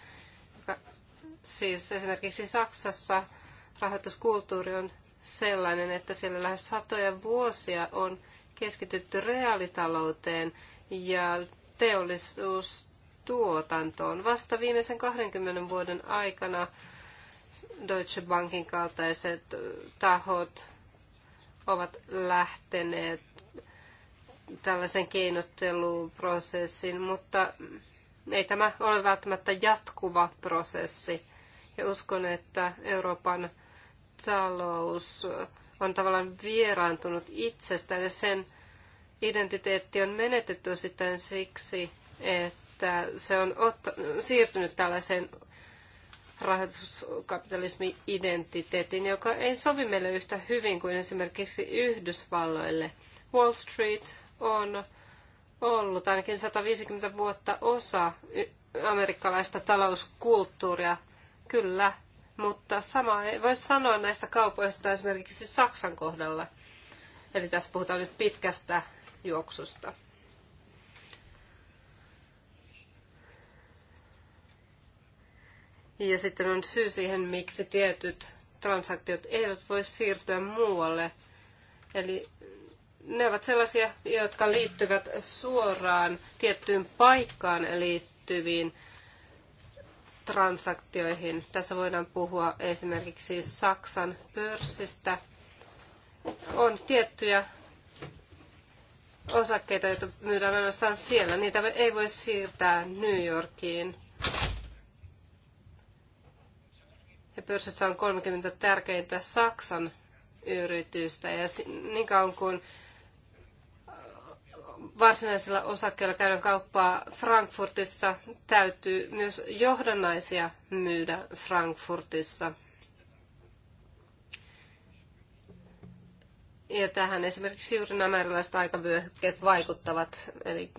Siis esimerkiksi Saksassa rahoituskulttuuri on sellainen, että siellä lähes satoja vuosia on keskitytty reaalitalouteen ja teollisuustuotantoon. Vasta viimeisen 20 vuoden aikana Deutsche Bankin kaltaiset tahot ovat lähteneet tällaisen keinotteluprosessin, mutta ei tämä ole välttämättä jatkuva prosessi. Ja uskon, että Euroopan talous on tavallaan vieraantunut itsestään ja sen identiteetti on menetetty sitten siksi, että se on otta- siirtynyt tällaiseen rahoituskapitalismi-identiteetin, joka ei sovi meille yhtä hyvin kuin esimerkiksi Yhdysvalloille. Wall Street on ollut ainakin 150 vuotta osa amerikkalaista talouskulttuuria, kyllä, mutta sama ei voi sanoa näistä kaupoista esimerkiksi Saksan kohdalla. Eli tässä puhutaan nyt pitkästä juoksusta. Ja sitten on syy siihen, miksi tietyt transaktiot eivät voi siirtyä muualle. Eli ne ovat sellaisia, jotka liittyvät suoraan tiettyyn paikkaan liittyviin transaktioihin. Tässä voidaan puhua esimerkiksi Saksan pörssistä. On tiettyjä osakkeita, joita myydään ainoastaan siellä. Niitä ei voi siirtää New Yorkiin pörssissä on 30 tärkeintä Saksan yritystä. Ja niin kauan kuin varsinaisilla osakkeilla käydään kauppaa Frankfurtissa, täytyy myös johdannaisia myydä Frankfurtissa. Ja tähän esimerkiksi juuri nämä erilaiset aikavyöhykkeet vaikuttavat, eli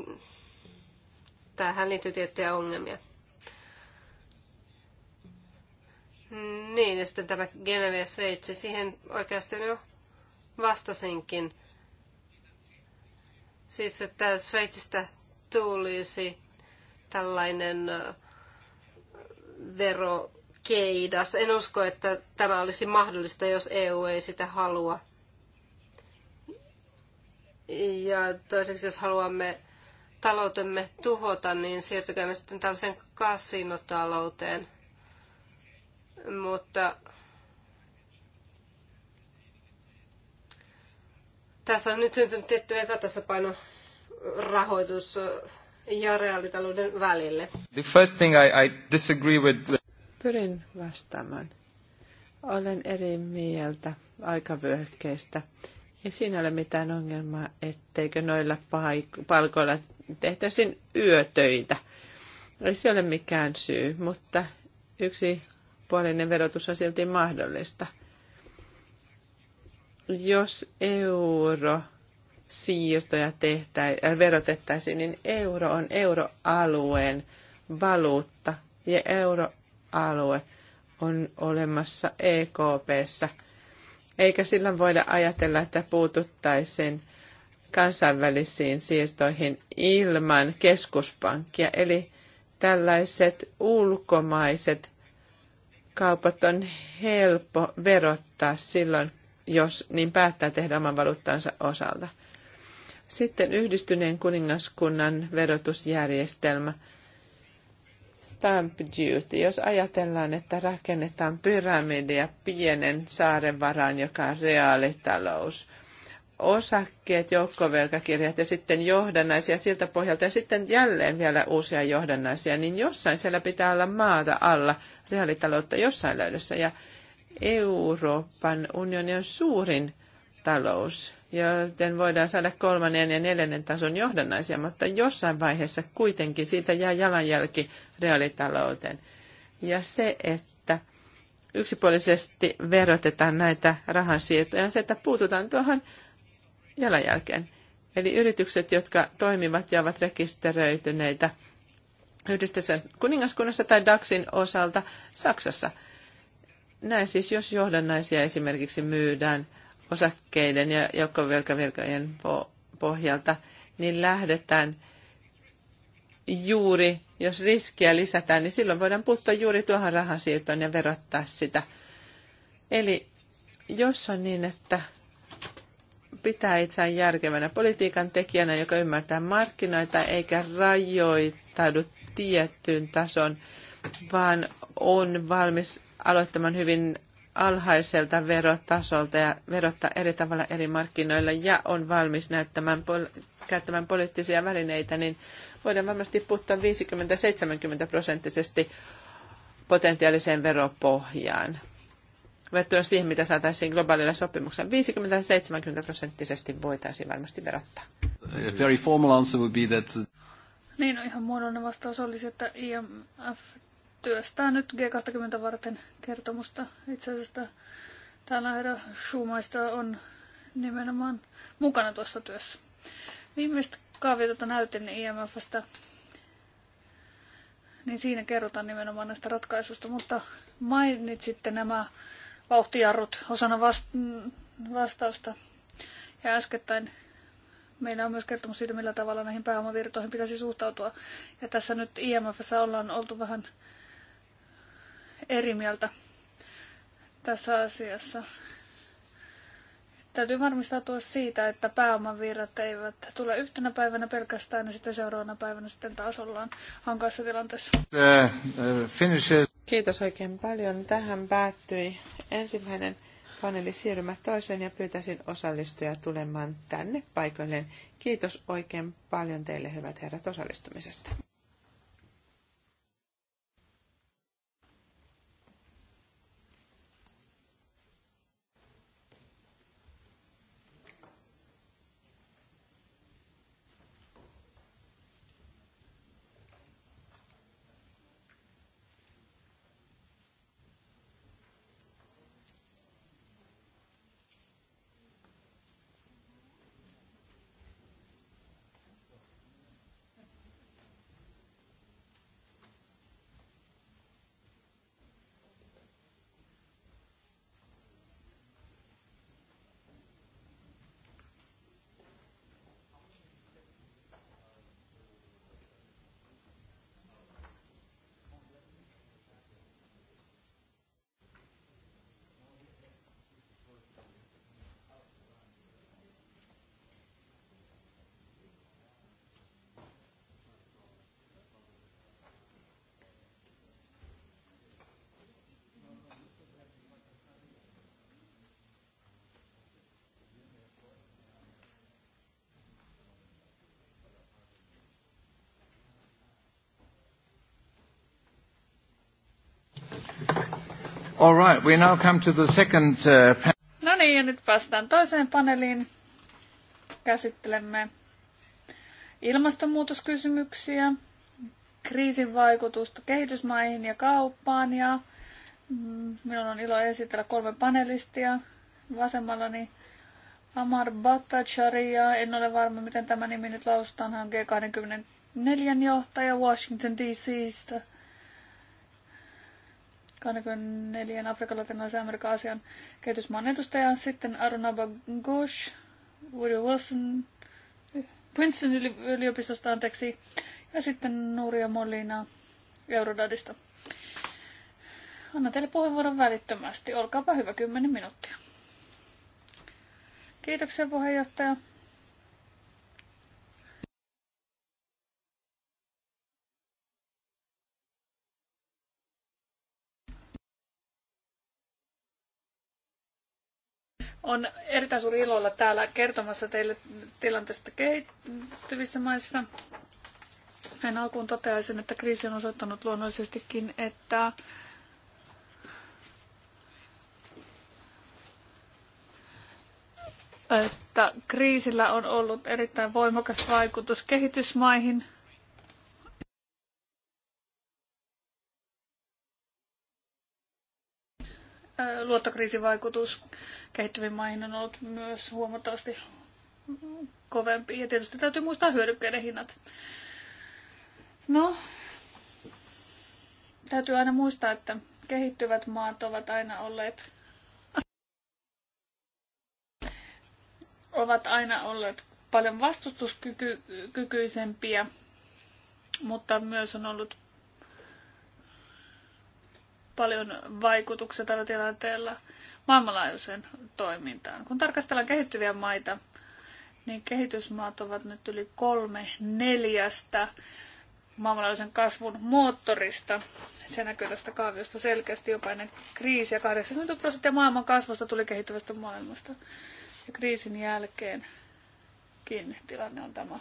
tähän liittyy tiettyjä ongelmia. Niin, ja sitten tämä Geneve Sveitsi, siihen oikeastaan jo vastasinkin. Siis, että Sveitsistä tulisi tällainen verokeidas. En usko, että tämä olisi mahdollista, jos EU ei sitä halua. Ja toiseksi, jos haluamme taloutemme tuhota, niin siirtykäämme sitten tällaisen kasinotalouteen – mutta tässä on nyt syntynyt tietty epätasapaino rahoitus ja reaalitalouden välille. The first thing I, I disagree with... Pyrin vastaamaan. Olen eri mieltä aikavyöhykkeistä. ja siinä ole mitään ongelmaa, etteikö noilla palkoilla tehtäisiin yötöitä. Ei se ole mikään syy, mutta yksi puolinen verotus on silti mahdollista. Jos euro siirtoja tehtäi, äh, verotettaisiin, niin euro on euroalueen valuutta ja euroalue on olemassa EKPssä. Eikä sillä voida ajatella, että puututtaisiin kansainvälisiin siirtoihin ilman keskuspankkia. Eli tällaiset ulkomaiset kaupat on helppo verottaa silloin, jos niin päättää tehdä oman valuuttansa osalta. Sitten yhdistyneen kuningaskunnan verotusjärjestelmä. Stamp duty. Jos ajatellaan, että rakennetaan pyramidia pienen saaren varaan, joka on reaalitalous – osakkeet, joukkovelkakirjat ja sitten johdannaisia siltä pohjalta ja sitten jälleen vielä uusia johdannaisia, niin jossain siellä pitää olla maata alla reaalitaloutta jossain löydössä. Ja Euroopan unioni on suurin talous, joten voidaan saada kolmannen ja neljännen tason johdannaisia, mutta jossain vaiheessa kuitenkin siitä jää jalanjälki reaalitalouteen. Ja se, että yksipuolisesti verotetaan näitä rahansiirtoja, se, että puututaan tuohon jalanjälkeen. Eli yritykset, jotka toimivat ja ovat rekisteröityneitä yhdistössä kuningaskunnassa tai DAXin osalta Saksassa. Näin siis, jos johdannaisia esimerkiksi myydään osakkeiden ja joukkovelkavirkojen pohjalta, niin lähdetään juuri, jos riskiä lisätään, niin silloin voidaan puuttua juuri tuohon rahansiirtoon ja verottaa sitä. Eli jos on niin, että pitää itseään järkevänä politiikan tekijänä, joka ymmärtää markkinoita eikä rajoittaudu tiettyyn tason, vaan on valmis aloittamaan hyvin alhaiselta verotasolta ja verottaa eri tavalla eri markkinoilla ja on valmis näyttämään pol- käyttämään poliittisia välineitä, niin voidaan varmasti puuttua 50-70 prosenttisesti potentiaaliseen veropohjaan verrattuna siihen, mitä saataisiin globaalilla sopimuksella. 50-70 prosenttisesti voitaisiin varmasti verottaa. A very formal answer would be that... Uh, niin, no ihan muodollinen vastaus olisi, että IMF työstää nyt G20 varten kertomusta. Itse asiassa täällä herra Schumaista on nimenomaan mukana tuossa työssä. Viimeistä kaaviota näytin IMFstä, niin siinä kerrotaan nimenomaan näistä ratkaisuista, mutta mainitsitte nämä vauhtijarrut osana vastausta. Ja äskettäin meillä on myös kertomus siitä, millä tavalla näihin pääomavirtoihin pitäisi suhtautua. Ja tässä nyt IMFssä ollaan oltu vähän eri mieltä tässä asiassa. Täytyy varmistautua siitä, että pääomavirrat eivät tule yhtenä päivänä pelkästään ja sitten seuraavana päivänä sitten taas ollaan hankaassa tilanteessa. Uh, uh, Kiitos oikein paljon. Tähän päättyi ensimmäinen paneeli. Siirrymme toiseen ja pyytäisin osallistujia tulemaan tänne paikoilleen. Kiitos oikein paljon teille, hyvät herrat, osallistumisesta. All right, we now come to the second uh, No niin, ja nyt päästään toiseen paneeliin. Käsittelemme ilmastonmuutoskysymyksiä, kriisin vaikutusta kehitysmaihin ja kauppaan. Ja mm, minulla on ilo esitellä kolme panelistia. Vasemmallani Amar ja en ole varma miten tämä nimi nyt lausutaan, hän on G24 johtaja Washington DCstä. 24 Afrikan, Latinalaisen Amerikan asian kehitysmaan edustaja. Sitten Arunaba Ghosh, Woody Wilson, Princeton yliopistosta, anteeksi. Ja sitten Nuria Molina Eurodadista. Anna teille puheenvuoron välittömästi. Olkaapa hyvä, 10 minuuttia. Kiitoksia puheenjohtaja. On erittäin suuri ilo olla täällä kertomassa teille tilanteesta kehittyvissä maissa. En alkuun toteaisin, että kriisi on osoittanut luonnollisestikin, että että kriisillä on ollut erittäin voimakas vaikutus kehitysmaihin – luottokriisin vaikutus kehittyviin maihin on ollut myös huomattavasti kovempi. Ja tietysti täytyy muistaa hyödykkeiden hinnat. No, täytyy aina muistaa, että kehittyvät maat ovat aina olleet ovat aina olleet paljon vastustuskykyisempiä, mutta myös on ollut paljon vaikutuksia tällä tilanteella maailmanlaajuiseen toimintaan. Kun tarkastellaan kehittyviä maita, niin kehitysmaat ovat nyt yli kolme neljästä maailmanlaajuisen kasvun moottorista. Se näkyy tästä kaaviosta selkeästi jopa ennen kriisiä. 80 prosenttia maailman kasvusta tuli kehittyvästä maailmasta. Ja kriisin jälkeenkin tilanne on tämä.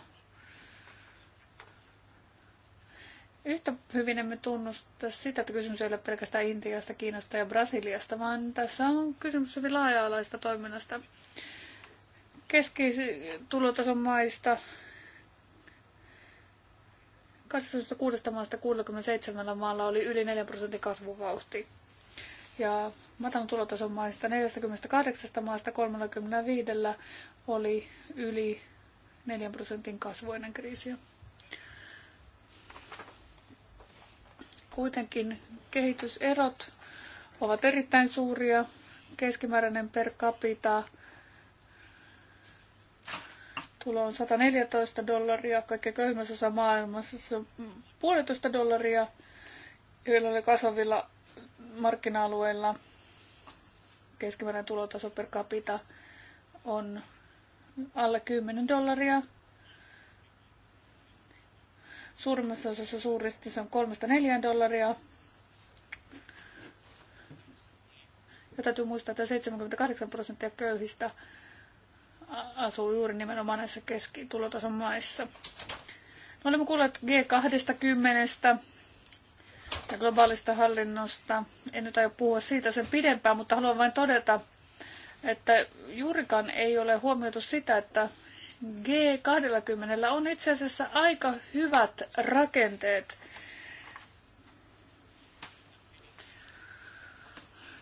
Yhtä hyvin emme tunnusta sitä, että kysymys ei ole pelkästään Intiasta, Kiinasta ja Brasiliasta, vaan tässä on kysymys hyvin laaja-alaista toiminnasta keskitulotason maista 26 maasta 67 maalla oli yli 4 prosentin kasvuvauhti. Ja matan tulotason maista 48 maasta 35 oli yli 4 prosentin kasvu ennen kriisiä. Kuitenkin kehityserot ovat erittäin suuria. Keskimääräinen per capita tulo on 114 dollaria, kaikkein köyhimmässä osa maailmassa se on puolitoista dollaria oli kasvavilla markkina-alueilla. Keskimääräinen tulotaso per capita on alle 10 dollaria Suurimmassa osassa suuresti se on 3-4 dollaria. Ja täytyy muistaa, että 78 prosenttia köyhistä asuu juuri nimenomaan näissä keskitulotason maissa. No, olemme kuulleet G20 ja globaalista hallinnosta. En nyt aio puhua siitä sen pidempään, mutta haluan vain todeta, että juurikaan ei ole huomioitu sitä, että G20 on itse asiassa aika hyvät rakenteet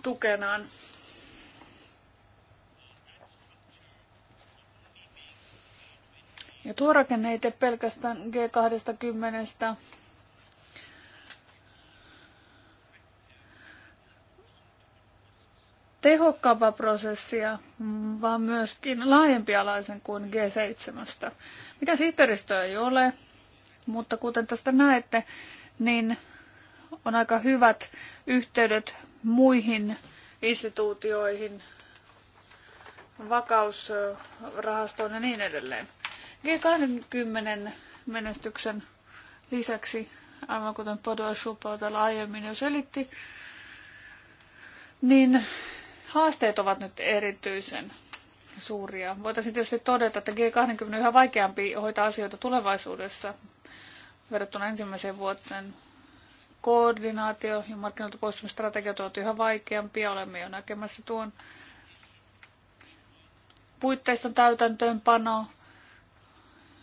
tukenaan. Ja tuo rakenne ei tee pelkästään G20 tehokkaampaa prosessia, vaan myöskin laajempialaisen kuin G7. Mitä sihteeristöä ei ole, mutta kuten tästä näette, niin on aika hyvät yhteydet muihin instituutioihin, vakausrahastoon ja niin edelleen. G20 menestyksen lisäksi, aivan kuten Padua Schupa täällä aiemmin jo selitti, niin haasteet ovat nyt erityisen suuria. Voitaisiin tietysti todeta, että G20 on yhä vaikeampi hoitaa asioita tulevaisuudessa verrattuna ensimmäiseen vuoteen. Koordinaatio ja markkinoilta poistumistrategiat ovat yhä vaikeampia. Olemme jo näkemässä tuon puitteiston täytäntöönpano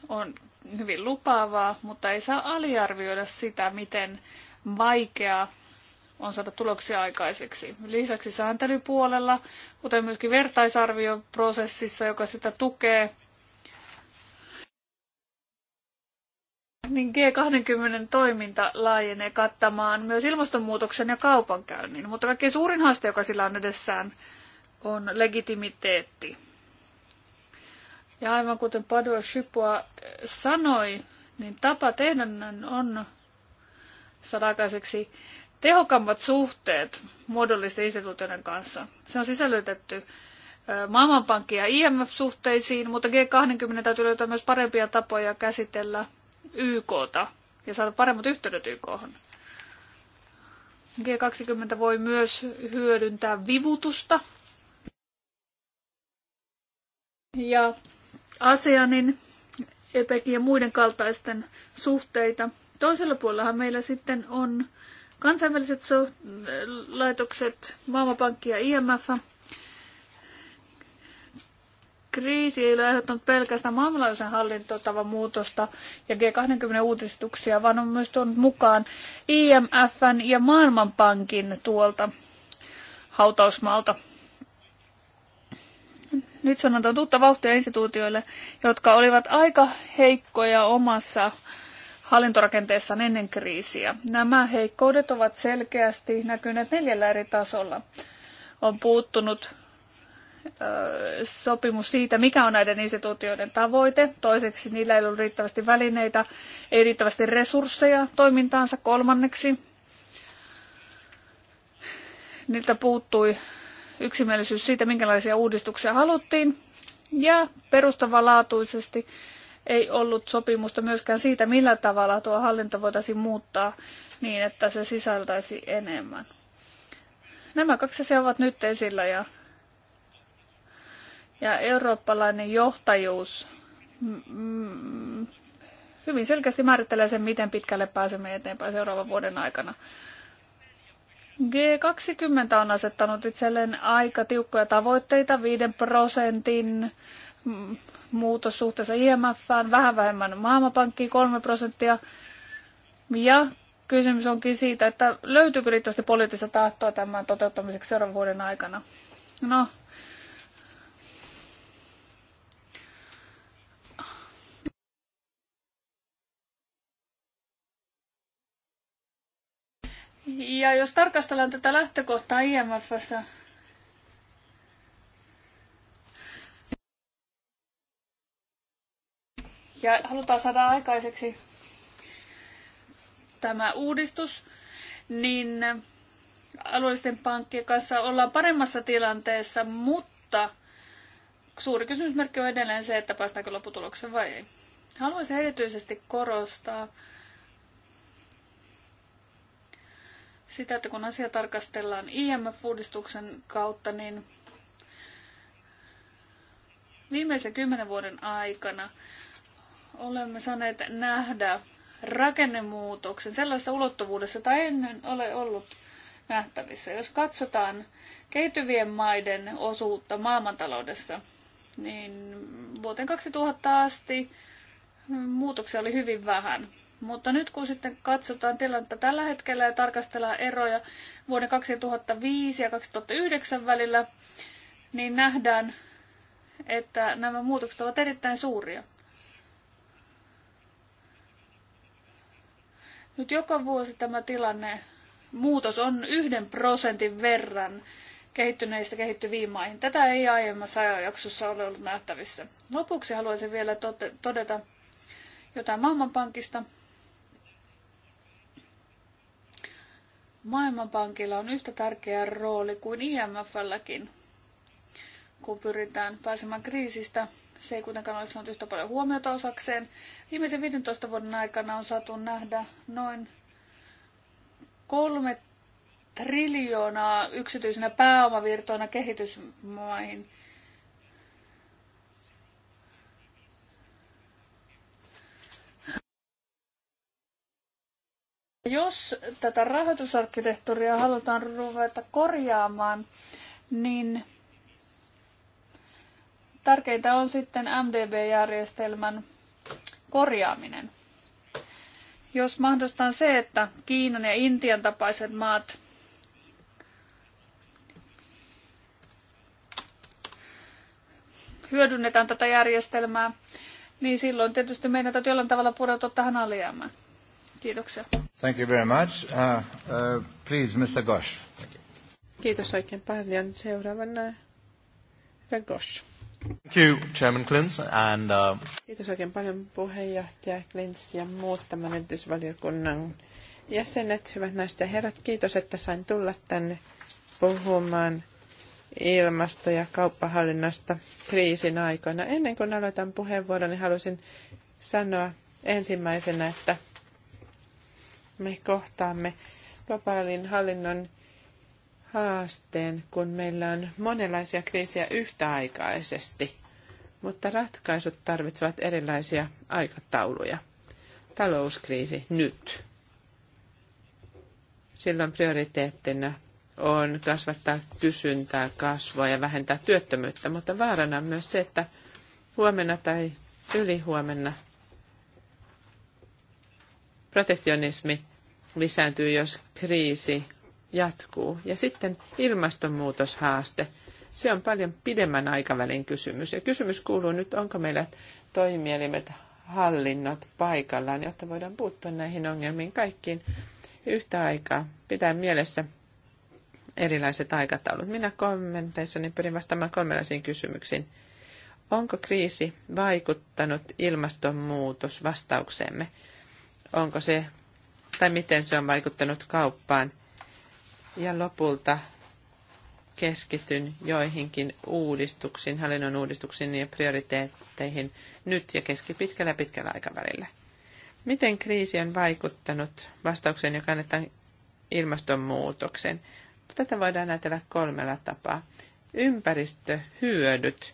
on hyvin lupaavaa, mutta ei saa aliarvioida sitä, miten vaikeaa on saada tuloksia aikaiseksi. Lisäksi sääntelypuolella, kuten myöskin vertaisarvioprosessissa, joka sitä tukee, niin G20 toiminta laajenee kattamaan myös ilmastonmuutoksen ja kaupankäynnin, mutta kaikkein suurin haaste, joka sillä on edessään, on legitimiteetti. Ja aivan kuten Padua Shipua sanoi, niin tapa tehdä on saada aikaiseksi tehokkaammat suhteet muodollisten instituutioiden kanssa. Se on sisällytetty Maailmanpankin ja IMF-suhteisiin, mutta G20 täytyy löytää myös parempia tapoja käsitellä YKta ja saada paremmat yhteydet YKhon. G20 voi myös hyödyntää vivutusta ja ASEANin, EPEKin ja muiden kaltaisten suhteita. Toisella puolellahan meillä sitten on Kansainväliset so- laitokset, Maailmanpankki ja IMF. Kriisi ei ole aiheuttanut pelkästään maailmanlaajuisen hallintotavan muutosta ja G20 uutistuksia, vaan on myös tuonut mukaan IMFn ja Maailmanpankin tuolta hautausmaalta. Nyt sanotaan on vauhtia instituutioille, jotka olivat aika heikkoja omassa hallintorakenteessaan ennen kriisiä. Nämä heikkoudet ovat selkeästi näkyneet neljällä eri tasolla. On puuttunut sopimus siitä, mikä on näiden instituutioiden tavoite. Toiseksi niillä ei ollut riittävästi välineitä, ei riittävästi resursseja toimintaansa. Kolmanneksi niiltä puuttui yksimielisyys siitä, minkälaisia uudistuksia haluttiin. Ja perustavanlaatuisesti ei ollut sopimusta myöskään siitä, millä tavalla tuo hallinto voitaisiin muuttaa niin, että se sisältäisi enemmän. Nämä kaksi asiaa ovat nyt esillä ja, ja eurooppalainen johtajuus mm, hyvin selkeästi määrittelee sen, miten pitkälle pääsemme eteenpäin seuraavan vuoden aikana. G20 on asettanut itselleen aika tiukkoja tavoitteita, 5 prosentin muutos suhteessa IMFään, vähän vähemmän maailmanpankkiin, 3 prosenttia. Ja kysymys onkin siitä, että löytyykö riittävästi poliittista tahtoa tämän toteuttamiseksi seuraavan vuoden aikana. No, Ja jos tarkastellaan tätä lähtökohtaa IMFssä, Ja halutaan saada aikaiseksi tämä uudistus, niin alueellisten pankkien kanssa ollaan paremmassa tilanteessa, mutta suuri kysymysmerkki on edelleen se, että päästäänkö lopputulokseen vai ei. Haluaisin erityisesti korostaa sitä, että kun asia tarkastellaan IMF-uudistuksen kautta, niin viimeisen kymmenen vuoden aikana olemme saaneet nähdä rakennemuutoksen sellaisessa ulottuvuudessa, jota ennen ole ollut nähtävissä. Jos katsotaan kehittyvien maiden osuutta maailmantaloudessa, niin vuoteen 2000 asti muutoksia oli hyvin vähän. Mutta nyt kun sitten katsotaan tilannetta tällä hetkellä ja tarkastellaan eroja vuoden 2005 ja 2009 välillä, niin nähdään, että nämä muutokset ovat erittäin suuria. Nyt joka vuosi tämä tilanne muutos on yhden prosentin verran kehittyneistä kehittyviin maihin. Tätä ei aiemmassa ajanjaksossa ole ollut nähtävissä. Lopuksi haluaisin vielä todeta jotain Maailmanpankista. Maailmanpankilla on yhtä tärkeä rooli kuin IMFlläkin, kun pyritään pääsemään kriisistä se ei kuitenkaan ole saanut yhtä paljon huomiota osakseen. Viimeisen 15 vuoden aikana on saatu nähdä noin kolme triljoonaa yksityisenä pääomavirtoina kehitysmaihin. Jos tätä rahoitusarkkitehtuuria halutaan ruveta korjaamaan, niin Tärkeintä on sitten MDB-järjestelmän korjaaminen. Jos mahdollistaan se, että Kiinan ja Intian tapaiset maat hyödynnetään tätä järjestelmää, niin silloin tietysti meidän täytyy jollain tavalla pureutua tähän alijäämään. Kiitoksia. Thank you very much. Uh, uh, please, Mr. Gosh. Kiitos oikein paljon. Seuraavana Gosh. Thank you, Chairman and, uh... Kiitos oikein paljon puheenjohtaja Klins ja muut tämän erityisvaliokunnan jäsenet, hyvät naiset ja herrat. Kiitos, että sain tulla tänne puhumaan ilmasto- ja kauppahallinnasta kriisin aikoina. Ennen kuin aloitan puheenvuoroni, niin halusin sanoa ensimmäisenä, että me kohtaamme globaalin hallinnon haasteen, kun meillä on monenlaisia kriisejä yhtäaikaisesti, mutta ratkaisut tarvitsevat erilaisia aikatauluja. Talouskriisi nyt. Silloin prioriteettina on kasvattaa kysyntää, kasvua ja vähentää työttömyyttä, mutta vaarana on myös se, että huomenna tai ylihuomenna protektionismi lisääntyy, jos kriisi jatkuu. Ja sitten ilmastonmuutoshaaste. Se on paljon pidemmän aikavälin kysymys. Ja kysymys kuuluu nyt, onko meillä toimielimet hallinnot paikallaan, jotta voidaan puuttua näihin ongelmiin kaikkiin yhtä aikaa. Pitää mielessä erilaiset aikataulut. Minä kommenteissani pyrin vastaamaan kolmenlaisiin kysymyksiin. Onko kriisi vaikuttanut ilmastonmuutosvastaukseemme? Onko se, tai miten se on vaikuttanut kauppaan ja lopulta keskityn joihinkin uudistuksiin, hallinnon uudistuksiin ja prioriteetteihin nyt ja keskipitkällä ja pitkällä aikavälillä. Miten kriisi on vaikuttanut vastaukseen, joka annetaan ilmastonmuutoksen? Tätä voidaan näytellä kolmella tapaa. Ympäristöhyödyt,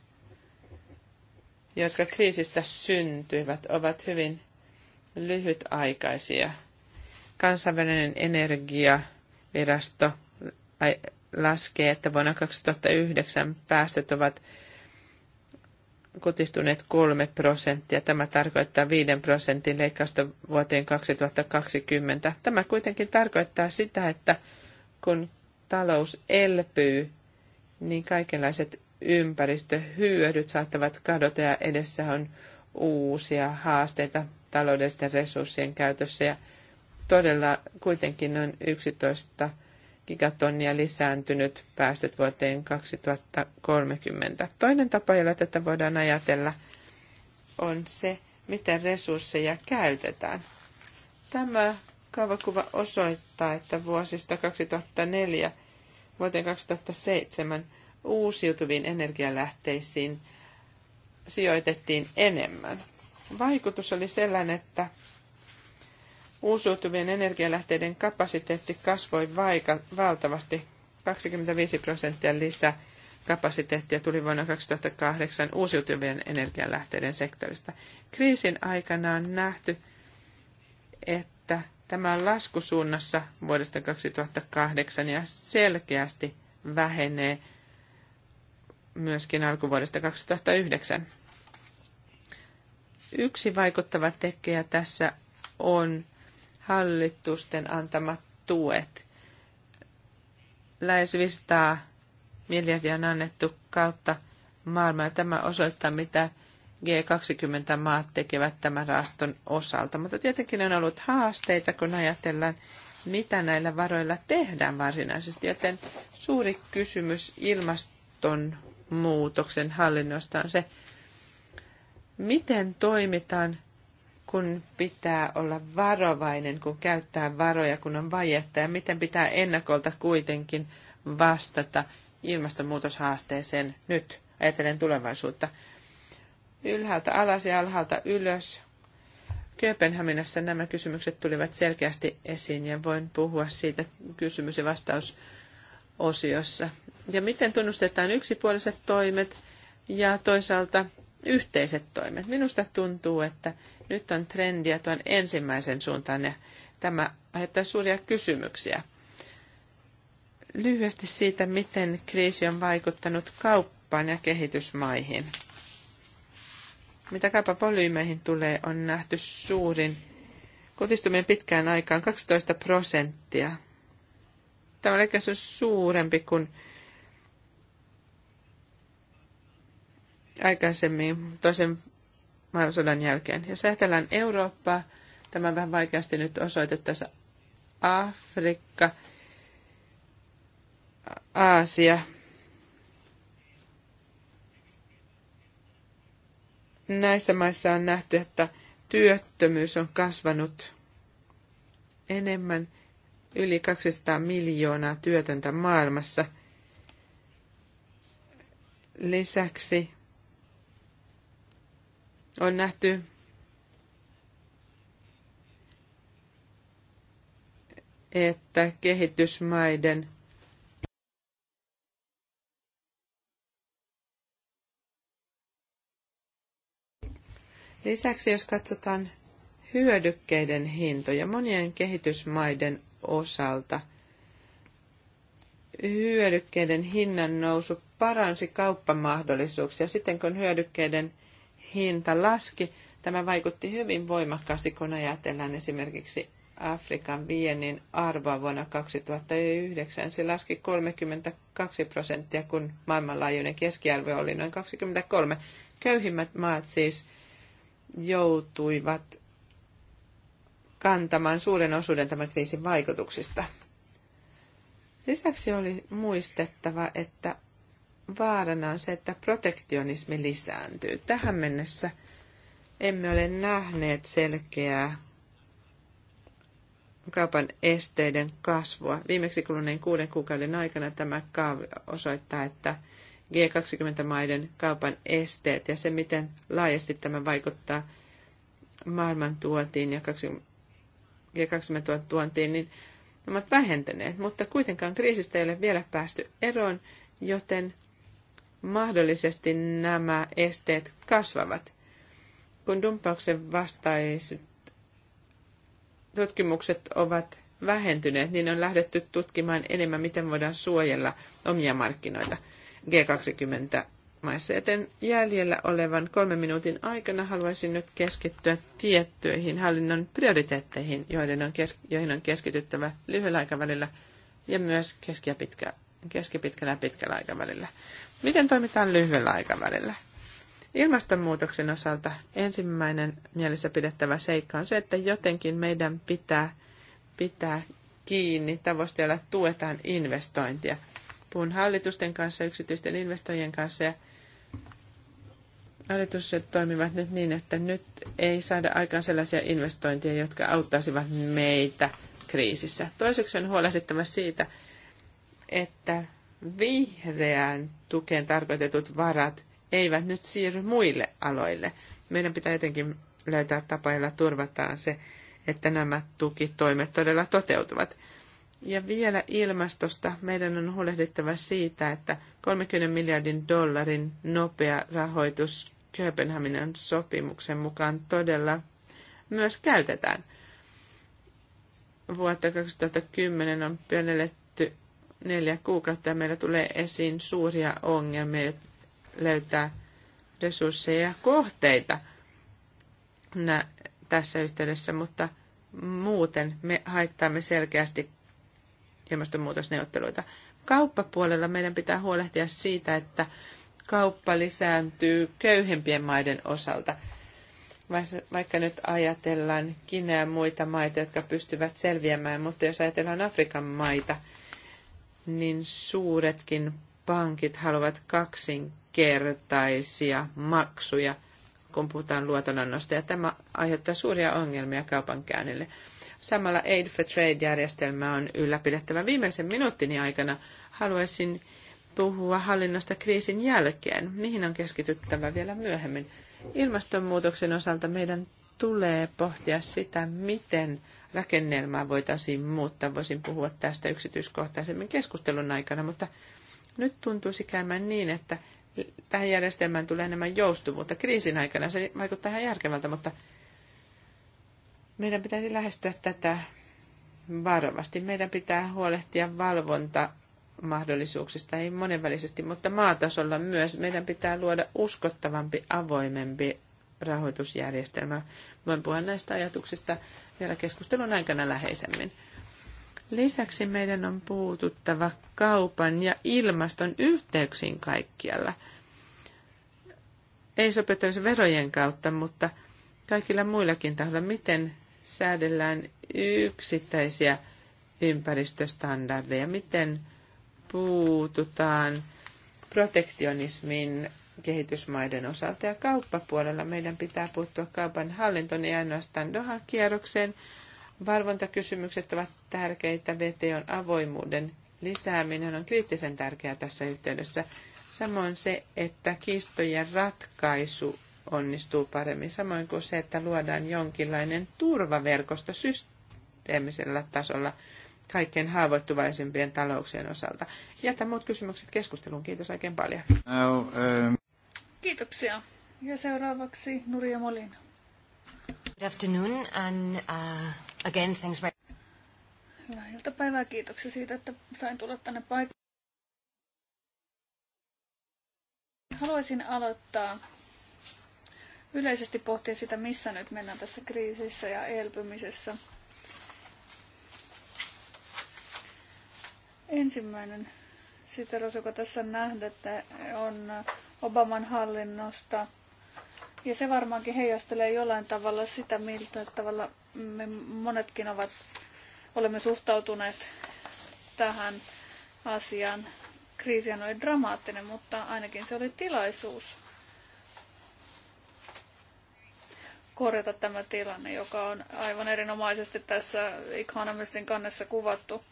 jotka kriisistä syntyivät, ovat hyvin lyhytaikaisia. Kansainvälinen energia, virasto laskee, että vuonna 2009 päästöt ovat kutistuneet 3 prosenttia. Tämä tarkoittaa 5 prosentin leikkausta vuoteen 2020. Tämä kuitenkin tarkoittaa sitä, että kun talous elpyy, niin kaikenlaiset ympäristöhyödyt saattavat kadota ja edessä on uusia haasteita taloudellisten resurssien käytössä ja todella kuitenkin noin 11 gigatonnia lisääntynyt päästöt vuoteen 2030. Toinen tapa, jolla tätä voidaan ajatella, on se, miten resursseja käytetään. Tämä kaavakuva osoittaa, että vuosista 2004 vuoteen 2007 uusiutuviin energialähteisiin sijoitettiin enemmän. Vaikutus oli sellainen, että Uusiutuvien energialähteiden kapasiteetti kasvoi vaika- valtavasti 25 prosenttia lisää kapasiteettia tuli vuonna 2008 uusiutuvien energialähteiden sektorista. Kriisin aikana on nähty, että tämä on laskusuunnassa vuodesta 2008 ja selkeästi vähenee myöskin alkuvuodesta 2009. Yksi vaikuttava tekijä tässä on hallitusten antamat tuet. Lähes 500 miljardia on annettu kautta maailmaa. Tämä osoittaa, mitä G20-maat tekevät tämän rahaston osalta. Mutta tietenkin on ollut haasteita, kun ajatellaan, mitä näillä varoilla tehdään varsinaisesti. Joten suuri kysymys ilmastonmuutoksen hallinnosta on se, miten toimitaan kun pitää olla varovainen, kun käyttää varoja, kun on vajetta ja miten pitää ennakolta kuitenkin vastata ilmastonmuutoshaasteeseen nyt, ajatellen tulevaisuutta. Ylhäältä alas ja alhaalta ylös. Kööpenhaminassa nämä kysymykset tulivat selkeästi esiin ja voin puhua siitä kysymys- ja vastausosiossa. Ja miten tunnustetaan yksipuoliset toimet ja toisaalta – yhteiset toimet. Minusta tuntuu, että nyt on trendiä tuon ensimmäisen suuntaan ja tämä aiheuttaa suuria kysymyksiä. Lyhyesti siitä, miten kriisi on vaikuttanut kauppaan ja kehitysmaihin. Mitä kauppavolyymeihin tulee, on nähty suurin kutistuminen pitkään aikaan 12 prosenttia. Tämä leikkaus on suurempi kuin aikaisemmin toisen maailmansodan jälkeen. Jos ajatellaan Eurooppaa, tämä on vähän vaikeasti nyt osoitettaessa Afrikka, Aasia. Näissä maissa on nähty, että työttömyys on kasvanut enemmän yli 200 miljoonaa työtöntä maailmassa. Lisäksi on nähty että kehitysmaiden Lisäksi jos katsotaan hyödykkeiden hintoja monien kehitysmaiden osalta, hyödykkeiden hinnan nousu paransi kauppamahdollisuuksia. Sitten kun hyödykkeiden hinta laski. Tämä vaikutti hyvin voimakkaasti, kun ajatellaan esimerkiksi Afrikan viennin arvoa vuonna 2009. Se laski 32 prosenttia, kun maailmanlaajuinen keskiarvo oli noin 23. Köyhimmät maat siis joutuivat kantamaan suuren osuuden tämän kriisin vaikutuksista. Lisäksi oli muistettava, että vaarana on se, että protektionismi lisääntyy. Tähän mennessä emme ole nähneet selkeää kaupan esteiden kasvua. Viimeksi kuluneen kuuden kuukauden aikana tämä kaavi osoittaa, että G20-maiden kaupan esteet ja se, miten laajasti tämä vaikuttaa maailman tuotiin ja G20-tuontiin, niin ne ovat vähentäneet, mutta kuitenkaan kriisistä ei ole vielä päästy eroon, joten mahdollisesti nämä esteet kasvavat. Kun dumppauksen vastaiset tutkimukset ovat vähentyneet, niin on lähdetty tutkimaan enemmän, miten voidaan suojella omia markkinoita G20 maissa. Joten jäljellä olevan kolmen minuutin aikana haluaisin nyt keskittyä tiettyihin hallinnon prioriteetteihin, joiden on kes- joihin on keskityttävä lyhyellä aikavälillä ja myös keski- ja pitkä- keskipitkällä ja pitkällä aikavälillä. Miten toimitaan lyhyellä aikavälillä? Ilmastonmuutoksen osalta ensimmäinen mielessä pidettävä seikka on se, että jotenkin meidän pitää pitää kiinni tavoitteella, joilla tuetaan investointia. Puhun hallitusten kanssa, yksityisten investoijien kanssa ja hallitukset toimivat nyt niin, että nyt ei saada aikaan sellaisia investointeja, jotka auttaisivat meitä kriisissä. Toiseksi on huolehdittava siitä, että vihreän tukeen tarkoitetut varat eivät nyt siirry muille aloille. Meidän pitää jotenkin löytää tapa, jolla turvataan se, että nämä tukitoimet todella toteutuvat. Ja vielä ilmastosta meidän on huolehdittava siitä, että 30 miljardin dollarin nopea rahoitus Kööpenhaminan sopimuksen mukaan todella myös käytetään. Vuotta 2010 on pienelle neljä kuukautta meillä tulee esiin suuria ongelmia löytää resursseja ja kohteita nä, tässä yhteydessä, mutta muuten me haittaamme selkeästi ilmastonmuutosneuvotteluita. Kauppapuolella meidän pitää huolehtia siitä, että kauppa lisääntyy köyhempien maiden osalta. Vaikka nyt ajatellaan Kineä ja muita maita, jotka pystyvät selviämään, mutta jos ajatellaan Afrikan maita, niin suuretkin pankit haluavat kaksinkertaisia maksuja, kun puhutaan luotonannosta, ja tämä aiheuttaa suuria ongelmia kaupankäynnille. Samalla Aid for Trade-järjestelmä on ylläpidettävä. Viimeisen minuuttini aikana haluaisin puhua hallinnosta kriisin jälkeen, mihin on keskityttävä vielä myöhemmin. Ilmastonmuutoksen osalta meidän tulee pohtia sitä, miten rakennelmaa voitaisiin muuttaa. Voisin puhua tästä yksityiskohtaisemmin keskustelun aikana, mutta nyt tuntuisi käymään niin, että tähän järjestelmään tulee enemmän joustuvuutta. Kriisin aikana se vaikuttaa ihan järkevältä, mutta meidän pitäisi lähestyä tätä varovasti. Meidän pitää huolehtia valvonta mahdollisuuksista, ei monenvälisesti, mutta maatasolla myös. Meidän pitää luoda uskottavampi, avoimempi rahoitusjärjestelmä. Voin puhua näistä ajatuksista vielä keskustelun aikana läheisemmin. Lisäksi meidän on puututtava kaupan ja ilmaston yhteyksiin kaikkialla. Ei sopettaisi verojen kautta, mutta kaikilla muillakin tahoilla, miten säädellään yksittäisiä ympäristöstandardeja, miten puututaan protektionismin kehitysmaiden osalta. Ja kauppapuolella meidän pitää puuttua kaupan hallintoon ja ainoastaan Dohan kierrokseen. Valvontakysymykset ovat tärkeitä. VTOn avoimuuden lisääminen on kriittisen tärkeää tässä yhteydessä. Samoin se, että kiistojen ratkaisu onnistuu paremmin, samoin kuin se, että luodaan jonkinlainen turvaverkosto systeemisellä tasolla kaikkein haavoittuvaisimpien talouksien osalta. Jätä muut kysymykset keskusteluun. Kiitos oikein paljon. No, um... Kiitoksia. Ja seuraavaksi Nuria Molin. Good afternoon and uh, again thanks very Hyvää iltapäivää. Kiitoksia siitä, että sain tulla tänne paikalle. Haluaisin aloittaa yleisesti pohtia sitä, missä nyt mennään tässä kriisissä ja elpymisessä. Ensimmäinen siteros, joka tässä nähdään, on Obaman hallinnosta. Ja se varmaankin heijastelee jollain tavalla sitä, miltä tavalla me monetkin ovat, olemme suhtautuneet tähän asiaan. Kriisi oli dramaattinen, mutta ainakin se oli tilaisuus korjata tämä tilanne, joka on aivan erinomaisesti tässä Economistin kannessa kuvattu.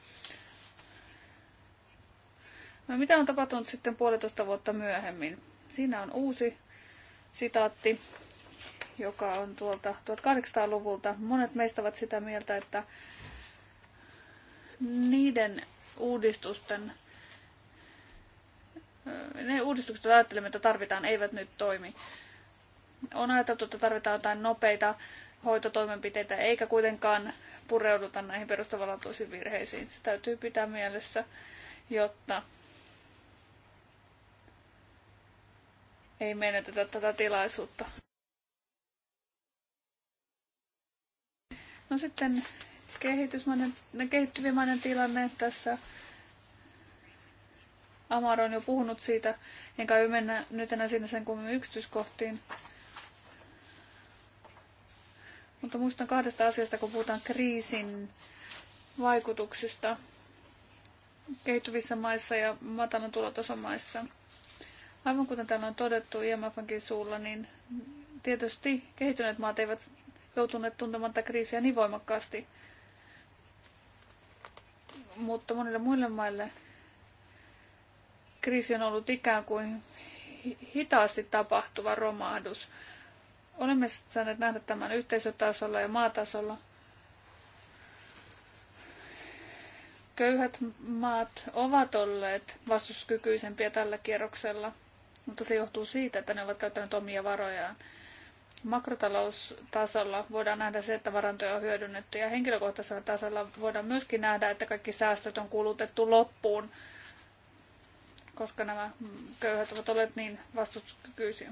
No, mitä on tapahtunut sitten puolitoista vuotta myöhemmin? Siinä on uusi sitaatti, joka on tuolta 1800-luvulta. Monet meistä ovat sitä mieltä, että niiden uudistusten, ne uudistukset, joita ajattelemme, että tarvitaan, eivät nyt toimi. On ajateltu, että tarvitaan jotain nopeita hoitotoimenpiteitä, eikä kuitenkaan pureuduta näihin perustavanlaatuisiin virheisiin. Se täytyy pitää mielessä, jotta ei menetetä tätä tilaisuutta. No sitten kehittyvien maiden tilanne tässä. Amar on jo puhunut siitä, enkä mennä nyt enää sinne sen kummemmin yksityiskohtiin. Mutta muistan kahdesta asiasta, kun puhutaan kriisin vaikutuksista kehittyvissä maissa ja matalan tulotason maissa. Aivan kuten täällä on todettu IMFnkin suulla, niin tietysti kehittyneet maat eivät joutuneet tuntemaan tätä kriisiä niin voimakkaasti. Mutta monille muille maille kriisi on ollut ikään kuin hitaasti tapahtuva romahdus. Olemme saaneet nähdä tämän yhteisötasolla ja maatasolla. Köyhät maat ovat olleet vastuskykyisempiä tällä kierroksella – mutta se johtuu siitä, että ne ovat käyttäneet omia varojaan. Makrotaloustasolla voidaan nähdä se, että varantoja on hyödynnetty ja henkilökohtaisella tasolla voidaan myöskin nähdä, että kaikki säästöt on kulutettu loppuun, koska nämä köyhät ovat olleet niin vastustuskykyisiä.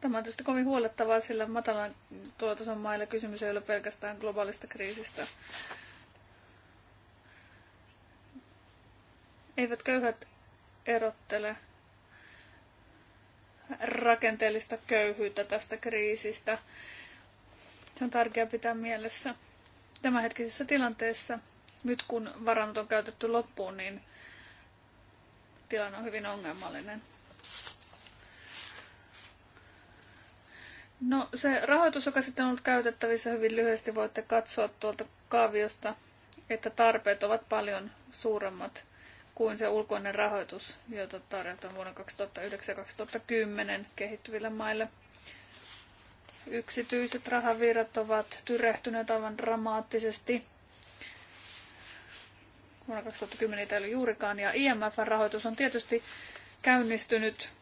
Tämä on tietysti kovin huolettavaa, sillä matalan tulotason maille kysymys ei ole pelkästään globaalista kriisistä, Eivät köyhät erottele rakenteellista köyhyyttä tästä kriisistä. Se on tärkeää pitää mielessä. Tämänhetkisessä tilanteessa, nyt kun varannot on käytetty loppuun, niin tilanne on hyvin ongelmallinen. No se rahoitus, joka sitten on ollut käytettävissä hyvin lyhyesti, voitte katsoa tuolta kaaviosta, että tarpeet ovat paljon suuremmat kuin se ulkoinen rahoitus, jota tarjotaan vuonna 2009-2010 kehittyville maille. Yksityiset rahavirrat ovat tyrehtyneet aivan dramaattisesti. Vuonna 2010 ei ole juurikaan, ja IMF-rahoitus on tietysti käynnistynyt,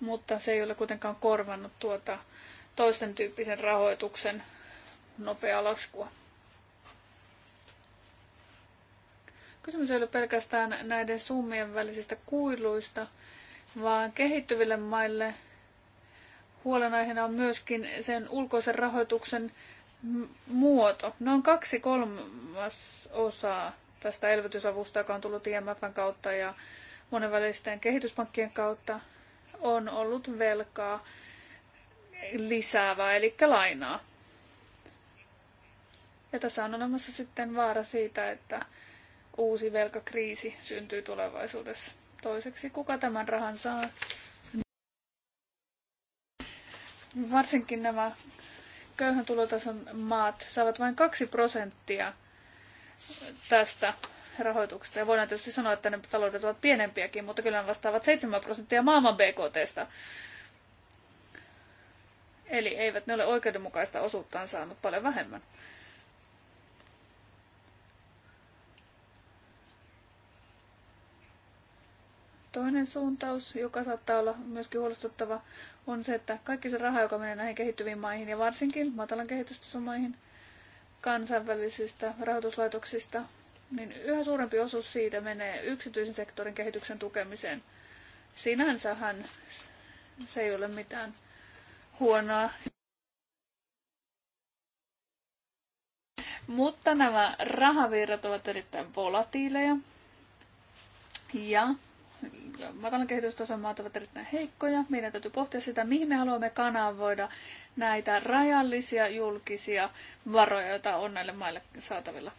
mutta se ei ole kuitenkaan korvannut tuota toisten tyyppisen rahoituksen nopeaa laskua. Kysymys ei ole pelkästään näiden summien välisistä kuiluista, vaan kehittyville maille huolenaiheena on myöskin sen ulkoisen rahoituksen muoto. Noin kaksi kolmas osaa tästä elvytysavusta, joka on tullut IMFn kautta ja monenvälisten kehityspankkien kautta, on ollut velkaa lisäävää, eli lainaa. Ja tässä on olemassa sitten vaara siitä, että uusi velkakriisi syntyy tulevaisuudessa. Toiseksi, kuka tämän rahan saa? Varsinkin nämä köyhän tulotason maat saavat vain 2 prosenttia tästä rahoituksesta. Ja voidaan tietysti sanoa, että ne taloudet ovat pienempiäkin, mutta kyllä ne vastaavat 7 prosenttia maailman BKTstä. Eli eivät ne ole oikeudenmukaista osuuttaan saanut paljon vähemmän. Toinen suuntaus, joka saattaa olla myöskin huolestuttava, on se, että kaikki se raha, joka menee näihin kehittyviin maihin ja varsinkin matalan kehitystasomaihin kansainvälisistä rahoituslaitoksista, niin yhä suurempi osuus siitä menee yksityisen sektorin kehityksen tukemiseen. Sinänsähän se ei ole mitään huonoa. Mutta nämä rahavirrat ovat erittäin volatiileja. Ja matalan kehitystason maat ovat erittäin heikkoja. Meidän täytyy pohtia sitä, mihin me haluamme kanavoida näitä rajallisia julkisia varoja, joita on näille maille saatavilla.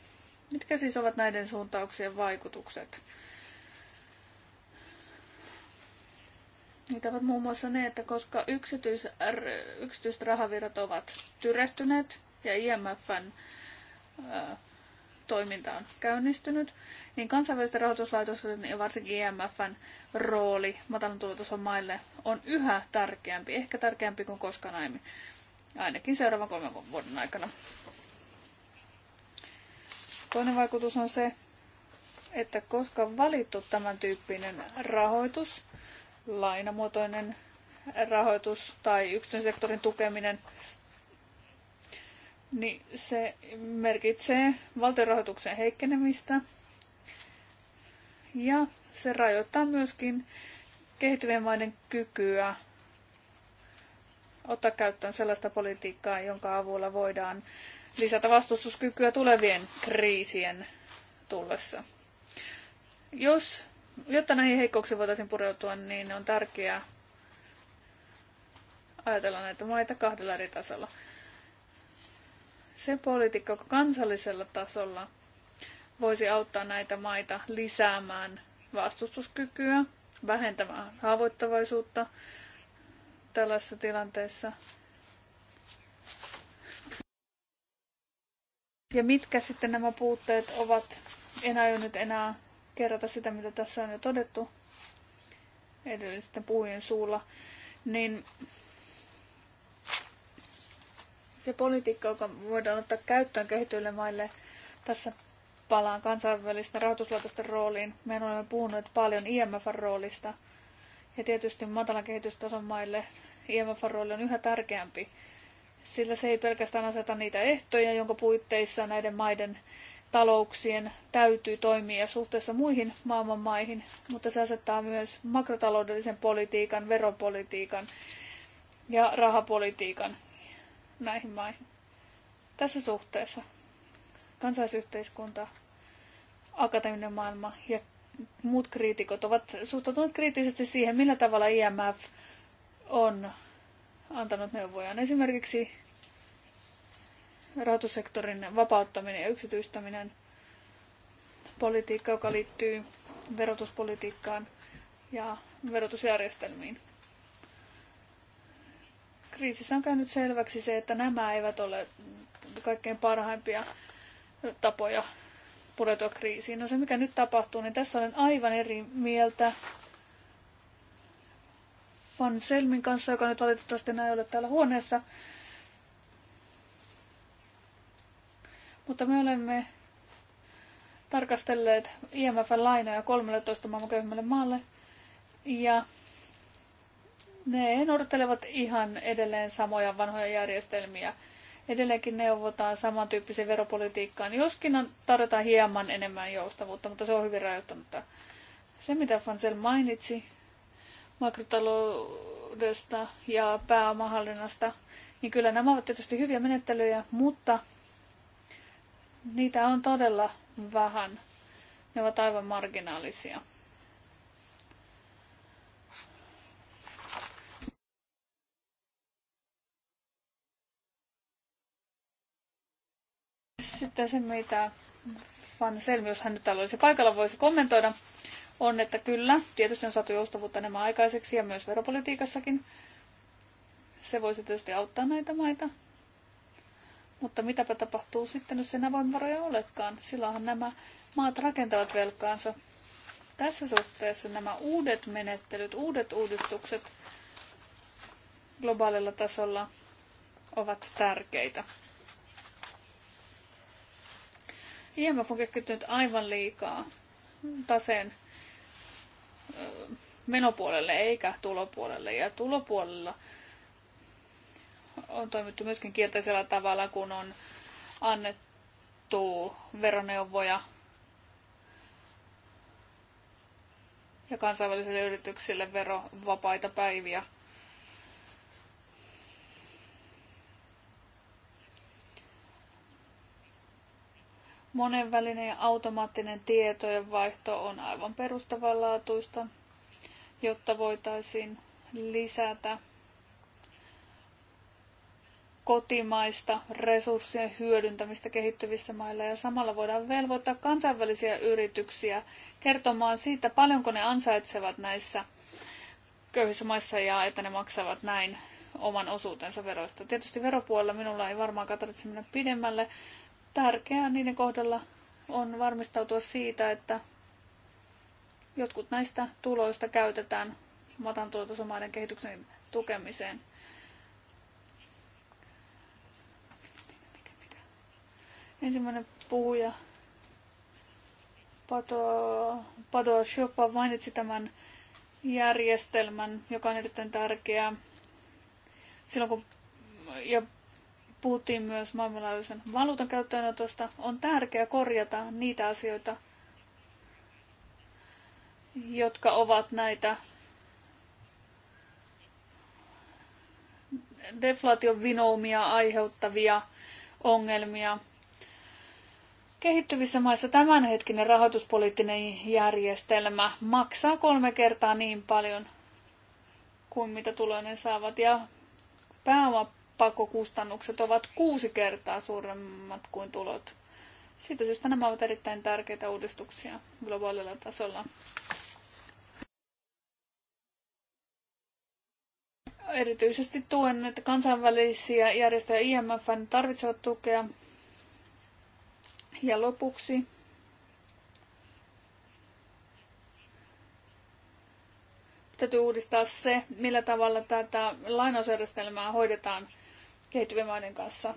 Mitkä siis ovat näiden suuntauksien vaikutukset? Niitä ovat muun muassa ne, että koska yksityis, yksityiset rahavirrat ovat tyrehtyneet ja IMFn toiminta on käynnistynyt, niin kansainvälisten rahoituslaitosten ja varsinkin IMFn e rooli matalan tulotason maille on yhä tärkeämpi, ehkä tärkeämpi kuin koskaan aiemmin, ainakin seuraavan kolmen vuoden aikana. Toinen vaikutus on se, että koska on valittu tämän tyyppinen rahoitus, lainamuotoinen rahoitus tai yksityisen sektorin tukeminen, niin se merkitsee valtionrahoituksen heikkenemistä ja se rajoittaa myöskin kehittyvien maiden kykyä ottaa käyttöön sellaista politiikkaa, jonka avulla voidaan lisätä vastustuskykyä tulevien kriisien tullessa. Jos, jotta näihin heikkouksiin voitaisiin pureutua, niin on tärkeää ajatella näitä maita kahdella eri tasolla se poliitikko, kansallisella tasolla voisi auttaa näitä maita lisäämään vastustuskykyä, vähentämään haavoittavaisuutta tällaisessa tilanteessa. Ja mitkä sitten nämä puutteet ovat, en aio nyt enää kerrata sitä, mitä tässä on jo todettu edellisten puhujen suulla, niin se politiikka, joka voidaan ottaa käyttöön kehityille maille, tässä palaan kansainvälisten rahoituslaitosten rooliin. Me olemme puhuneet paljon imf roolista ja tietysti matalan kehitystason maille imf rooli on yhä tärkeämpi, sillä se ei pelkästään aseta niitä ehtoja, jonka puitteissa näiden maiden talouksien täytyy toimia suhteessa muihin maailman maihin, mutta se asettaa myös makrotaloudellisen politiikan, veropolitiikan ja rahapolitiikan näihin maihin. Tässä suhteessa kansalaisyhteiskunta, akateeminen maailma ja muut kriitikot ovat suhtautuneet kriittisesti siihen, millä tavalla IMF on antanut neuvojaan. Esimerkiksi rahoitussektorin vapauttaminen ja yksityistäminen, politiikka, joka liittyy verotuspolitiikkaan ja verotusjärjestelmiin kriisissä on käynyt selväksi se, että nämä eivät ole kaikkein parhaimpia tapoja pureutua kriisiin. No se, mikä nyt tapahtuu, niin tässä olen aivan eri mieltä Van Selmin kanssa, joka nyt valitettavasti näin ole täällä huoneessa. Mutta me olemme tarkastelleet IMFn lainoja 13 maailman köyhimmälle maalle. Ja ne noudattelevat ihan edelleen samoja vanhoja järjestelmiä. Edelleenkin neuvotaan samantyyppiseen veropolitiikkaan, joskin tarjotaan hieman enemmän joustavuutta, mutta se on hyvin rajoittunutta. Se, mitä Fansel mainitsi makrotaloudesta ja pääomahallinnasta, niin kyllä nämä ovat tietysti hyviä menettelyjä, mutta niitä on todella vähän. Ne ovat aivan marginaalisia. Sitten mitä Van Selmi, jos hän nyt täällä olisi paikalla, voisi kommentoida, on, että kyllä, tietysti on saatu joustavuutta enemmän aikaiseksi ja myös veropolitiikassakin. Se voisi tietysti auttaa näitä maita. Mutta mitäpä tapahtuu sitten, jos enää voimavaroja olekaan? Silloinhan nämä maat rakentavat velkaansa. Tässä suhteessa nämä uudet menettelyt, uudet uudistukset globaalilla tasolla ovat tärkeitä. IMF on keskittynyt aivan liikaa taseen menopuolelle eikä tulopuolelle. Ja tulopuolella on toimittu myöskin kielteisellä tavalla, kun on annettu veroneuvoja ja kansainvälisille yrityksille verovapaita päiviä – Monenvälinen ja automaattinen tietojenvaihto on aivan perustavanlaatuista, jotta voitaisiin lisätä kotimaista resurssien hyödyntämistä kehittyvissä mailla ja samalla voidaan velvoittaa kansainvälisiä yrityksiä kertomaan siitä, paljonko ne ansaitsevat näissä köyhissä maissa ja että ne maksavat näin oman osuutensa veroista. Tietysti veropuolella minulla ei varmaan tarvitse mennä pidemmälle. Tärkeää niiden kohdalla on varmistautua siitä, että jotkut näistä tuloista käytetään matan tuotosomaiden kehityksen tukemiseen. Ensimmäinen puhuja Pato, Pato mainitsi tämän järjestelmän, joka on erittäin tärkeä silloin kun ja Puhuttiin myös maailmanlaajuisen valuutan käyttöönotosta. On tärkeää korjata niitä asioita, jotka ovat näitä deflaation vinoumia aiheuttavia ongelmia. Kehittyvissä maissa tämänhetkinen rahoituspoliittinen järjestelmä maksaa kolme kertaa niin paljon kuin mitä tuloinen saavat ja pääoma pakokustannukset ovat kuusi kertaa suuremmat kuin tulot. Siitä syystä nämä ovat erittäin tärkeitä uudistuksia globaalilla tasolla. Erityisesti tuen, että kansainvälisiä järjestöjä IMF tarvitsevat tukea. Ja lopuksi täytyy uudistaa se, millä tavalla tätä lainausjärjestelmää hoidetaan kehittyvien maiden kanssa.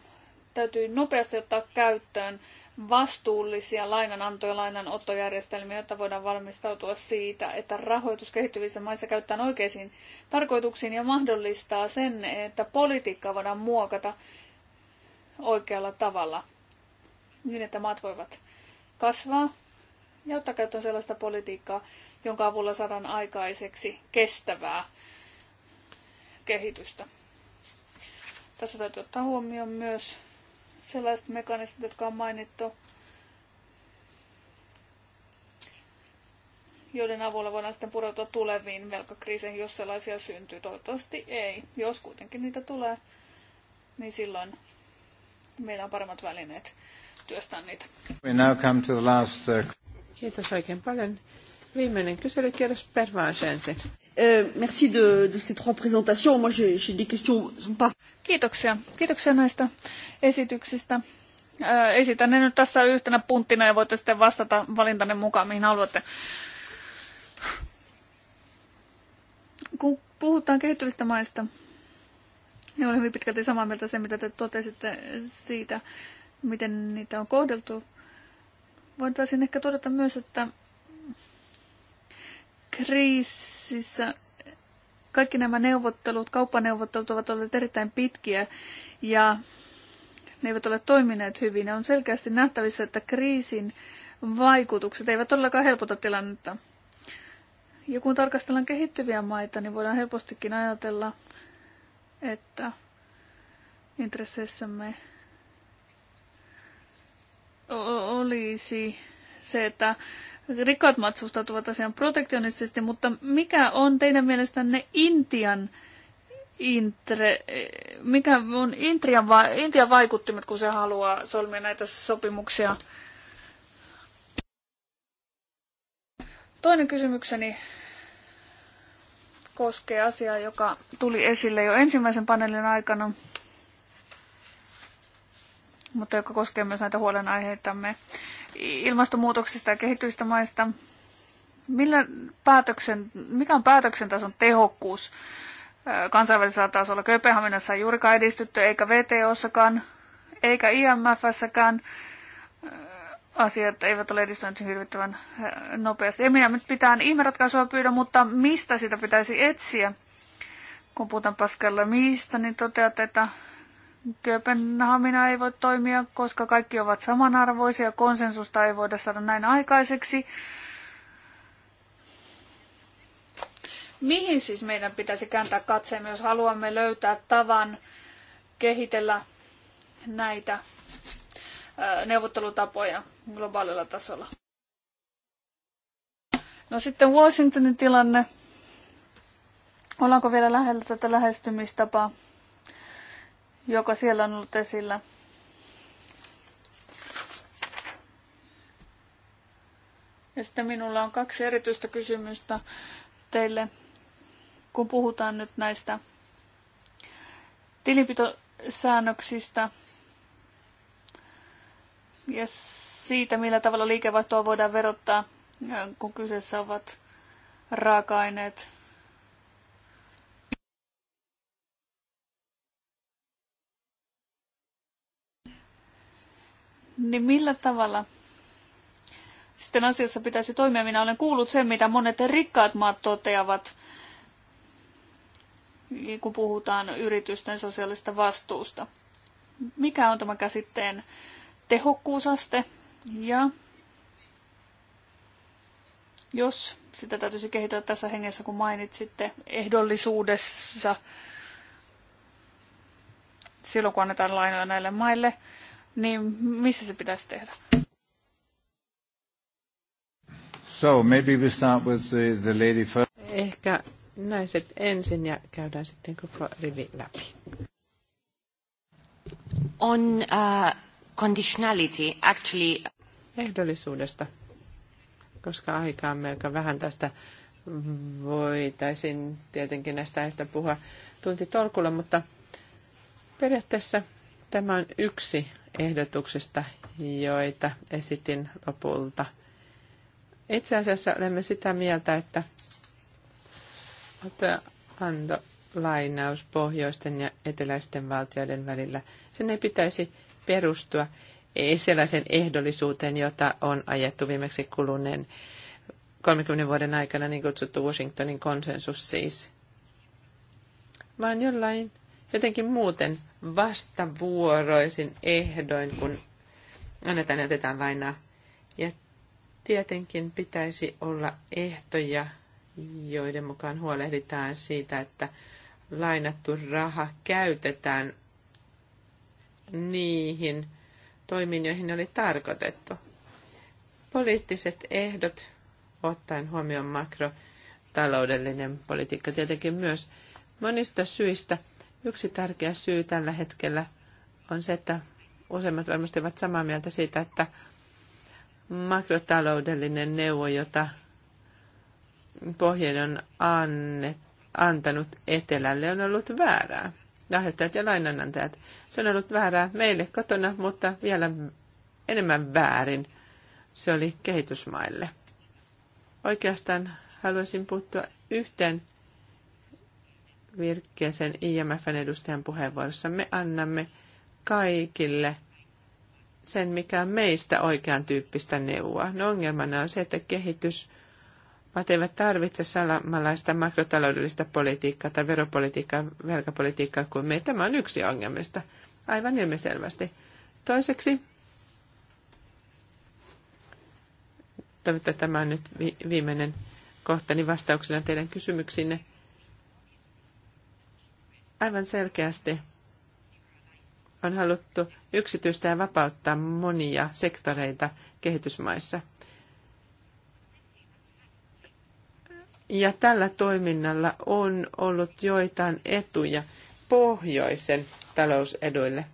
Täytyy nopeasti ottaa käyttöön vastuullisia lainananto- ja lainanottojärjestelmiä, jotta voidaan valmistautua siitä, että rahoitus kehittyvissä maissa käytetään oikeisiin tarkoituksiin ja mahdollistaa sen, että politiikkaa voidaan muokata oikealla tavalla niin, että maat voivat kasvaa ja ottaa käyttöön sellaista politiikkaa, jonka avulla saadaan aikaiseksi kestävää kehitystä. Tässä täytyy ottaa huomioon myös sellaiset mekanismit, jotka on mainittu, joiden avulla voidaan sitten pureutua tuleviin velkakriiseihin, jos sellaisia syntyy. Toivottavasti ei. Jos kuitenkin niitä tulee, niin silloin meillä on paremmat välineet työstää niitä. We now come to the last, uh... Kiitos oikein paljon. Viimeinen kyselykierros Pervaan Euh, merci de, de ces trois présentations. Moi, j'ai des questions. Sont pas... Kiitoksia. Kiitoksia näistä esityksistä. Esitän ne nyt tässä yhtenä punttina ja voitte sitten vastata valintanne mukaan, mihin haluatte. Kun puhutaan kehittyvistä maista, niin olen hyvin pitkälti samaa mieltä se, mitä te totesitte siitä, miten niitä on kohdeltu. Voitaisiin ehkä todeta myös, että kriisissä kaikki nämä neuvottelut, kauppaneuvottelut ovat olleet erittäin pitkiä ja ne eivät ole toimineet hyvin. Ne on selkeästi nähtävissä, että kriisin vaikutukset eivät todellakaan helpota tilannetta. Ja kun tarkastellaan kehittyviä maita, niin voidaan helpostikin ajatella, että intresseissämme olisi se, että Rikkaat maat suhtautuvat asiaan protektionistisesti, mutta mikä on teidän mielestänne Intian Intre, mikä on Intian, va, Intian vaikuttimet, kun se haluaa solmia näitä sopimuksia? Toinen kysymykseni koskee asiaa, joka tuli esille jo ensimmäisen paneelin aikana, mutta joka koskee myös näitä huolenaiheitamme ilmastonmuutoksesta ja kehittyvistä maista. Millä päätöksen, mikä on päätöksentason tehokkuus kansainvälisellä tasolla? Kööpenhaminassa ei juurikaan edistytty, eikä VTOssakaan, eikä IMFssäkään asiat eivät ole edistyneet hirvittävän nopeasti. En minä nyt pitää ihmeratkaisua pyydä, mutta mistä sitä pitäisi etsiä? Kun puhutaan Pascalla mistä, niin toteat, että Kööpenhamina ei voi toimia, koska kaikki ovat samanarvoisia, konsensusta ei voida saada näin aikaiseksi. Mihin siis meidän pitäisi kääntää katseemme, jos haluamme löytää tavan kehitellä näitä neuvottelutapoja globaalilla tasolla? No sitten Washingtonin tilanne. Ollaanko vielä lähellä tätä lähestymistapaa? joka siellä on ollut esillä. Ja sitten minulla on kaksi erityistä kysymystä teille, kun puhutaan nyt näistä tilinpitosäännöksistä ja siitä, millä tavalla liikevaihtoa voidaan verottaa, kun kyseessä ovat raaka-aineet, niin millä tavalla sitten asiassa pitäisi toimia? Minä olen kuullut sen, mitä monet rikkaat maat toteavat, kun puhutaan yritysten sosiaalista vastuusta. Mikä on tämä käsitteen tehokkuusaste ja jos sitä täytyisi kehittää tässä hengessä, kun mainitsitte ehdollisuudessa, silloin kun annetaan lainoja näille maille, niin missä se pitäisi tehdä? So maybe we start with the, the lady first. Ehkä naiset ensin ja käydään sitten koko rivi läpi. On uh, conditionality actually... Ehdollisuudesta, koska aikaa on melko vähän tästä voitaisin tietenkin näistä aiheista puhua tunti mutta periaatteessa tämä on yksi ehdotuksista, joita esitin lopulta. Itse asiassa olemme sitä mieltä, että anto lainaus pohjoisten ja eteläisten valtioiden välillä. Sen ei pitäisi perustua sellaisen ehdollisuuteen, jota on ajettu viimeksi kuluneen 30 vuoden aikana niin kutsuttu Washingtonin konsensus siis, vaan jollain jotenkin muuten vastavuoroisin ehdoin, kun annetaan ja otetaan lainaa. Ja tietenkin pitäisi olla ehtoja, joiden mukaan huolehditaan siitä, että lainattu raha käytetään niihin toimiin, joihin ne oli tarkoitettu. Poliittiset ehdot, ottaen huomioon makrotaloudellinen politiikka tietenkin myös monista syistä – Yksi tärkeä syy tällä hetkellä on se, että useimmat varmasti ovat samaa mieltä siitä, että makrotaloudellinen neuvo, jota pohjeen on annet, antanut etelälle, on ollut väärää. Lahjoittajat ja lainanantajat. Se on ollut väärää meille kotona, mutta vielä enemmän väärin. Se oli kehitysmaille. Oikeastaan haluaisin puuttua yhteen Virkkeisen IMFn edustajan puheenvuorossa. Me annamme kaikille sen, mikä on meistä oikean tyyppistä neuvoa. No ongelmana on se, että kehitys Maat eivät tarvitse samanlaista makrotaloudellista politiikkaa tai veropolitiikkaa, velkapolitiikkaa kuin me. Tämä on yksi ongelmista, aivan ilmiselvästi. Toiseksi, toivottavasti tämä on nyt viimeinen kohtani niin vastauksena teidän kysymyksinne. Aivan selkeästi on haluttu yksityistä ja vapauttaa monia sektoreita kehitysmaissa. Ja tällä toiminnalla on ollut joitain etuja pohjoisen talouseduille.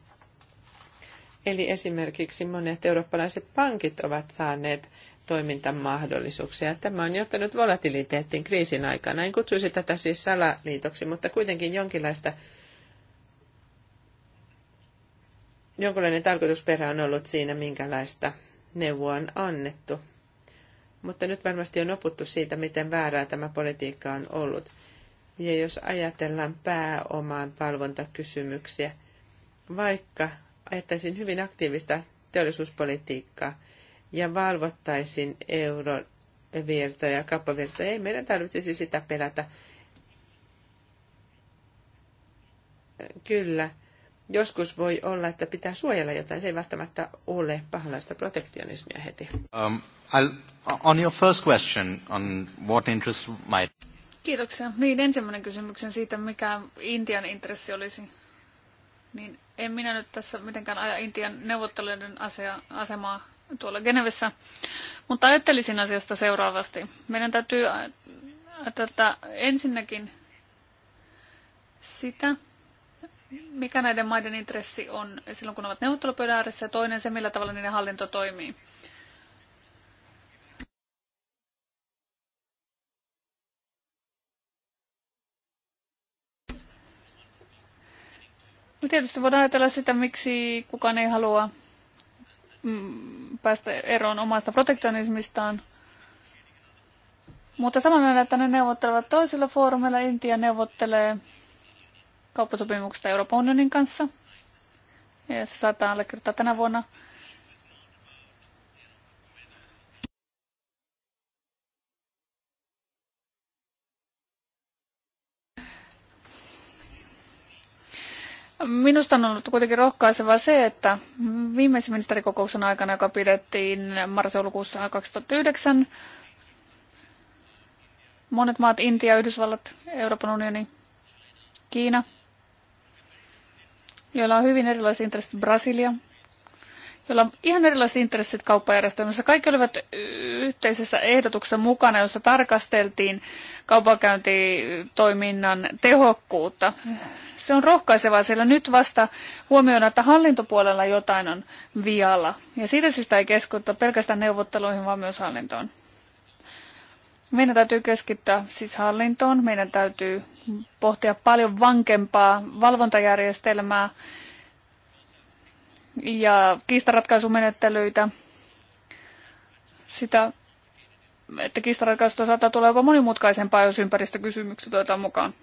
Eli esimerkiksi monet eurooppalaiset pankit ovat saaneet toimintamahdollisuuksia. Tämä on johtanut volatiliteettiin kriisin aikana. En kutsuisi tätä siis salaliitoksi, mutta kuitenkin jonkinlaista jonkinlainen tarkoitusperä on ollut siinä, minkälaista neuvoa on annettu. Mutta nyt varmasti on oputtu siitä, miten väärää tämä politiikka on ollut. Ja jos ajatellaan pääomaan valvontakysymyksiä, vaikka ajattaisin hyvin aktiivista teollisuuspolitiikkaa, ja valvottaisiin eurovirtoja ja kappavirtoja. Ei meidän tarvitsisi sitä pelätä. Kyllä, joskus voi olla, että pitää suojella jotain. Se ei välttämättä ole pahanlaista protektionismia heti. Um, on your first question, on what interest might... Kiitoksia. Niin, ensimmäinen kysymyksen siitä, mikä Intian intressi olisi. Niin en minä nyt tässä mitenkään aja Intian neuvottelijoiden asemaa tuolla Genevessä. Mutta ajattelisin asiasta seuraavasti. Meidän täytyy tätä ensinnäkin sitä, mikä näiden maiden intressi on silloin, kun ne ovat neuvottelupöydän ääressä, ja toinen se, millä tavalla niiden hallinto toimii. No, tietysti voidaan ajatella sitä, miksi kukaan ei halua mm, päästä eroon omasta protektionismistaan. Mutta samalla että ne neuvottelevat toisilla foorumeilla. Intia neuvottelee kauppasopimuksesta Euroopan unionin kanssa. Ja se saattaa allekirjoittaa tänä vuonna. Minusta on ollut kuitenkin rohkaisevaa se, että viimeisen ministerikokouksen aikana, joka pidettiin marrasjoulukuussa 2009, monet maat, Intia, Yhdysvallat, Euroopan unioni, Kiina, joilla on hyvin erilaisia intressit Brasilia, jolla on ihan erilaiset intressit kauppajärjestelmässä. Kaikki olivat yhteisessä ehdotuksessa mukana, jossa tarkasteltiin kaupankäyntitoiminnan tehokkuutta. Se on rohkaisevaa, sillä nyt vasta huomioidaan, että hallintopuolella jotain on vialla. Ja siitä syystä ei keskuta pelkästään neuvotteluihin, vaan myös hallintoon. Meidän täytyy keskittää siis hallintoon, meidän täytyy pohtia paljon vankempaa valvontajärjestelmää, ja kiistaratkaisumenettelyitä. Sitä, että kiistaratkaisusta saattaa tulla jopa monimutkaisempaa, jos ympäristökysymykset otetaan mukaan.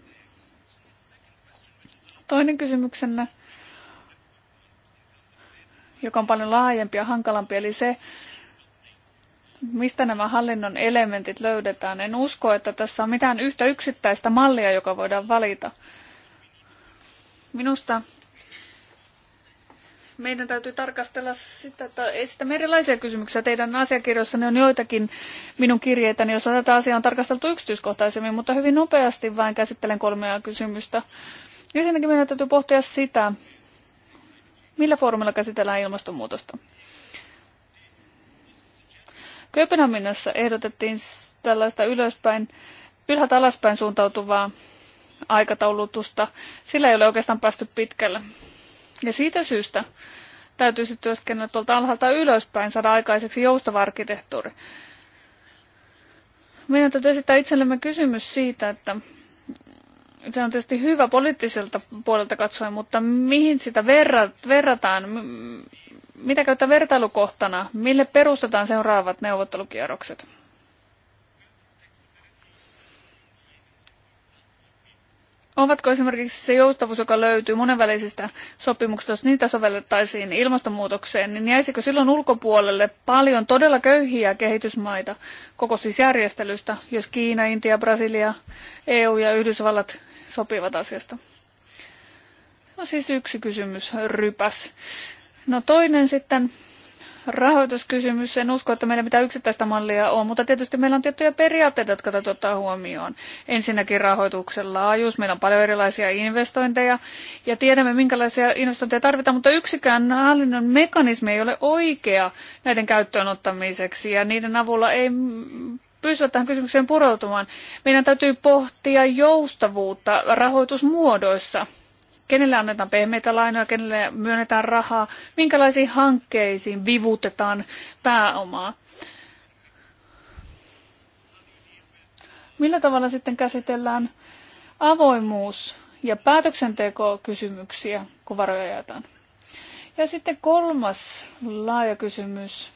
Toinen kysymyksenne, joka on paljon laajempi ja hankalampi, eli se, mistä nämä hallinnon elementit löydetään. En usko, että tässä on mitään yhtä yksittäistä mallia, joka voidaan valita. Minusta meidän täytyy tarkastella sitä, että esitämme erilaisia kysymyksiä. Teidän asiakirjoissanne on joitakin minun kirjeitäni, joissa tätä asiaa on tarkasteltu yksityiskohtaisemmin, mutta hyvin nopeasti vain käsittelen kolmea kysymystä. Ensinnäkin meidän täytyy pohtia sitä, millä foorumilla käsitellään ilmastonmuutosta. Kööpenhaminassa ehdotettiin tällaista ylöspäin, ylhäältä alaspäin suuntautuvaa aikataulutusta. Sillä ei ole oikeastaan päästy pitkälle. Ja siitä syystä täytyisi työskennellä tuolta alhaalta ylöspäin, saada aikaiseksi joustava arkkitehtuuri. Meidän täytyy esittää itsellemme kysymys siitä, että se on tietysti hyvä poliittiselta puolelta katsoen, mutta mihin sitä verrataan? Mitä käyttää vertailukohtana? Mille perustetaan seuraavat neuvottelukierrokset? Ovatko esimerkiksi se joustavuus, joka löytyy monenvälisistä sopimuksista, jos niitä sovellettaisiin ilmastonmuutokseen, niin jäisikö silloin ulkopuolelle paljon todella köyhiä kehitysmaita koko siis järjestelystä, jos Kiina, Intia, Brasilia, EU ja Yhdysvallat sopivat asiasta? No siis yksi kysymys, rypäs. No toinen sitten, rahoituskysymys. En usko, että meillä mitään yksittäistä mallia on, mutta tietysti meillä on tiettyjä periaatteita, jotka täytyy ottaa huomioon. Ensinnäkin rahoituksen laajuus. Meillä on paljon erilaisia investointeja ja tiedämme, minkälaisia investointeja tarvitaan, mutta yksikään hallinnon mekanismi ei ole oikea näiden käyttöön ottamiseksi ja niiden avulla ei pystyä tähän kysymykseen pureutumaan. Meidän täytyy pohtia joustavuutta rahoitusmuodoissa kenelle annetaan pehmeitä lainoja, kenelle myönnetään rahaa, minkälaisiin hankkeisiin vivutetaan pääomaa. Millä tavalla sitten käsitellään avoimuus- ja päätöksentekokysymyksiä, kun varoja jaetaan? Ja sitten kolmas laaja kysymys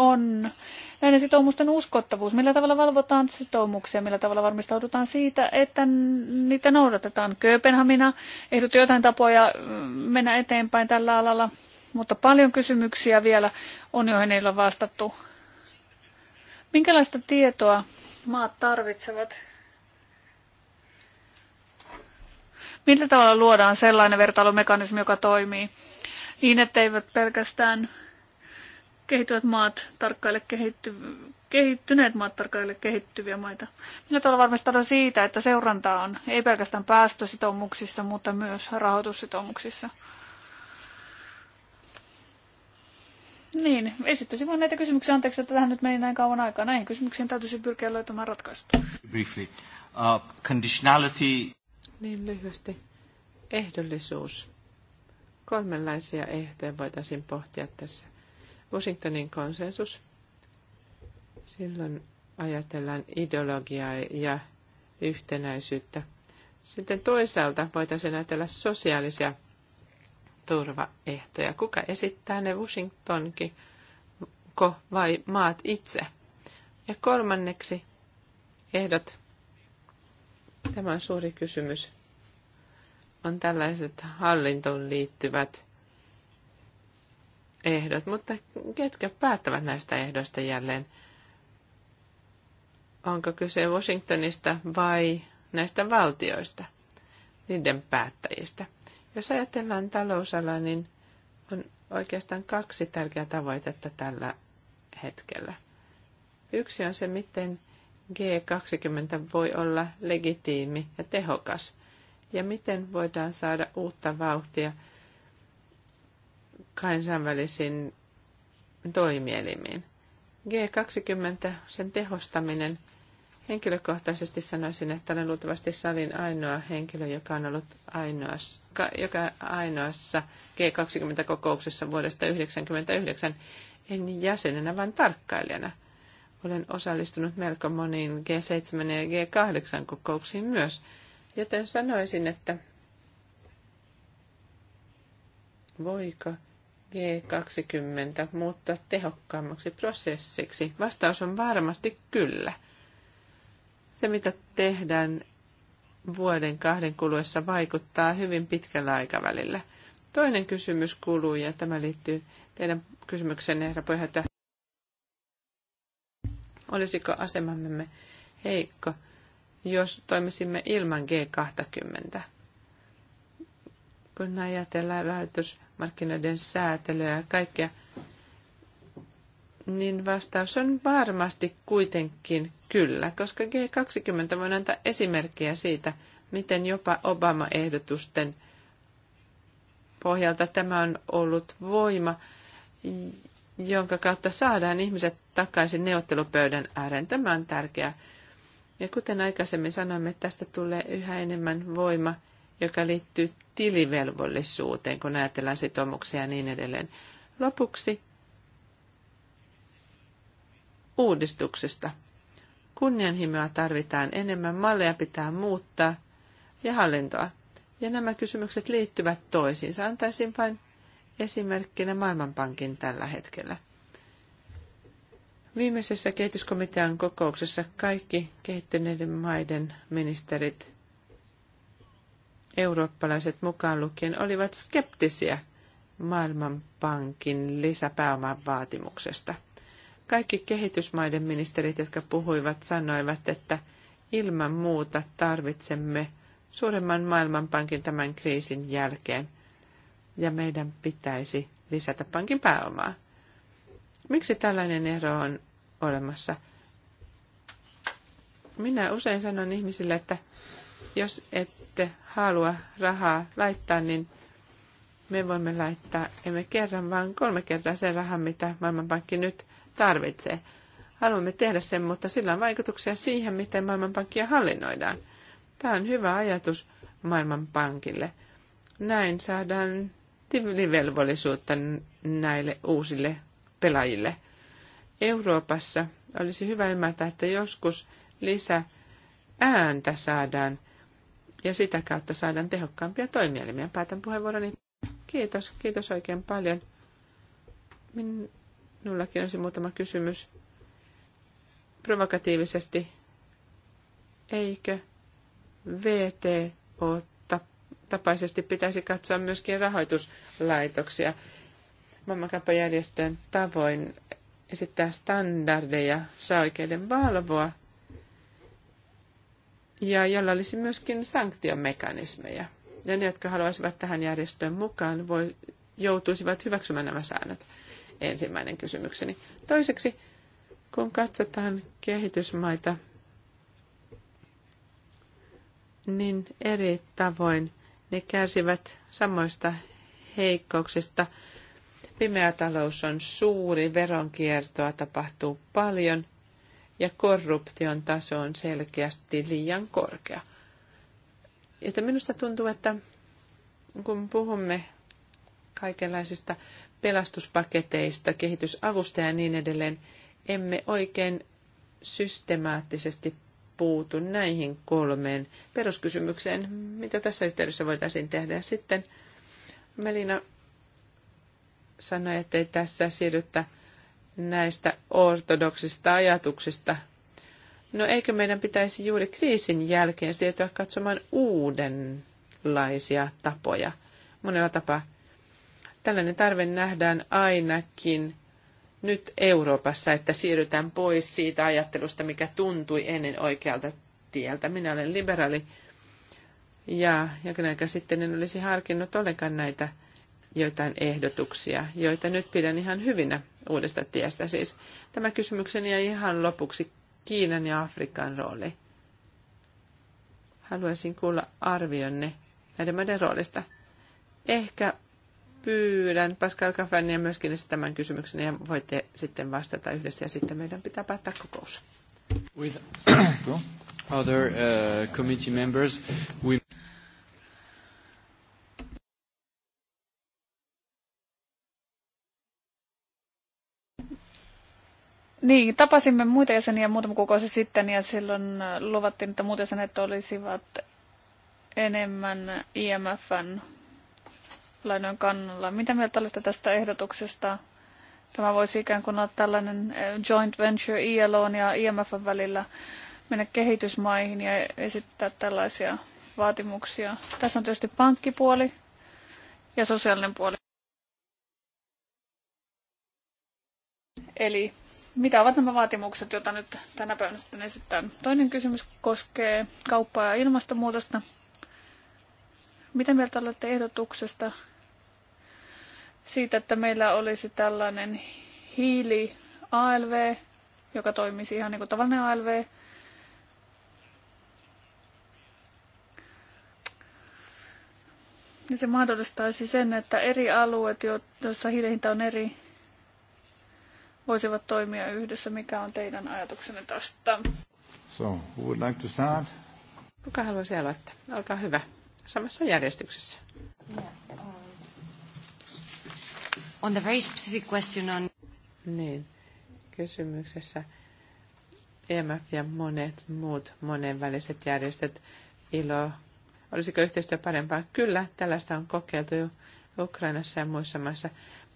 on näiden sitoumusten uskottavuus? Millä tavalla valvotaan sitoumuksia? Millä tavalla varmistaudutaan siitä, että niitä noudatetaan? Kööpenhamina ehdotti jotain tapoja mm, mennä eteenpäin tällä alalla, mutta paljon kysymyksiä vielä on, joihin ei ole vastattu. Minkälaista tietoa maat tarvitsevat? Millä tavalla luodaan sellainen vertailumekanismi, joka toimii niin, etteivät pelkästään kehittyvät maat tarkkaille kehitty, kehittyneet maat tarkkaille kehittyviä maita. Millä tavalla varmistetaan siitä, että seuranta on ei pelkästään päästösitoumuksissa, mutta myös rahoitussitoumuksissa? Niin, esittäisin vain näitä kysymyksiä. Anteeksi, että tähän nyt meni näin kauan aikaa. Näihin kysymyksiin täytyisi pyrkiä löytämään ratkaisut. Briefly. Uh, conditionality. Niin lyhyesti. Ehdollisuus. Kolmenlaisia ehtoja voitaisiin pohtia tässä Washingtonin konsensus. Silloin ajatellaan ideologiaa ja yhtenäisyyttä. Sitten toisaalta voitaisiin ajatella sosiaalisia turvaehtoja. Kuka esittää ne Washingtonkin ko vai maat itse? Ja kolmanneksi ehdot. Tämä on suuri kysymys. On tällaiset hallintoon liittyvät ehdot, mutta ketkä päättävät näistä ehdoista jälleen? Onko kyse Washingtonista vai näistä valtioista, niiden päättäjistä? Jos ajatellaan talousalaa, niin on oikeastaan kaksi tärkeää tavoitetta tällä hetkellä. Yksi on se, miten G20 voi olla legitiimi ja tehokas, ja miten voidaan saada uutta vauhtia – kansainvälisiin toimielimiin. G20, sen tehostaminen. Henkilökohtaisesti sanoisin, että olen luultavasti salin ainoa henkilö, joka on ollut ainoassa, joka ainoassa G20-kokouksessa vuodesta 1999, en jäsenenä, vaan tarkkailijana. Olen osallistunut melko moniin G7 ja G8-kokouksiin myös, joten sanoisin, että voiko G20 muuttaa tehokkaammaksi prosessiksi? Vastaus on varmasti kyllä. Se, mitä tehdään vuoden kahden kuluessa, vaikuttaa hyvin pitkällä aikavälillä. Toinen kysymys kuuluu, ja tämä liittyy teidän kysymykseen, herra puheenjohtaja. Olisiko asemamme heikko, jos toimisimme ilman G20? Kun ajatellaan rahoitus markkinoiden säätelyä ja kaikkea, niin vastaus on varmasti kuitenkin kyllä, koska G20 voi antaa esimerkkiä siitä, miten jopa Obama-ehdotusten pohjalta tämä on ollut voima, jonka kautta saadaan ihmiset takaisin neuvottelupöydän ääreen. Tämä on tärkeää. Ja kuten aikaisemmin sanoimme, tästä tulee yhä enemmän voima – joka liittyy tilivelvollisuuteen, kun ajatellaan sitoumuksia ja niin edelleen. Lopuksi uudistuksesta. Kunnianhimoa tarvitaan enemmän, malleja pitää muuttaa ja hallintoa. Ja nämä kysymykset liittyvät toisiinsa. Antaisin vain esimerkkinä Maailmanpankin tällä hetkellä. Viimeisessä kehityskomitean kokouksessa kaikki kehittyneiden maiden ministerit eurooppalaiset mukaan lukien olivat skeptisiä Maailmanpankin lisäpääoman vaatimuksesta. Kaikki kehitysmaiden ministerit, jotka puhuivat, sanoivat, että ilman muuta tarvitsemme suuremman Maailmanpankin tämän kriisin jälkeen ja meidän pitäisi lisätä pankin pääomaa. Miksi tällainen ero on olemassa? Minä usein sanon ihmisille, että jos et halua rahaa laittaa, niin me voimme laittaa emme kerran, vaan kolme kertaa sen rahan, mitä Maailmanpankki nyt tarvitsee. Haluamme tehdä sen, mutta sillä on vaikutuksia siihen, miten Maailmanpankkia hallinnoidaan. Tämä on hyvä ajatus Maailmanpankille. Näin saadaan tilivelvollisuutta näille uusille pelaajille. Euroopassa olisi hyvä ymmärtää, että joskus lisä ääntä saadaan – ja sitä kautta saadaan tehokkaampia toimielimiä. Päätän puheenvuoroni. Kiitos, kiitos oikein paljon. Minullakin olisi muutama kysymys provokatiivisesti. Eikö VTO tapaisesti pitäisi katsoa myöskin rahoituslaitoksia maailmankauppajärjestön tavoin esittää standardeja, saa oikeuden valvoa – ja jolla olisi myöskin sanktiomekanismeja. Ja ne, jotka haluaisivat tähän järjestöön mukaan, voi, joutuisivat hyväksymään nämä säännöt. Ensimmäinen kysymykseni. Toiseksi, kun katsotaan kehitysmaita, niin eri tavoin ne kärsivät samoista heikkouksista. Pimeä talous on suuri, veronkiertoa tapahtuu paljon – ja korruption taso on selkeästi liian korkea. Joten minusta tuntuu, että kun puhumme kaikenlaisista pelastuspaketeista, kehitysavusta ja niin edelleen, emme oikein systemaattisesti puutu näihin kolmeen peruskysymykseen, mitä tässä yhteydessä voitaisiin tehdä. Ja sitten Melina sanoi, ettei tässä siirrytä näistä ortodoksista ajatuksista. No eikö meidän pitäisi juuri kriisin jälkeen siirtyä katsomaan uudenlaisia tapoja? Monella tapaa tällainen tarve nähdään ainakin nyt Euroopassa, että siirrytään pois siitä ajattelusta, mikä tuntui ennen oikealta tieltä. Minä olen liberaali ja jokin aika sitten en olisi harkinnut ollenkaan näitä joitain ehdotuksia, joita nyt pidän ihan hyvinä uudesta tiestä siis. Tämä kysymykseni ja ihan lopuksi Kiinan ja Afrikan rooli. Haluaisin kuulla arvionne näiden maiden roolista. Ehkä pyydän Pascal Kafania myöskin tämän kysymyksen ja voitte sitten vastata yhdessä ja sitten meidän pitää päättää kokous. With other uh, committee members, we Niin, tapasimme muita jäseniä muutama kuukausi sitten ja silloin äh, luvattiin, että muut jäsenet olisivat enemmän IMFn lainojen kannalla. Mitä mieltä olette tästä ehdotuksesta? Tämä voisi ikään kuin olla tällainen äh, joint venture ILOn ja IMFn välillä mennä kehitysmaihin ja esittää tällaisia vaatimuksia. Tässä on tietysti pankkipuoli ja sosiaalinen puoli. Eli mitä ovat nämä vaatimukset, joita nyt tänä päivänä sitten esittää? Toinen kysymys koskee kauppaa ja ilmastonmuutosta. Mitä mieltä olette ehdotuksesta siitä, että meillä olisi tällainen hiili-ALV, joka toimisi ihan niin kuin tavallinen ALV, niin se mahdollistaisi sen, että eri alueet, joissa hiilen on eri, voisivat toimia yhdessä. Mikä on teidän ajatuksenne tästä? So, who would like to start? Kuka haluaisi aloittaa? Olkaa hyvä. Samassa järjestyksessä. Um, on the very specific question on... Niin, kysymyksessä EMF ja monet muut monenväliset järjestöt, ILO, olisiko yhteistyö parempaa? Kyllä, tällaista on kokeiltu jo Ukrainassa ja muissa maissa.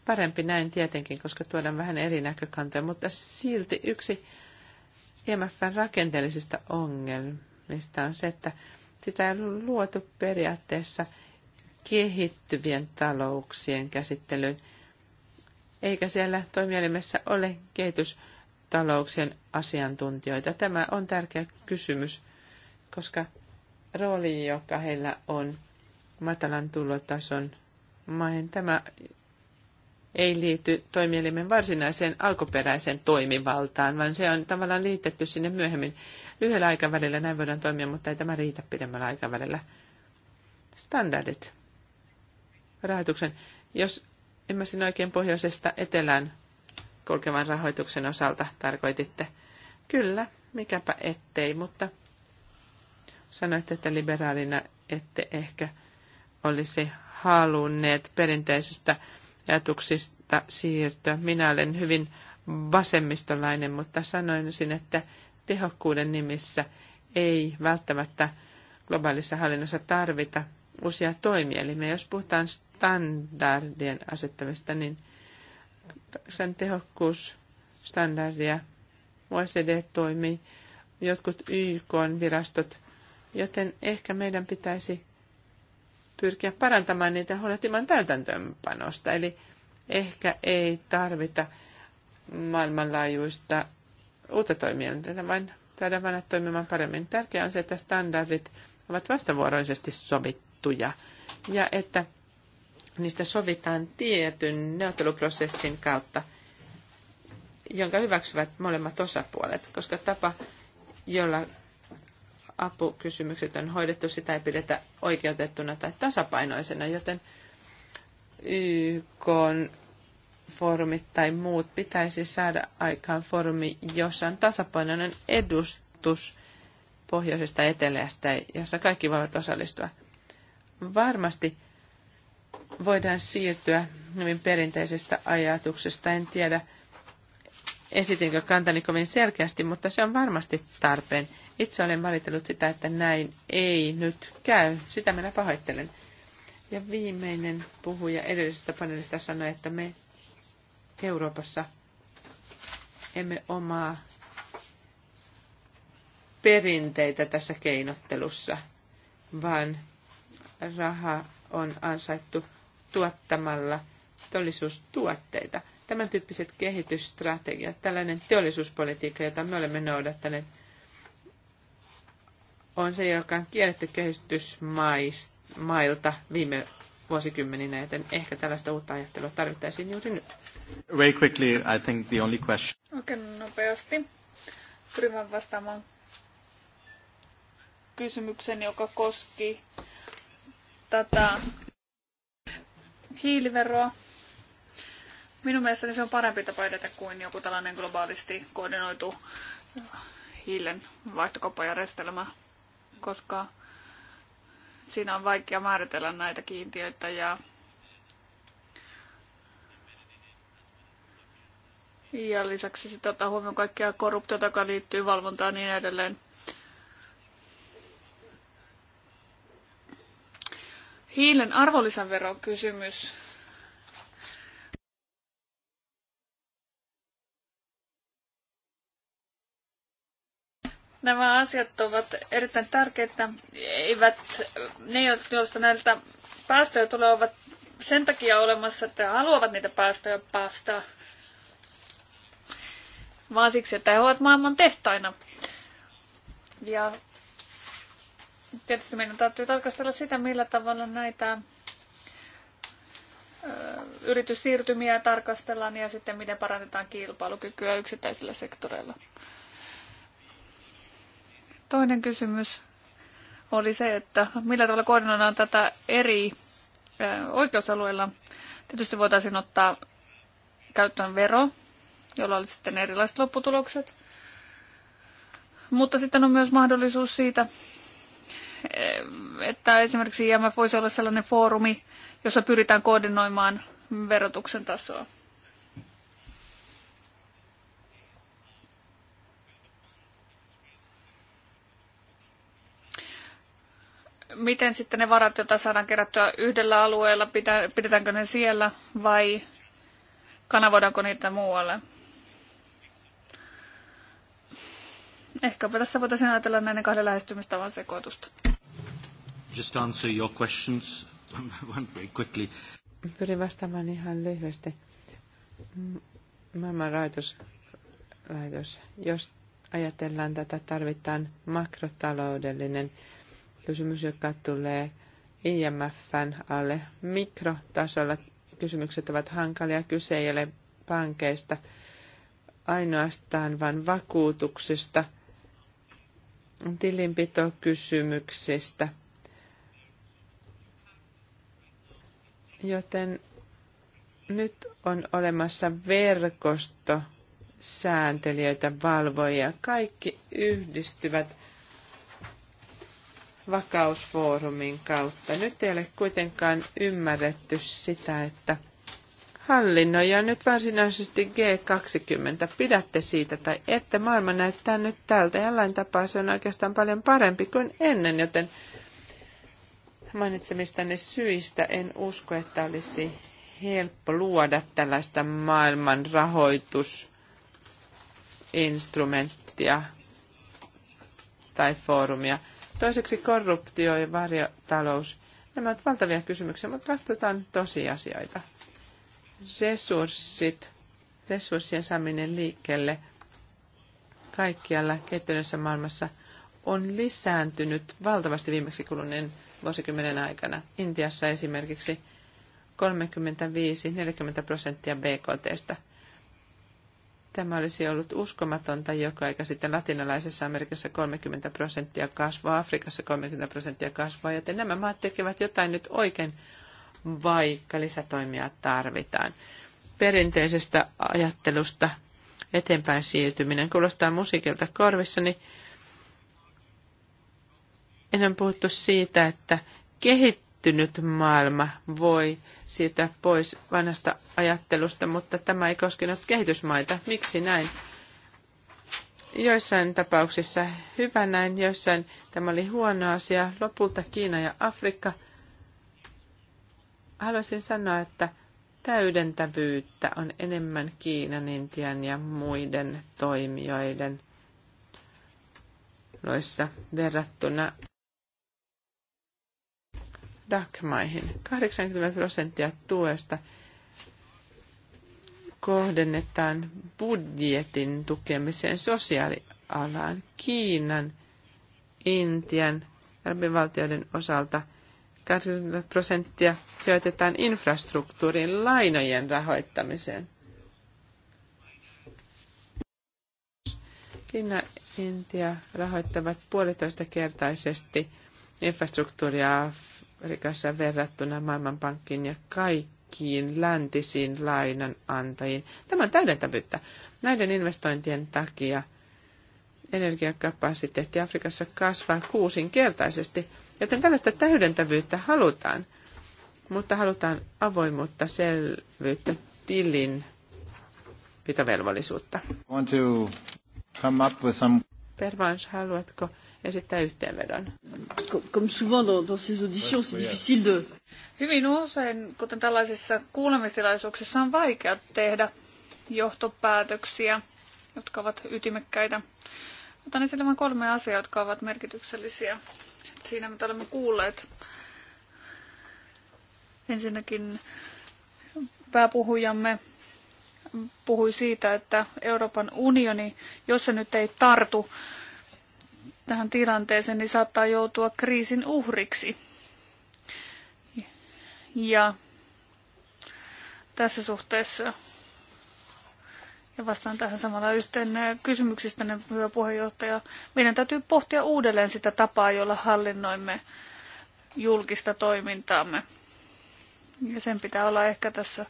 Parempi näin tietenkin, koska tuodaan vähän eri näkökantoja, mutta silti yksi IMFn e rakenteellisista ongelmista on se, että sitä on luotu periaatteessa kehittyvien talouksien käsittelyyn, eikä siellä toimielimessä ole kehitystalouksien asiantuntijoita. Tämä on tärkeä kysymys, koska rooli, joka heillä on matalan tulotason maihin, tämä ei liity toimielimen varsinaiseen alkuperäiseen toimivaltaan, vaan se on tavallaan liitetty sinne myöhemmin. Lyhyellä aikavälillä näin voidaan toimia, mutta ei tämä riitä pidemmällä aikavälillä. Standardit. Rahoituksen. Jos ymmärsin oikein pohjoisesta etelään kulkevan rahoituksen osalta tarkoititte. Kyllä, mikäpä ettei, mutta sanoitte, että liberaalina ette ehkä olisi halunneet perinteisestä ajatuksista siirtyä. Minä olen hyvin vasemmistolainen, mutta sanoisin, että tehokkuuden nimissä ei välttämättä globaalissa hallinnossa tarvita uusia toimia. Eli me jos puhutaan standardien asettamista, niin sen tehokkuusstandardia OECD toimii, jotkut YK-virastot, joten ehkä meidän pitäisi pyrkiä parantamaan niitä huolehtimaan täytäntöönpanosta. Eli ehkä ei tarvita maailmanlaajuista uutta toimijoita, vaan saada vanhat toimimaan paremmin. Tärkeää on se, että standardit ovat vastavuoroisesti sovittuja ja että niistä sovitaan tietyn neuvotteluprosessin kautta, jonka hyväksyvät molemmat osapuolet, koska tapa, jolla apukysymykset on hoidettu, sitä ei pidetä oikeutettuna tai tasapainoisena, joten YK foorumit tai muut pitäisi saada aikaan foorumi, jossa on tasapainoinen edustus pohjoisesta ja etelästä, jossa kaikki voivat osallistua. Varmasti voidaan siirtyä hyvin perinteisestä ajatuksesta. En tiedä, esitinkö kantani kovin selkeästi, mutta se on varmasti tarpeen. Itse olen valitellut sitä, että näin ei nyt käy. Sitä minä pahoittelen. Ja viimeinen puhuja edellisestä paneelista sanoi, että me Euroopassa emme omaa perinteitä tässä keinottelussa, vaan raha on ansaittu tuottamalla teollisuustuotteita. Tämän tyyppiset kehitysstrategiat, tällainen teollisuuspolitiikka, jota me olemme noudattaneet, on se, joka on kielletty kehitysmailta viime vuosikymmeninä, joten ehkä tällaista uutta ajattelua tarvittaisiin juuri nyt. Very quickly, I think the only question. Okei okay, nopeasti. Pyrin vastaamaan kysymyksen, joka koski tätä hiiliveroa. Minun mielestäni se on parempi tapa edetä kuin joku tällainen globaalisti koordinoitu hiilen vaihtokauppajärjestelmä koska siinä on vaikea määritellä näitä kiintiöitä ja Ja lisäksi sitten ottaa huomioon kaikkia korruptiota, joka liittyy valvontaan ja niin edelleen. Hiilen arvonlisäverokysymys Nämä asiat ovat erittäin tärkeitä. Eivät ne, joista näiltä päästöjä tulee, ovat sen takia olemassa, että haluavat niitä päästöjä päästää, vaan siksi, että he ovat maailman tehtaina. Ja tietysti meidän täytyy tarkastella sitä, millä tavalla näitä yrityssiirtymiä tarkastellaan ja sitten miten parannetaan kilpailukykyä yksittäisillä sektoreilla. Toinen kysymys oli se, että millä tavalla koordinoidaan tätä eri oikeusalueilla. Tietysti voitaisiin ottaa käyttöön vero, jolla olisi sitten erilaiset lopputulokset. Mutta sitten on myös mahdollisuus siitä, että esimerkiksi IMF voisi olla sellainen foorumi, jossa pyritään koordinoimaan verotuksen tasoa. miten sitten ne varat, joita saadaan kerättyä yhdellä alueella, pidetäänkö ne siellä vai kanavoidaanko niitä muualle? Ehkäpä tässä voitaisiin ajatella näiden kahden lähestymistavan sekoitusta. Just answer your questions [laughs] very quickly. Pyrin vastaamaan ihan lyhyesti. Maailman rahoitus, laitos. Jos ajatellaan tätä, tarvitaan makrotaloudellinen kysymys, joka tulee IMFn alle mikrotasolla. Kysymykset ovat hankalia, kyse ei ole pankeista ainoastaan, vaan vakuutuksista, tilinpitokysymyksistä. Joten nyt on olemassa verkosto sääntelijöitä, valvojia. Kaikki yhdistyvät vakausfoorumin kautta. Nyt ei ole kuitenkaan ymmärretty sitä, että hallinnoija nyt varsinaisesti G20. Pidätte siitä tai että maailma näyttää nyt tältä. Jollain tapaa se on oikeastaan paljon parempi kuin ennen, joten mainitsemistanne syistä en usko, että olisi helppo luoda tällaista maailman rahoitusinstrumenttia tai foorumia – Toiseksi korruptio ja varjotalous. Nämä ovat valtavia kysymyksiä, mutta katsotaan tosiasioita. Resurssit, resurssien saaminen liikkeelle kaikkialla kehittyneessä maailmassa on lisääntynyt valtavasti viimeksi kuluneen vuosikymmenen aikana. Intiassa esimerkiksi 35-40 prosenttia BKTstä – Tämä olisi ollut uskomatonta joka aika sitten latinalaisessa Amerikassa 30 prosenttia kasvaa, Afrikassa 30 prosenttia kasvaa, joten nämä maat tekevät jotain nyt oikein, vaikka lisätoimia tarvitaan. Perinteisestä ajattelusta eteenpäin siirtyminen kuulostaa musiikilta korvissani. En ole puhuttu siitä, että kehittynyt maailma voi siirtyä pois vanhasta ajattelusta, mutta tämä ei koskenut kehitysmaita. Miksi näin? Joissain tapauksissa hyvä näin, joissain tämä oli huono asia. Lopulta Kiina ja Afrikka. Haluaisin sanoa, että täydentävyyttä on enemmän Kiinan, Intian ja muiden toimijoiden loissa verrattuna DAC-maihin. 80 prosenttia tuesta kohdennetaan budjetin tukemiseen sosiaalialaan Kiinan, Intian, arabivaltioiden osalta 80 prosenttia sijoitetaan infrastruktuurin lainojen rahoittamiseen. Kiina Intia rahoittavat puolitoista kertaisesti infrastruktuuria Amerikassa verrattuna Maailmanpankkiin ja kaikkiin läntisiin lainanantajiin. Tämä on täydentävyyttä. Näiden investointien takia energiakapasiteetti Afrikassa kasvaa kuusinkertaisesti, joten tällaista täydentävyyttä halutaan, mutta halutaan avoimuutta, selvyyttä, tilin pitovelvollisuutta. Some... Pervans, haluatko esittää yhteenvedon. Comme souvent dans ces auditions, c'est difficile de... Hyvin usein, kuten tällaisissa kuulemistilaisuuksissa, on vaikea tehdä johtopäätöksiä, jotka ovat ytimekkäitä. Otan esille vain kolme asiaa, jotka ovat merkityksellisiä siinä, mitä olemme kuulleet. Ensinnäkin pääpuhujamme puhui siitä, että Euroopan unioni, jos se nyt ei tartu tähän tilanteeseen, niin saattaa joutua kriisin uhriksi. Ja tässä suhteessa, ja vastaan tähän samalla yhteen äh, kysymyksistä, hyvä puheenjohtaja, meidän täytyy pohtia uudelleen sitä tapaa, jolla hallinnoimme julkista toimintaamme. Ja sen pitää olla ehkä tässä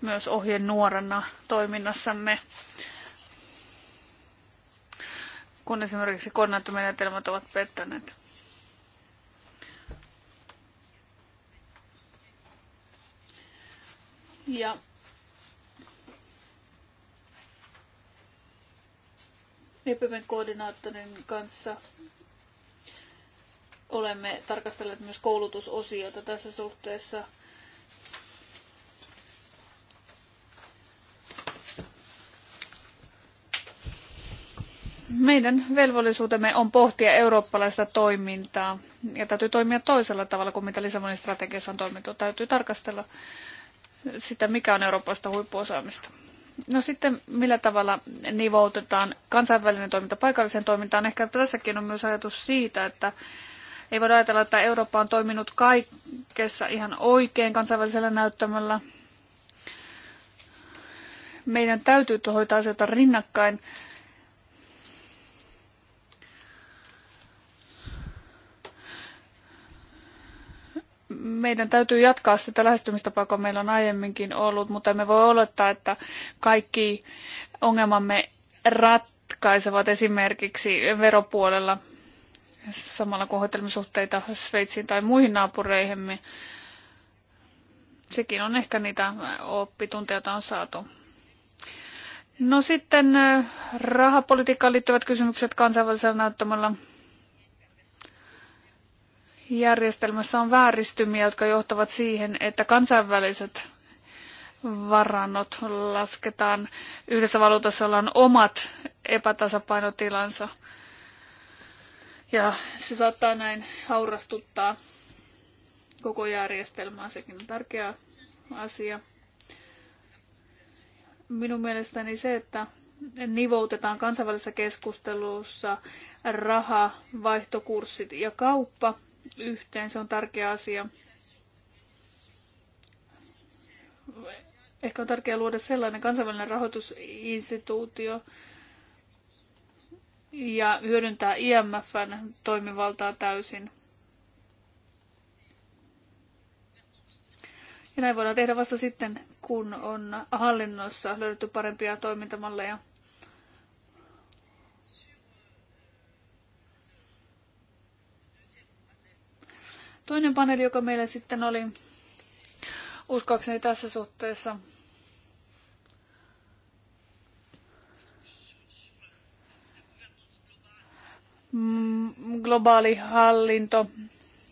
myös ohjenuorana toiminnassamme kun esimerkiksi koordinaattimenetelmät ovat pettäneet. Ja Epimen koordinaattorin kanssa olemme tarkastelleet myös koulutusosiota tässä suhteessa meidän velvollisuutemme on pohtia eurooppalaista toimintaa ja täytyy toimia toisella tavalla kuin mitä Lissabonin strategiassa on toimittu. Täytyy tarkastella sitä, mikä on eurooppalaista huippuosaamista. No sitten millä tavalla nivoutetaan kansainvälinen toiminta paikalliseen toimintaan? Ehkä tässäkin on myös ajatus siitä, että ei voida ajatella, että Eurooppa on toiminut kaikessa ihan oikein kansainvälisellä näyttämällä. Meidän täytyy hoitaa asioita rinnakkain meidän täytyy jatkaa sitä lähestymistapaa, joka meillä on aiemminkin ollut, mutta emme voi olettaa, että kaikki ongelmamme ratkaisevat esimerkiksi veropuolella samalla kun hoitelemme suhteita Sveitsiin tai muihin naapureihimme. Sekin on ehkä niitä oppitunteja, joita on saatu. No sitten äh, rahapolitiikkaan liittyvät kysymykset kansainvälisellä näyttämällä järjestelmässä on vääristymiä, jotka johtavat siihen, että kansainväliset varannot lasketaan. Yhdessä valuutassa on omat epätasapainotilansa. Ja se saattaa näin haurastuttaa koko järjestelmää. Sekin on tärkeä asia. Minun mielestäni se, että nivoutetaan kansainvälisessä keskustelussa raha, vaihtokurssit ja kauppa yhteen. Se on tärkeä asia. Ehkä on tärkeää luoda sellainen kansainvälinen rahoitusinstituutio ja hyödyntää IMFn toimivaltaa täysin. Ja näin voidaan tehdä vasta sitten, kun on hallinnossa löydetty parempia toimintamalleja. Toinen paneeli, joka meillä sitten oli, uskoakseni tässä suhteessa, mm, globaali hallinto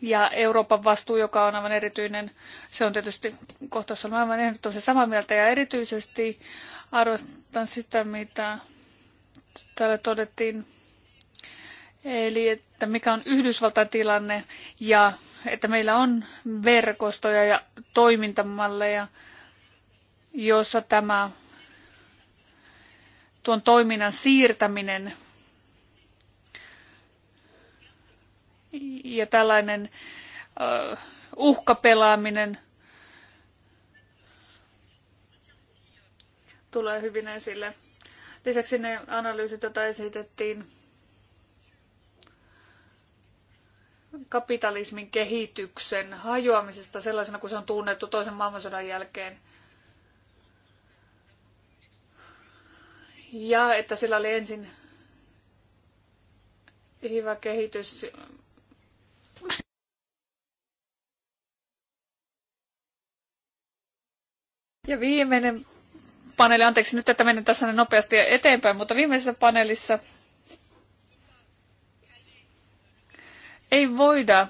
ja Euroopan vastuu, joka on aivan erityinen. Se on tietysti kohtaus on aivan ehdottomasti samaa mieltä ja erityisesti arvostan sitä, mitä täällä todettiin Eli että mikä on Yhdysvaltain tilanne ja että meillä on verkostoja ja toimintamalleja, jossa tämä tuon toiminnan siirtäminen ja tällainen uhkapelaaminen tulee hyvin esille. Lisäksi ne analyysit, joita esitettiin kapitalismin kehityksen hajoamisesta sellaisena kuin se on tunnettu toisen maailmansodan jälkeen. Ja että sillä oli ensin hyvä kehitys. Ja viimeinen paneeli, anteeksi nyt, että menen tässä nopeasti eteenpäin, mutta viimeisessä paneelissa ei voida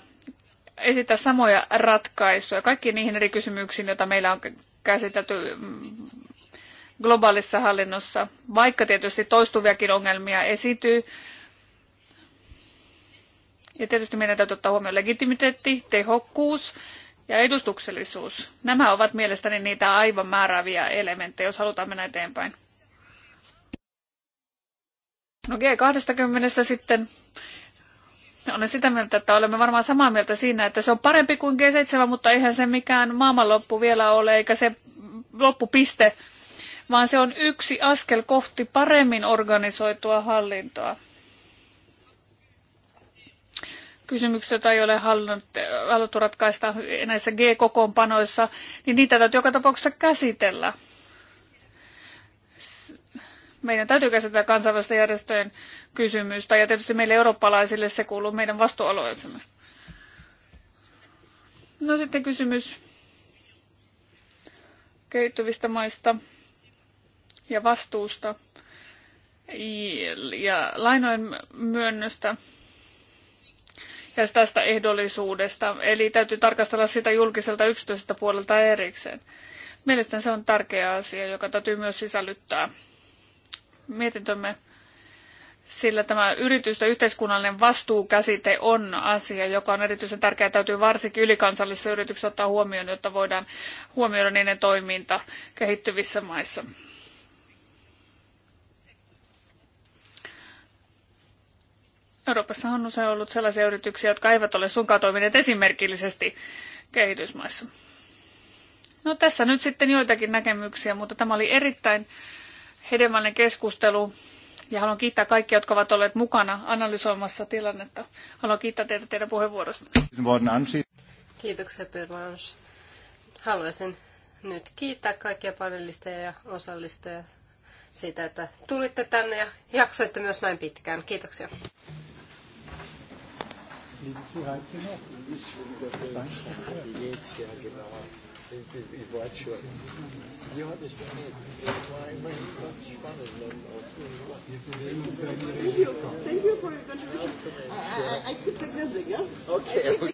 esittää samoja ratkaisuja kaikkiin niihin eri kysymyksiin, joita meillä on käsitelty mm, globaalissa hallinnossa, vaikka tietysti toistuviakin ongelmia esityy. Ja tietysti meidän täytyy ottaa huomioon legitimiteetti, tehokkuus ja edustuksellisuus. Nämä ovat mielestäni niitä aivan määrääviä elementtejä, jos halutaan mennä eteenpäin. No G20 sitten olen sitä mieltä, että olemme varmaan samaa mieltä siinä, että se on parempi kuin G7, mutta eihän se mikään maailmanloppu vielä ole, eikä se loppupiste, vaan se on yksi askel kohti paremmin organisoitua hallintoa. Kysymykset, joita ei ole halunnut, haluttu ratkaista näissä G-kokoonpanoissa, niin niitä täytyy joka tapauksessa käsitellä. Meidän täytyy käsitellä kansainvälisten järjestöjen kysymystä ja tietysti meille eurooppalaisille se kuuluu meidän vastuualueeseemme. No sitten kysymys kehittyvistä maista ja vastuusta ja lainojen myönnöstä ja tästä ehdollisuudesta. Eli täytyy tarkastella sitä julkiselta yksityiseltä puolelta erikseen. Mielestäni se on tärkeä asia, joka täytyy myös sisällyttää mietintömme, sillä tämä yritys ja yhteiskunnallinen vastuukäsite on asia, joka on erityisen tärkeä. Täytyy varsinkin ylikansallisissa yrityksissä ottaa huomioon, jotta voidaan huomioida niiden toiminta kehittyvissä maissa. Euroopassa on usein ollut sellaisia yrityksiä, jotka eivät ole sunkaan toimineet esimerkillisesti kehitysmaissa. No tässä nyt sitten joitakin näkemyksiä, mutta tämä oli erittäin hedelmällinen keskustelu ja haluan kiittää kaikkia, jotka ovat olleet mukana analysoimassa tilannetta. Haluan kiittää teitä teidän puheenvuorostanne. Kiitoksia, Pervans. Haluaisin nyt kiittää kaikkia panelisteja ja osallistujia siitä, että tulitte tänne ja jaksoitte myös näin pitkään. Kiitoksia. Niin, Thank you. Thank you for your contribution. I, I, I keep the music, yeah? Okay.